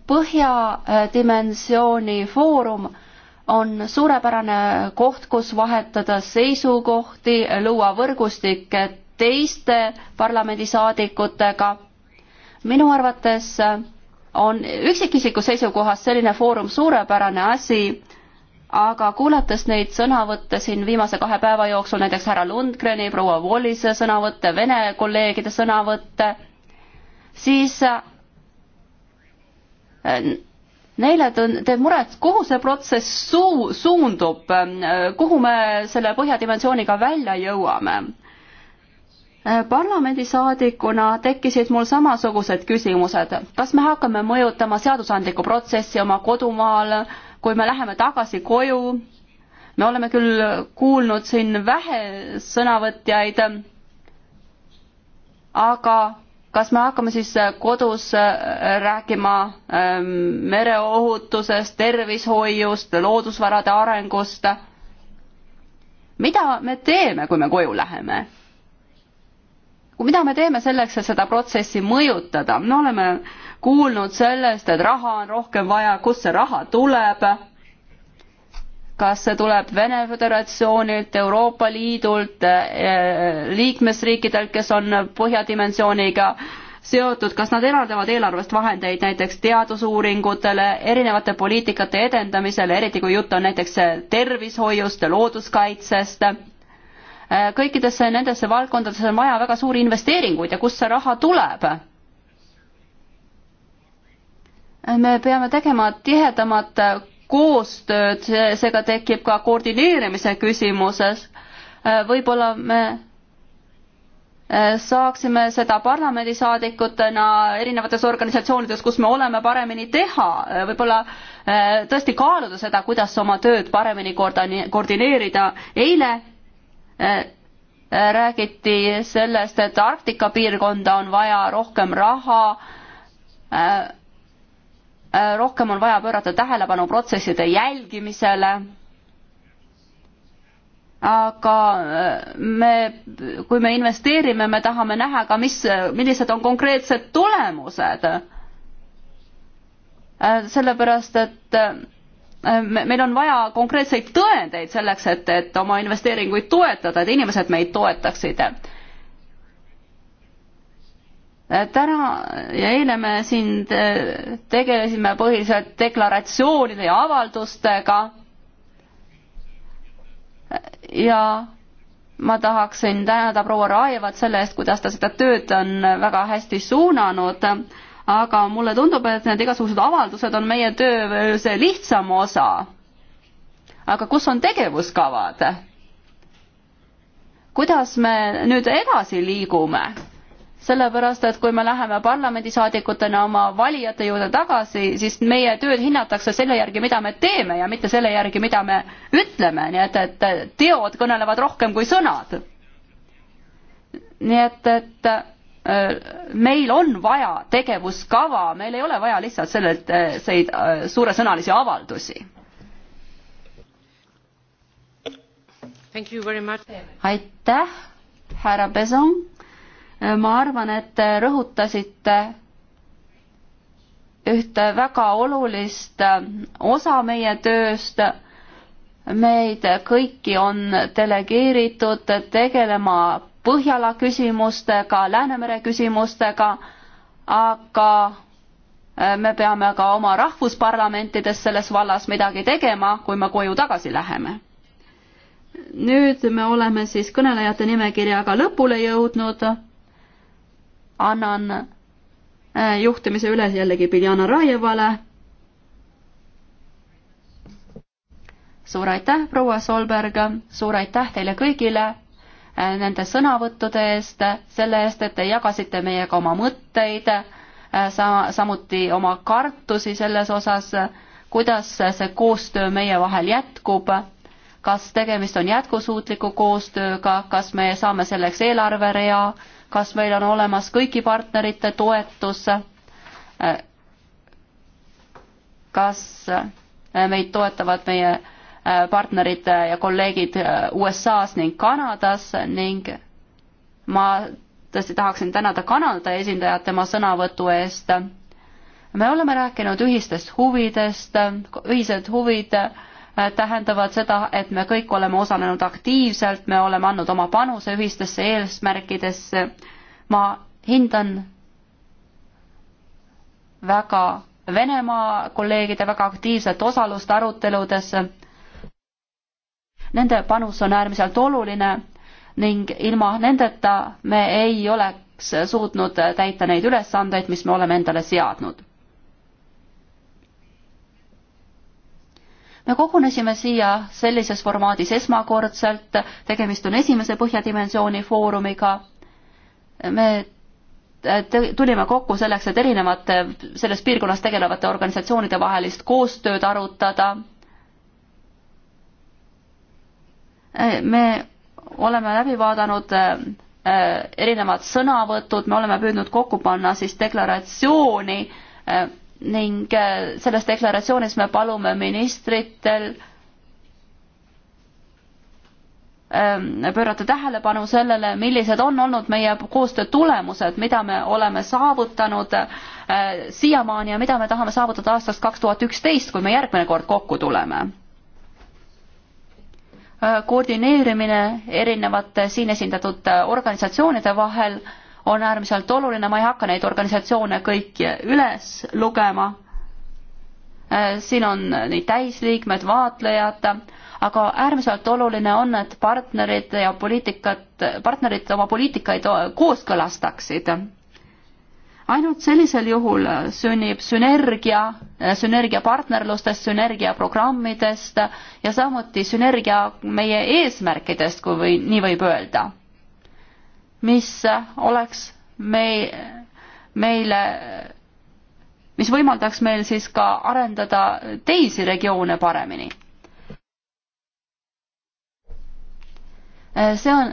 põhjadimensiooni äh, foorum on suurepärane koht, kus vahetada seisukohti, luua võrgustik, et teiste parlamendisaadikutega. minu arvates on üksikisiku seisukohast selline foorum suurepärane asi, aga kuulates neid sõnavõtte siin viimase kahe päeva jooksul, näiteks härra Lundgreni, proua Wallise sõnavõtte, Vene kolleegide sõnavõtte, siis äh, neile teeb muret, kuhu see protsess suu-, suundub, kuhu me selle põhjadimensiooniga välja jõuame parlamendisaadikuna tekkisid mul samasugused küsimused, kas me hakkame mõjutama seadusandlikku protsessi oma kodumaal, kui me läheme tagasi koju. me oleme küll kuulnud siin vähe sõnavõtjaid, aga kas me hakkame siis kodus äh, rääkima ähm, mereohutusest, tervishoiust, loodusvarade arengust? mida me teeme, kui me koju läheme? mida me teeme selleks, et seda protsessi mõjutada? me oleme kuulnud sellest, et raha on rohkem vaja, kust see raha tuleb? kas see tuleb Vene Föderatsioonilt, Euroopa Liidult, eh, liikmesriikidelt, kes on Põhjadimensiooniga seotud, kas nad eraldavad eelarvest vahendeid näiteks teadusuuringutele, erinevate poliitikate edendamisele, eriti kui jutt on näiteks tervishoiust, looduskaitsest Äh, kõikidesse nendesse valdkondadesse on vaja väga suuri investeeringuid ja kust see raha tuleb? me peame tegema tihedamat koostööd, seega tekib ka koordineerimise küsimuses. Äh, võib-olla me äh, saaksime seda parlamendisaadikutena erinevates organisatsioonides, kus me oleme, paremini teha, võib-olla tõesti kaaluda seda, kuidas oma tööd paremini koordineerida. eile Eh, eh, räägiti sellest, et Arktika piirkonda on vaja rohkem raha, eh, rohkem on vaja pöörata tähelepanu protsesside jälgimisele, aga me, kui me investeerime, me tahame näha ka, mis, millised on konkreetsed tulemused. sellepärast, et Äh, meil on vaja konkreetseid tõendeid selleks, et, et oma investeeringuid toetada, et inimesed meid toetaksid. Äh, täna ja eile me siin tegelesime põhiliselt deklaratsioonide ja avaldustega. ja ma tahaksin tänada proua Raevat selle eest, kuidas ta seda tööd on väga hästi suunanud aga mulle tundub, et need igasugused avaldused on meie töö see lihtsam osa. aga kus on tegevuskavad? kuidas me nüüd edasi liigume? sellepärast, et kui me läheme parlamendisaadikutena oma valijate juurde tagasi, siis meie tööd hinnatakse selle järgi, mida me teeme ja mitte selle järgi, mida me ütleme, nii et, et teod kõnelevad rohkem kui sõnad. nii et, et Äh, meil on vaja tegevuskava, meil ei ole vaja lihtsalt sellelt, selliseid äh, äh, suuresõnalisi avaldusi. aitäh, härra Beson. ma arvan, et te rõhutasite ühte väga olulist osa meie tööst meid kõiki on delegeeritud tegelema Põhjala küsimustega, Läänemere küsimustega, aga äh, me peame ka oma rahvusparlamentides selles vallas midagi tegema, kui me koju tagasi läheme. nüüd me oleme siis kõnelejate nimekirjaga lõpule jõudnud. annan äh, juhtimise üle jällegi Biljana Raievale. suur aitäh, proua Solberg, suur aitäh teile kõigile Äh, nende sõnavõttude eest, selle eest, et te jagasite meiega oma mõtteid, äh, sa-, samuti oma kartusi selles osas, kuidas see koostöö meie vahel jätkub, kas tegemist on jätkusuutliku koostööga, kas me saame selleks eelarverea, kas meil on olemas kõigi partnerite toetus, äh, kas meid toetavad meie partnerid ja kolleegid äh, USA-s ning Kanadas ning ma tõesti tahaksin tänada Kanada esindajat tema sõnavõtu eest. me oleme rääkinud ühistest huvidest, ühised huvid äh, tähendavad seda, et me kõik oleme osalenud aktiivselt, me oleme andnud oma panuse ühistesse eesmärkidesse. ma hindan väga Venemaa kolleegide väga aktiivset osalust aruteludesse nende panus on äärmiselt oluline ning ilma nendeta me ei oleks suutnud täita neid ülesandeid, mis me oleme endale seadnud. me kogunesime siia sellises formaadis esmakordselt, tegemist on esimese Põhjadimensiooni foorumiga. me tulime kokku selleks, et erinevate selles piirkonnas tegelevate organisatsioonide vahelist koostööd arutada Eh, me oleme läbi vaadanud eh, eh, erinevad sõnavõtud, me oleme püüdnud kokku panna siis deklaratsiooni ning selles deklaratsioonis me palume ministritel pöörata tähelepanu sellele, millised on olnud meie koostöö tulemused, mida me oleme saavutanud siiamaani ja mida me tahame saavutada aastast kaks tuhat üksteist, kui me järgmine kord kokku tuleme Äh, koordineerimine erinevate siin esindatud äh, organisatsioonide vahel on äärmiselt oluline, ma ei hakka neid organisatsioone kõiki üles lugema. Äh, siin on neid täisliikmed, vaatlejad, aga äärmiselt oluline on, et partnerid ja poliitikat, partnerid oma poliitikaid kooskõlastaksid ainult sellisel juhul äh, sünnib sünergia, äh, sünergiapartnerlustest, sünergiaprogrammidest ja samuti sünergia meie eesmärkidest, kui või nii võib öelda, mis äh, oleks meil, meile, mis võimaldaks meil siis ka arendada teisi regioone paremini. see on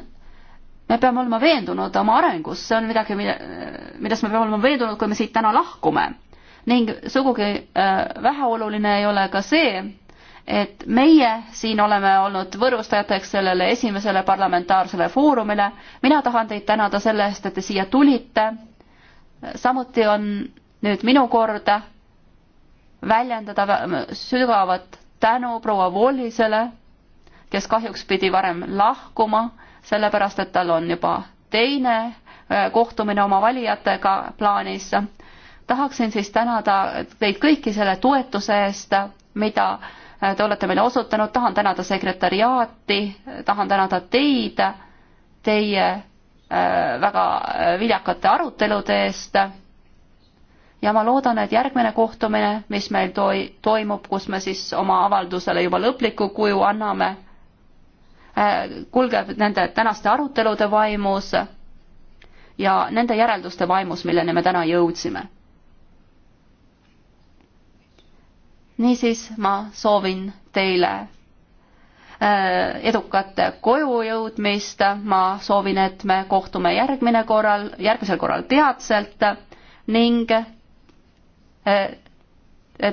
me peame olema veendunud oma arengus, see on midagi, milles me peame olema veendunud, kui me siit täna lahkume. ning sugugi äh, väheoluline ei ole ka see, et meie siin oleme olnud võõrustajateks sellele esimesele parlamentaarsele foorumile. mina tahan teid tänada selle eest, et te siia tulite. samuti on nüüd minu kord väljendada sügavat tänu proua Vollisele, kes kahjuks pidi varem lahkuma sellepärast et tal on juba teine äh, kohtumine oma valijatega plaanis. tahaksin siis tänada teid kõiki selle toetuse eest, mida äh, te olete meile osutanud, tahan tänada sekretäriaati, tahan tänada teid, teie äh, väga viljakate arutelude eest. ja ma loodan, et järgmine kohtumine, mis meil toi-, toimub, kus me siis oma avaldusele juba lõpliku kuju anname, kulgeb nende tänaste arutelude vaimus ja nende järelduste vaimus, milleni me täna jõudsime. niisiis ma soovin teile äh, edukat koju jõudmist, ma soovin, et me kohtume järgmine korral, järgmisel korral peatselt ning äh,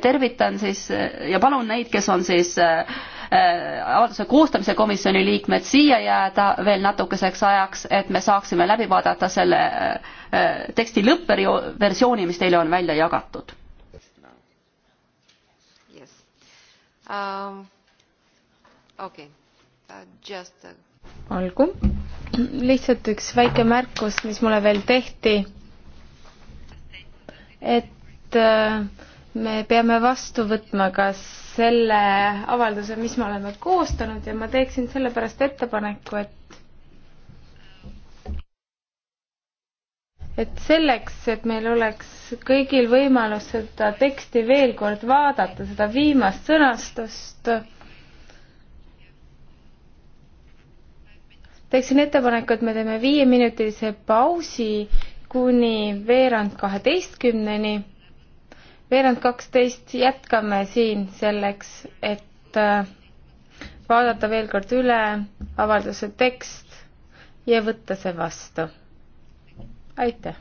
tervitan siis ja palun neid, kes on siis äh, Äh, avalduse koostamise komisjoni liikmed siia jääda veel natukeseks ajaks, et me saaksime läbi vaadata selle äh, äh, teksti lõppversiooni, mis teile on välja jagatud yes.. Um, okay. uh, just... olgu, lihtsalt üks väike märkus, mis mulle veel tehti, et me peame vastu võtma kas selle avalduse, mis me oleme koostanud ja ma teeksin sellepärast ettepaneku, et et selleks, et meil oleks kõigil võimalus seda teksti veel kord vaadata, seda viimast sõnastust, teeksin ettepaneku, et me teeme viieminutilise pausi kuni veerand kaheteistkümneni veerand kaksteist jätkame siin selleks, et äh, vaadata veel kord üle avalduse tekst ja võtta see vastu. aitäh!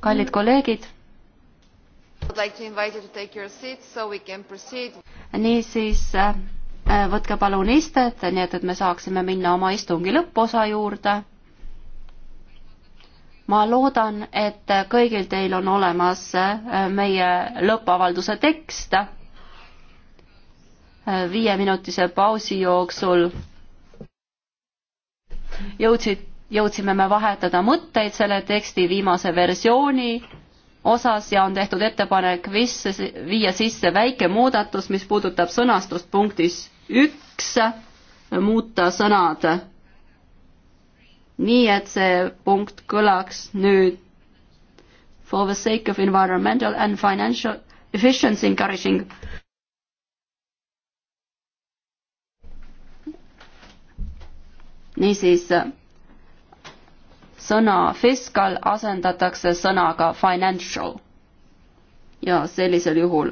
kallid kolleegid, niisiis äh, äh, võtke palun istet, nii et, et me saaksime minna oma istungi lõpposa juurde. ma loodan, et kõigil teil on olemas äh, meie lõppavalduse tekst viieminutise pausi jooksul jõudsid jõudsime me vahetada mõtteid selle teksti viimase versiooni osas ja on tehtud ettepanek visse, viia sisse väike muudatus, mis puudutab sõnastust punktis üks, muuta sõnad nii, et see punkt kõlaks nüüd for the sake of environmental and financial efficiency encouraging niisiis sõna fiscal asendatakse sõnaga financial. ja sellisel juhul,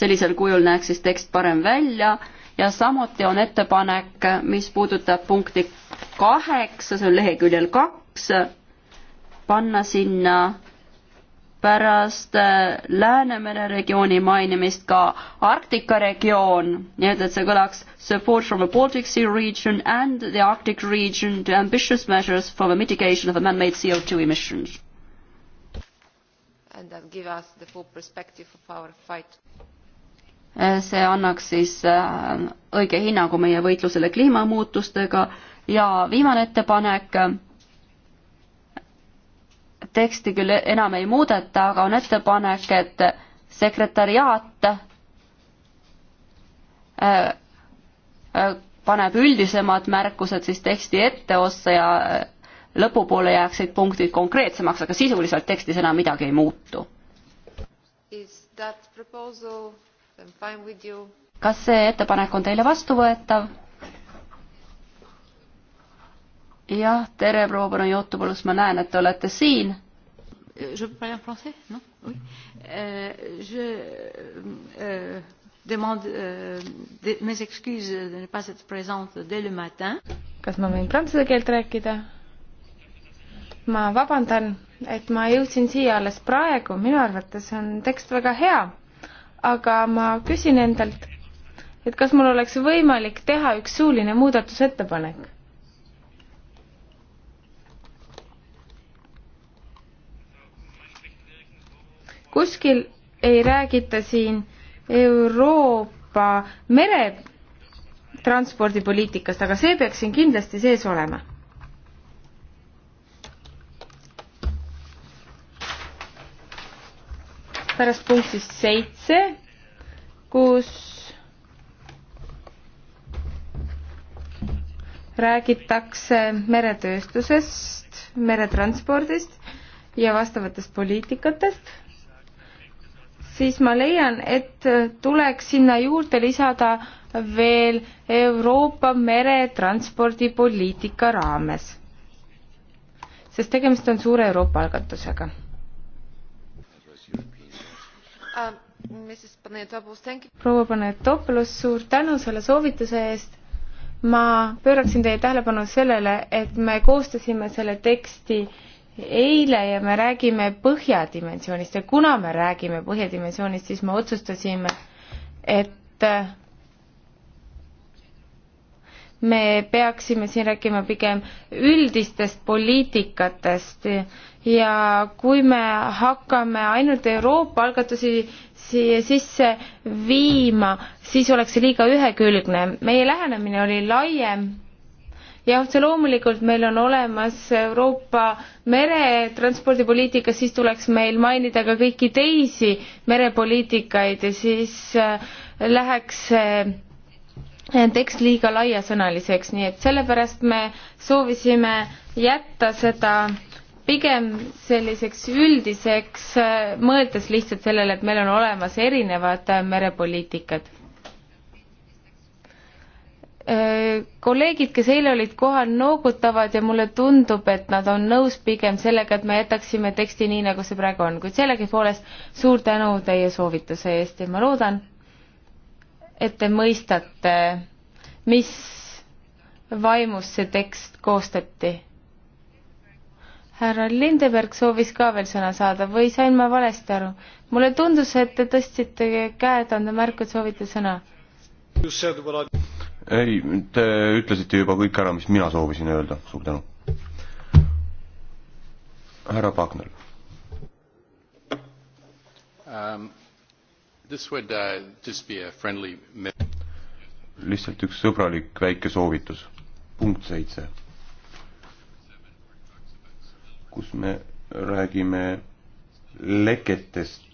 sellisel kujul näeks siis tekst parem välja ja samuti on ettepanek, mis puudutab punkti kaheksa, see on leheküljel kaks, panna sinna pärast äh, Läänemere regiooni mainimist ka Arktika regioon, nii et, et see kõlaks support from the Baltic Sea region and the Arctic region to ambitious measures for the mitigation of the man-made CO2 emissions. And that give us the full perspective of our fight. Äh, see annaks siis äh, õige hinnangu meie võitlusele kliimamuutustega ja viimane ettepanek teksti küll enam ei muudeta, aga on ettepanek, et sekretariaat äh, äh, paneb üldisemad märkused siis teksti etteossa ja äh, lõpupoole jääksid punktid konkreetsemaks, aga sisuliselt tekstis enam midagi ei muutu. kas see ettepanek on teile vastuvõetav? jah, tere, proua Panajotopoulos, ma näen, et te olete siin. Je parle en français, non? Oui. Euh, je euh, demande euh, de, mes excuses de ne pas être présente dès le matin. Kas ma võin prantsuse keelt rääkida? ma vabandan, et ma jõudsin siia alles praegu, minu arvates on tekst väga hea. aga ma küsin endalt, et kas mul oleks võimalik teha üks suuline muudatusettepanek kuskil ei räägita siin Euroopa meretranspordipoliitikast, aga see peaks siin kindlasti sees olema. pärast punktist seitse, kus räägitakse meretööstusest, meretranspordist ja vastavatest poliitikatest siis ma leian, et tuleks sinna juurde lisada veel Euroopa meretranspordipoliitika raames. sest tegemist on suure Euroopa algatusega uh,. proua Panetopoulos, suur tänu selle soovituse eest. ma pööraksin teie tähelepanu sellele, et me koostasime selle teksti eile ja me räägime põhjadimensioonist ja kuna me räägime põhjadimensioonist, siis me otsustasime, et äh, me peaksime siin rääkima pigem üldistest poliitikatest ja kui me hakkame ainult Euroopa algatusi siia sisse viima, siis oleks see liiga ühekülgne. meie lähenemine oli laiem ja otse loomulikult meil on olemas Euroopa meretranspordipoliitika, siis tuleks meil mainida ka kõiki teisi merepoliitikaid ja siis äh, läheks äh, tekst liiga laiasõnaliseks, nii et sellepärast me soovisime jätta seda pigem selliseks üldiseks, äh, mõeldes lihtsalt sellele, et meil on olemas erinevad merepoliitikad Äh, kolleegid, kes eile olid kohal, noogutavad ja mulle tundub, et nad on nõus pigem sellega, et me jätaksime teksti nii, nagu see praegu on, kuid sellegipoolest suur tänu teie soovituse eest ja ma loodan, et te mõistate, mis vaimus see tekst koostati. härra Lindeberg soovis ka veel sõna saada või sain ma valesti aru? mulle tundus, et te tõstsite käed, anda märku, et soovite sõna ei, te ütlesite juba kõik ära, mis mina soovisin öelda, suur tänu. härra Pagner um,. Would, uh, friendly... lihtsalt üks sõbralik väike soovitus. punkt seitse, kus me räägime leketest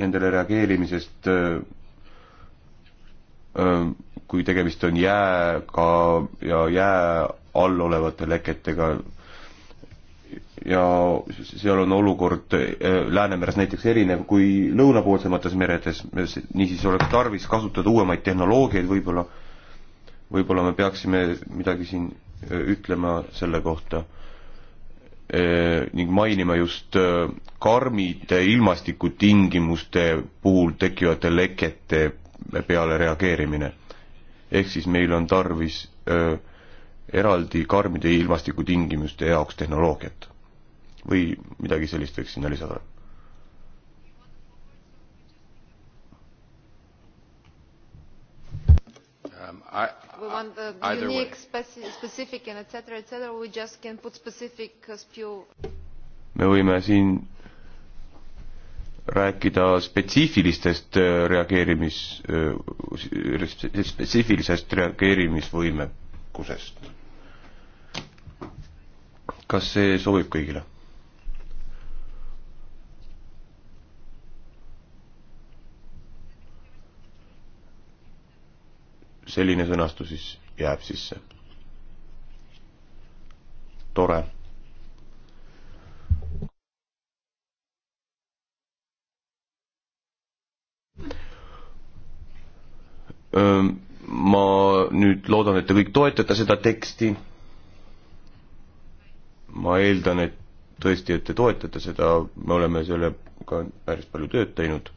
nendele reageerimisest, kui tegemist on jääga ja jää all olevate leketega. ja seal on olukord Läänemeres näiteks erinev kui lõunapoolsemates meredes, niisiis oleks tarvis kasutada uuemaid tehnoloogiaid võib-olla, võib-olla me peaksime midagi siin ütlema selle kohta Eh, ning mainima just eh, karmide ilmastikutingimuste puhul tekkivate lekete peale reageerimine. ehk siis meil on tarvis öö, eh, eraldi karmide ilmastikutingimuste jaoks tehnoloogiat või midagi sellist võiks sinna lisada. Um, I, we want the Either unique, speci specific and etc, etc, we just can put specific uh, spew. me võime siin rääkida spetsiifilistest äh, reageerimis, äh, spetsiifilisest reageerimisvõimekusest. kas see sobib kõigile? selline sõnastus siis jääb sisse. tore. ma nüüd loodan, et te kõik toetate seda teksti. ma eeldan, et tõesti, et te toetate seda, me oleme sellega päris palju tööd teinud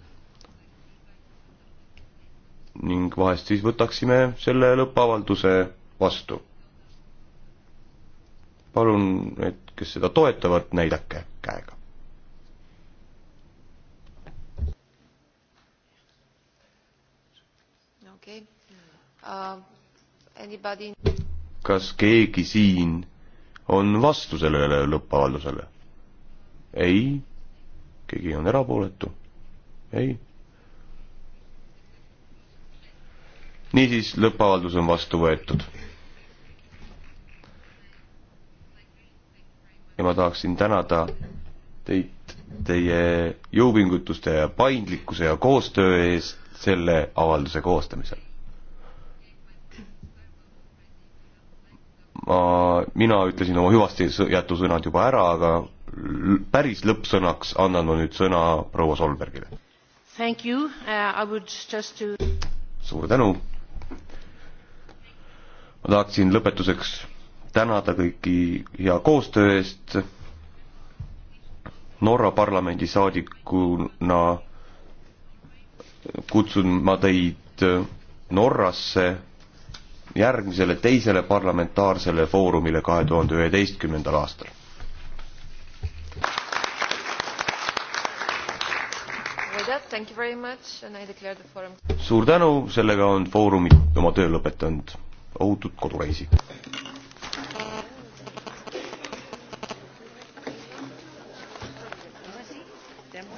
ning vahest siis võtaksime selle lõppavalduse vastu. palun, et kes seda toetavad, näidake käega. okei okay. uh,, anybody? kas keegi siin on vastu sellele lõppavaldusele? ei, keegi on erapooletu? ei niisiis, lõppavaldus on vastu võetud. ja ma tahaksin tänada teid teie jõupingutuste ja paindlikkuse ja koostöö eest selle avalduse koostamisel. ma, mina ütlesin oma hüvasti jätusõnad juba ära, aga päris lõppsõnaks annan ma nüüd sõna proua Solbergile. Uh, to... suur tänu ma tahaksin lõpetuseks tänada kõiki hea koostöö eest. Norra parlamendi saadikuna kutsun ma teid Norrasse järgmisele teisele parlamentaarsele foorumile kahe tuhande üheteistkümnendal aastal. suur tänu, sellega on Foorumid oma töö lõpetanud ohutut kodureisi!